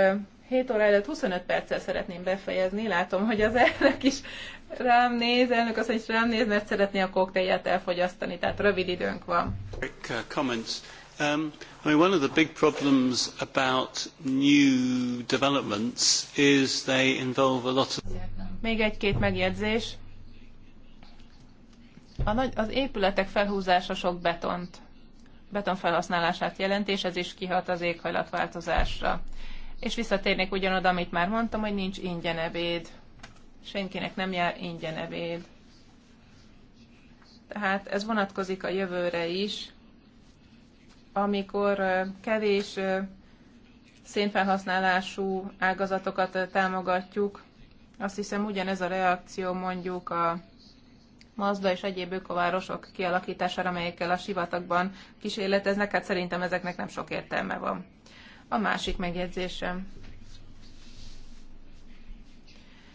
7 óra előtt 25 perccel szeretném befejezni. Látom, hogy az elnök is rám néz, elnök azt is rám néz, mert szeretné a koktélját elfogyasztani, tehát rövid időnk van. Uh, um, I mean, one of the big problems about new developments is they involve a lot of... Még egy-két megjegyzés. A nagy, az épületek felhúzása sok betont betonfelhasználását jelenti, és ez is kihat az éghajlatváltozásra. És visszatérnék ugyanoda, amit már mondtam, hogy nincs ingyen ebéd. Senkinek nem jár ingyen ebéd. Tehát ez vonatkozik a jövőre is, amikor kevés szénfelhasználású ágazatokat támogatjuk, azt hiszem ugyanez a reakció mondjuk a Mazda és egyéb ökovárosok kialakítására, amelyekkel a sivatagban kísérleteznek, hát szerintem ezeknek nem sok értelme van. A másik megjegyzésem.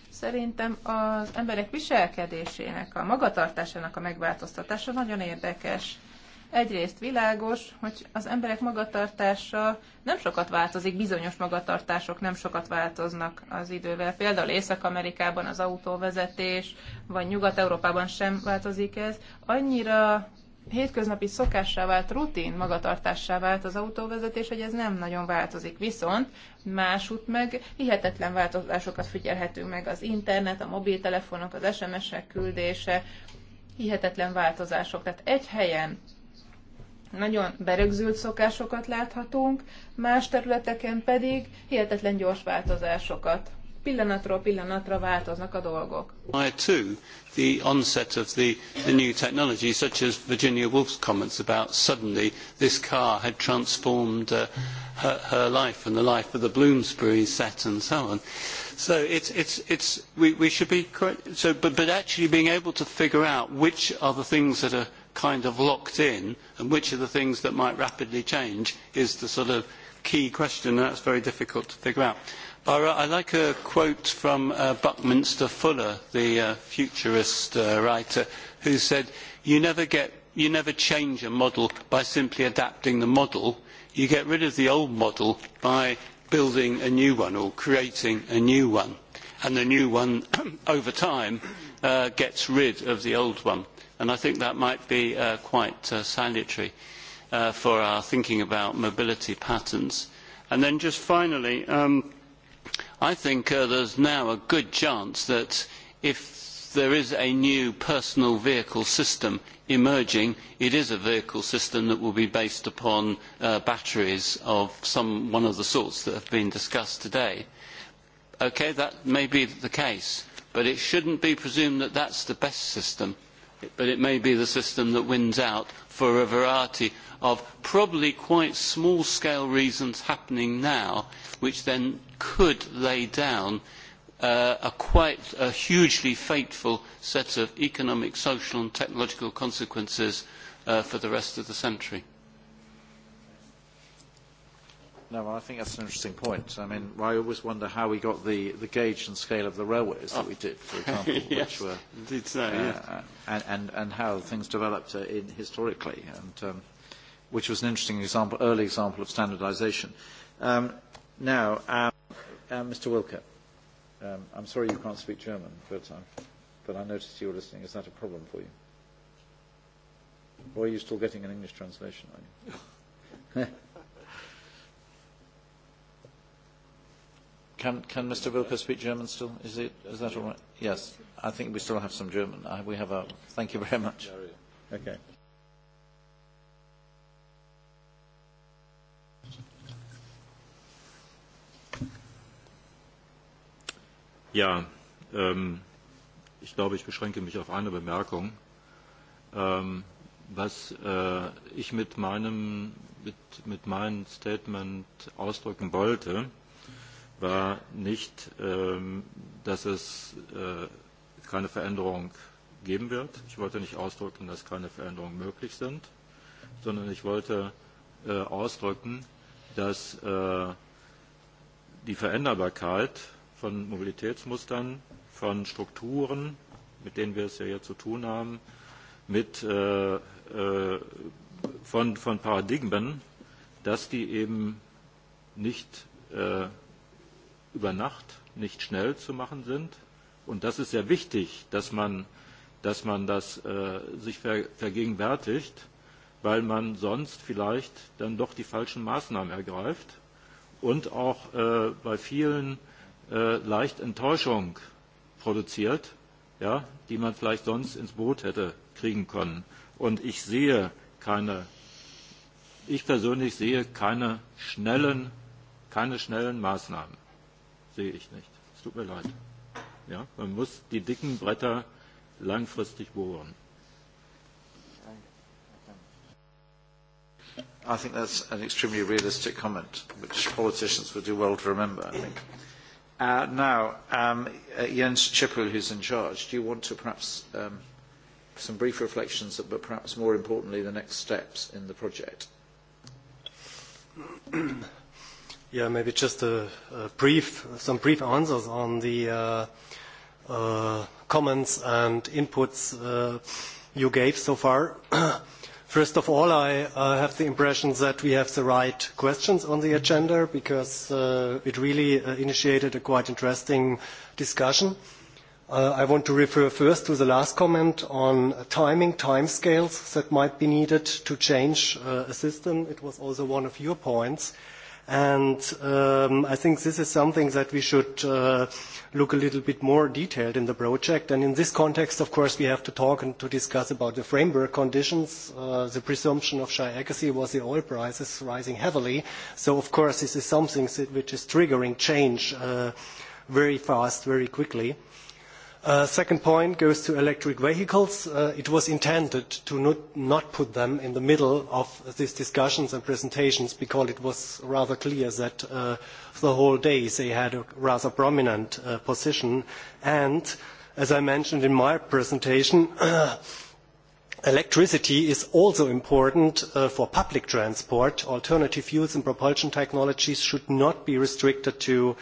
Szerintem az emberek viselkedésének, a magatartásának a megváltoztatása nagyon érdekes Egyrészt világos, hogy az emberek magatartása nem sokat változik, bizonyos magatartások nem sokat változnak az idővel. Például Észak-Amerikában az autóvezetés, vagy Nyugat-Európában sem változik ez. Annyira hétköznapi szokássá vált, rutin magatartássá vált az autóvezetés, hogy ez nem nagyon változik. Viszont másút meg hihetetlen változásokat figyelhetünk meg az internet, a mobiltelefonok, az SMS-ek küldése, hihetetlen változások. Tehát egy helyen nagyon berögzült szokásokat láthatunk, más területeken pedig hihetetlen gyors változásokat. Pillanatról pillanatra változnak a dolgok. I Too, the onset of the, the new technology, such as Virginia Woolf's comments about suddenly this car had transformed uh, her, her life and the life of the Bloomsbury set and so on. So it's, it's, it's, we, we should be correct. so, but, but actually being able to figure out which are the things that are kind of locked in and which are the things that might rapidly change is the sort of key question, and that's very difficult to figure out. Ira, I like a quote from uh, Buckminster Fuller, the uh, futurist uh, writer, who said, you never, get, you never change a model by simply adapting the model. You get rid of the old model by building a new one or creating a new one. And the new one, over time, uh, gets rid of the old one And I think that might be uh, quite uh, salutary uh, for our thinking about mobility patterns. And then just finally, um, I think uh, there's now a good chance that if there is a new personal vehicle system emerging, it is a vehicle system that will be based upon uh, batteries of some one of the sorts that have been discussed today. Okay, that may be the case, but it shouldn't be presumed that that's the best system but it may be the system that wins out for a variety of probably quite small scale reasons happening now, which then could lay down uh, a quite a hugely fateful set of economic, social and technological consequences uh, for the rest of the century. No, well, I think that's an interesting point. I mean, I always wonder how we got the, the gauge and scale of the railways oh. that we did, for oh. example, yes, which were indeed so, uh, yes. and, and and how things developed uh, in, historically, and um, which was an interesting example, early example of standardisation. Um, now, um, uh, Mr. Wilke, um, I'm sorry you can't speak German, but I've, but I noticed you were listening. Is that a problem for you? Or are you still getting an English translation? Are you? Can, can Mr. Wilker speak German still? Is, it, is that all right? Yes. I think we still have some German. I, we have a, thank you very much. Okay. Ja, ähm, ich glaube, ich beschränke mich auf eine Bemerkung. Ähm, was äh, ich mit meinem mit, mit meinem Statement ausdrücken wollte, war nicht, ähm, dass es äh, keine Veränderung geben wird. Ich wollte nicht ausdrücken, dass keine Veränderungen möglich sind, sondern ich wollte äh, ausdrücken, dass äh, die Veränderbarkeit von Mobilitätsmustern, von Strukturen, mit denen wir es ja hier zu tun haben, mit, äh, äh, von, von Paradigmen, dass die eben nicht äh, über Nacht nicht schnell zu machen sind. Und das ist sehr wichtig, dass man, dass man das äh, sich ver, vergegenwärtigt, weil man sonst vielleicht dann doch die falschen Maßnahmen ergreift und auch äh, bei vielen äh, leicht Enttäuschung produziert, ja, die man vielleicht sonst ins Boot hätte kriegen können. Und ich sehe keine, ich persönlich sehe keine schnellen, keine schnellen Maßnahmen sehe ich nicht. Es tut mir leid. Ja, man muss die dicken Bretter langfristig bohren. I think that's an extremely realistic comment, which politicians would do well to remember, I think. Uh, now, um, uh, Jens Schiphol, who's in charge, do you want to perhaps um, some brief reflections, but perhaps more importantly, the next steps in the project? Yeah, maybe just a, a brief, some brief answers on the uh, uh, comments and inputs uh, you gave so far. First of all, I uh, have the impression that we have the right questions on the agenda because uh, it really uh, initiated a quite interesting discussion. Uh, I want to refer first to the last comment on timing, timescales that might be needed to change uh, a system. It was also one of your points. Uh, And um, I think this is something that we should uh, look a little bit more detailed in the project. And in this context, of course, we have to talk and to discuss about the framework conditions. Uh, the presumption of shy accuracy was the oil prices rising heavily. So, of course, this is something which is triggering change uh, very fast, very quickly. Uh, Uh, second point goes to electric vehicles. Uh, it was intended to not, not, put them in the middle of these discussions and presentations because it was rather clear that uh, the whole day they had a rather prominent uh, position. And as I mentioned in my presentation, electricity is also important uh, for public transport. Alternative fuels and propulsion technologies should not be restricted to uh,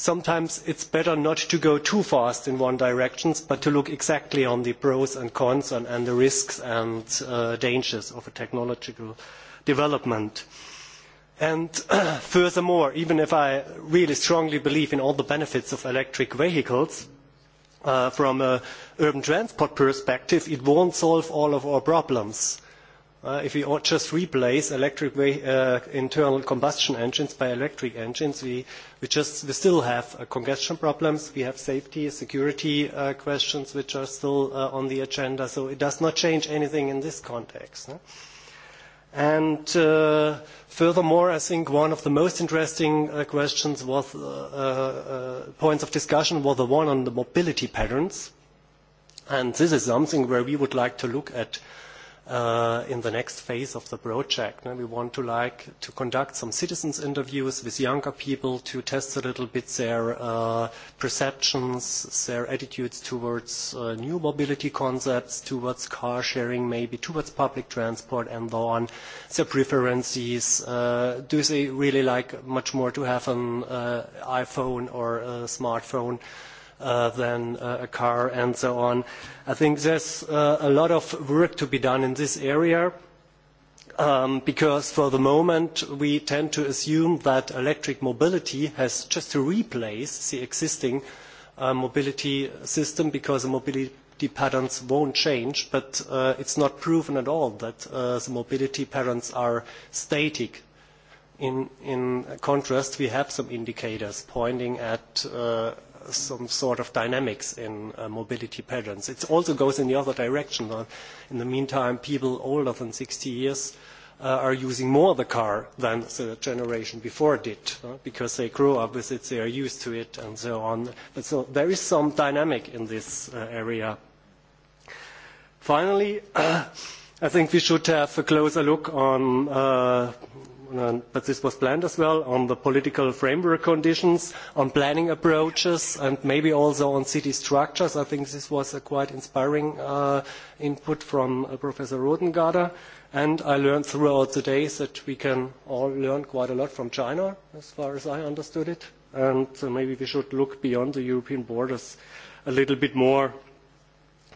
sometimes it is better not to go too fast in one direction but to look exactly at the pros and cons and, the risks and uh, dangers of a technological development. furthermore even if i really strongly believe in all the benefits of electric vehicles uh, from an urban transport perspective it will not solve all of our problems Uh, if we just replace electric way, uh, internal combustion engines by electric engines, we, we, just, we still have uh, congestion problems. We have safety, security uh, questions which are still uh, on the agenda. So it does not change anything in this context. Eh? And uh, furthermore, I think one of the most interesting questions was points of discussion was the one on the mobility patterns. And this is something where we would like to look at uh, in the next phase of the project. And we want to like to conduct some citizens interviews with younger people to test a little bit their uh, perceptions, their attitudes towards uh, new mobility concepts, towards car sharing, maybe towards public transport and so on, their preferences. Uh, do they really like much more to have an uh, iPhone or a smartphone? Uh, uh, than uh, a car and so on. I think there's uh, a lot of work to be done in this area. Um, because for the moment we tend to assume that electric mobility has just to replace the existing uh, mobility system because the mobility patterns won't change, but uh, it's not proven at all that uh, the mobility patterns are static. In, in contrast, we have some indicators pointing at uh, some sort of dynamics in uh, mobility patterns. It also goes in the other direction. Uh, in the meantime, people older than 60 years uh, are using more the car than the generation before did uh, because they grew up with it, they are used to it, and so on. But so there is some dynamic in this uh, area. Finally, I think we should have a closer look on uh, Uh, but this was planned as well on the political framework conditions on planning approaches and maybe also on city structures. i think this was a quite inspiring uh, input from uh, professor rodengarder and i learned throughout the days that we can all learn quite a lot from china as far as i understood it and uh, maybe we should look beyond the european borders a little bit more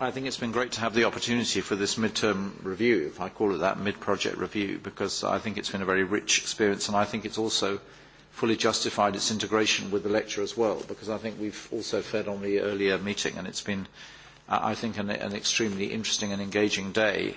I think it's been great to have the opportunity for this midterm review, if I call it that, mid-project review, because I think it's been a very rich experience, and I think it's also fully justified its integration with the lecture as well, because I think we've also fed on the earlier meeting, and it's been, uh, I think, an, an extremely interesting and engaging day.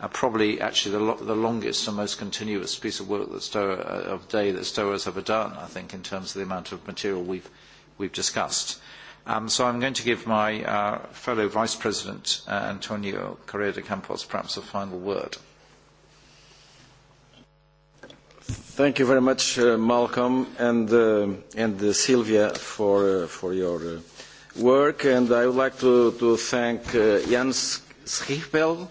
Uh, probably actually the, lo the longest and most continuous piece of work that Stoa, uh, of day that Stoa has ever done, I think, in terms of the amount of material we've, we've discussed. Um, so I'm going to give my uh, fellow Vice President, uh, Antonio Correa de Campos, perhaps a final word. Thank you very much, uh, Malcolm and, uh, and uh, Sylvia, for, uh, for your uh, work. And I would like to, to thank uh, Jan Schiepel,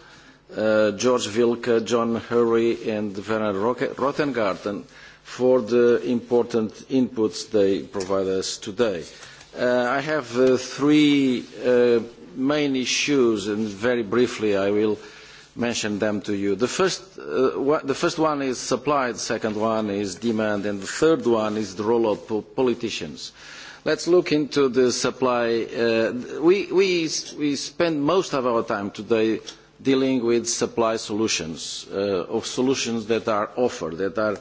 uh, George Wilke, John Hurry, and Werner Rottengarten for the important inputs they provide us today. Uh, I have uh, three uh, main issues, and very briefly I will mention them to you. The first, uh, the first one is supply, the second one is demand, and the third one is the role of po politicians. Let's look into the supply. Uh, we, we, we spend most of our time today dealing with supply solutions, uh, of solutions that are offered, that are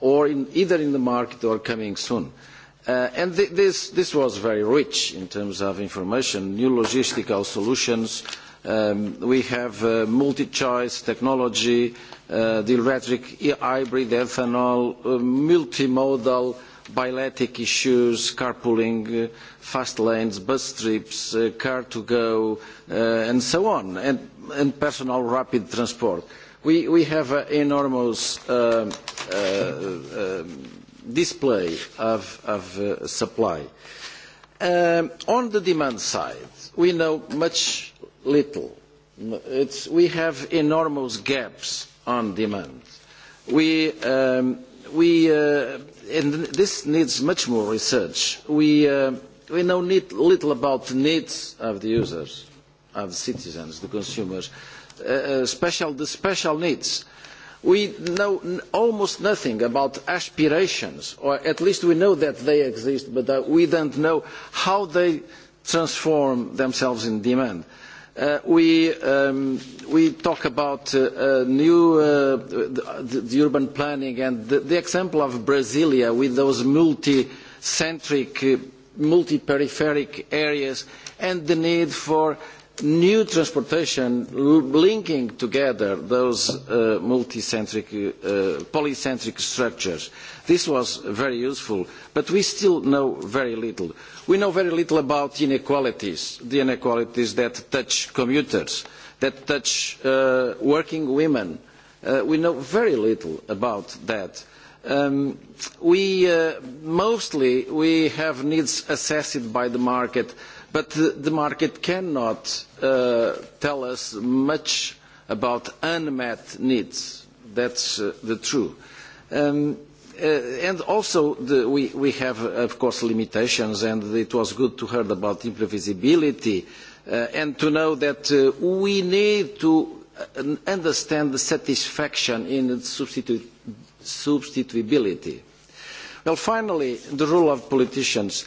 or in, either in the market or coming soon. Uh, Uh, and th this, this, was very rich in terms of information, new logistical solutions. Um, we have uh, multi-choice technology, uh, the electric e hybrid ethanol, uh, multimodal biletic issues, carpooling, uh, fast lanes, bus trips, uh, car to go, and so on, and, and, personal rapid transport. We, we have an enormous um, um display of, of uh, supply. Um, on the demand side, we know much little. It's, we have enormous gaps on demand. We, um, we, uh, and this needs much more research. We, uh, we know need, little about the needs of the users, of the citizens, the consumers, uh, uh special, the special needs We know almost nothing about aspirations, or at least we know that they exist, but uh, we don't know how they transform themselves in demand. Uh, we, um, we talk about uh, uh, new the, the urban planning and the, the example of Brasilia with those multi-centric, uh, multi-peripheric areas and the need for new transportation linking together those uh, multicentric, uh, polycentric structures. This was very useful, but we still know very little. We know very little about inequalities, the inequalities that touch commuters, that touch uh, working women. Uh, we know very little about that. Um, we uh, mostly we have needs assessed by the market But the, market cannot uh, tell us much about unmet needs. That's uh, the truth. Um, uh, and also, the, we, we have, of course, limitations, and it was good to hear about imprevisibility uh, and to know that uh, we need to uh, understand the satisfaction in substitute, substitutability. Well, finally, the role of politicians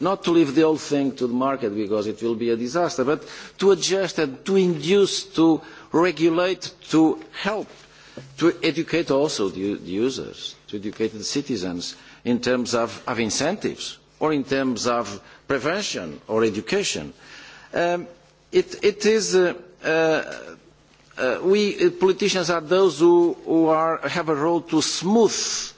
not to leave the whole thing to the market because it will be a disaster, but to adjust and to induce, to regulate, to help, to educate also the, the users, to educate the citizens in terms of, of incentives or in terms of prevention or education. Um, it, it is, uh, uh, uh, we uh, politicians are those who, who are, have a role to smooth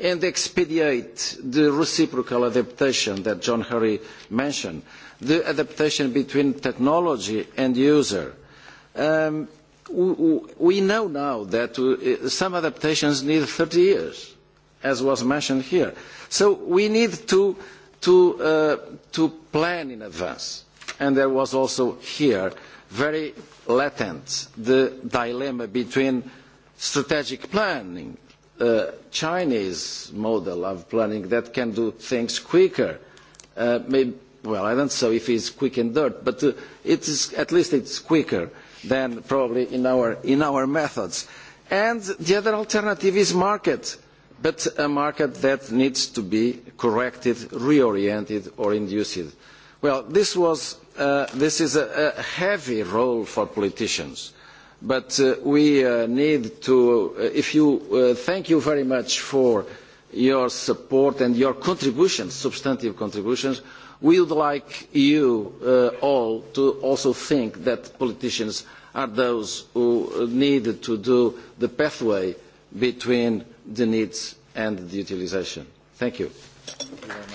and expedite the reciprocal adaptation that John Hurry mentioned, the adaptation between technology and user. Um, we know now that uh, some adaptations need 30 years, as was mentioned here. So we need to, to, uh, to plan in advance. And there was also here very latent the dilemma between strategic planning uh, Chinese model of planning that can do things quicker. Uh, maybe, well, I don't know if it's quick and dirt, but uh, it is, at least it's quicker than probably in our, in our methods. And the other alternative is market, but a market that needs to be corrected, reoriented, or induced. Well, this, was, uh, this is a, a heavy role for politicians but uh, we uh, need to uh, if you uh, thank you very much for your support and your contributions substantive contributions we would like you all to also think that politicians are those who need to do the pathway between the needs and the utilisation. Thank you. Thank you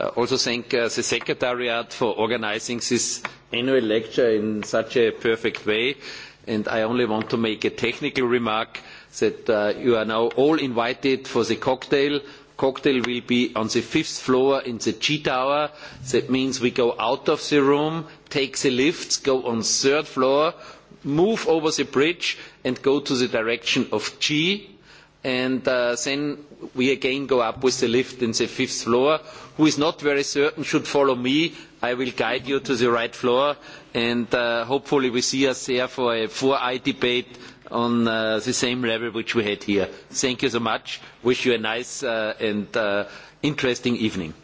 Uh, also thank uh, the Secretariat for organizing this annual lecture in such a perfect way. And I only want to make a technical remark that uh, you are now all invited for the cocktail. Cocktail will be on the fifth floor in the G Tower. That means we go out of the room, take the lifts, go on third floor, move over the bridge and go to the direction of G and uh, then we again go up with the lift in the fifth floor. Who is not very certain should follow me. I will guide you to the right floor, and uh, hopefully we see us there for a four-eye debate on uh, the same level which we had here. Thank you so much. Wish you a nice uh, and uh, interesting evening.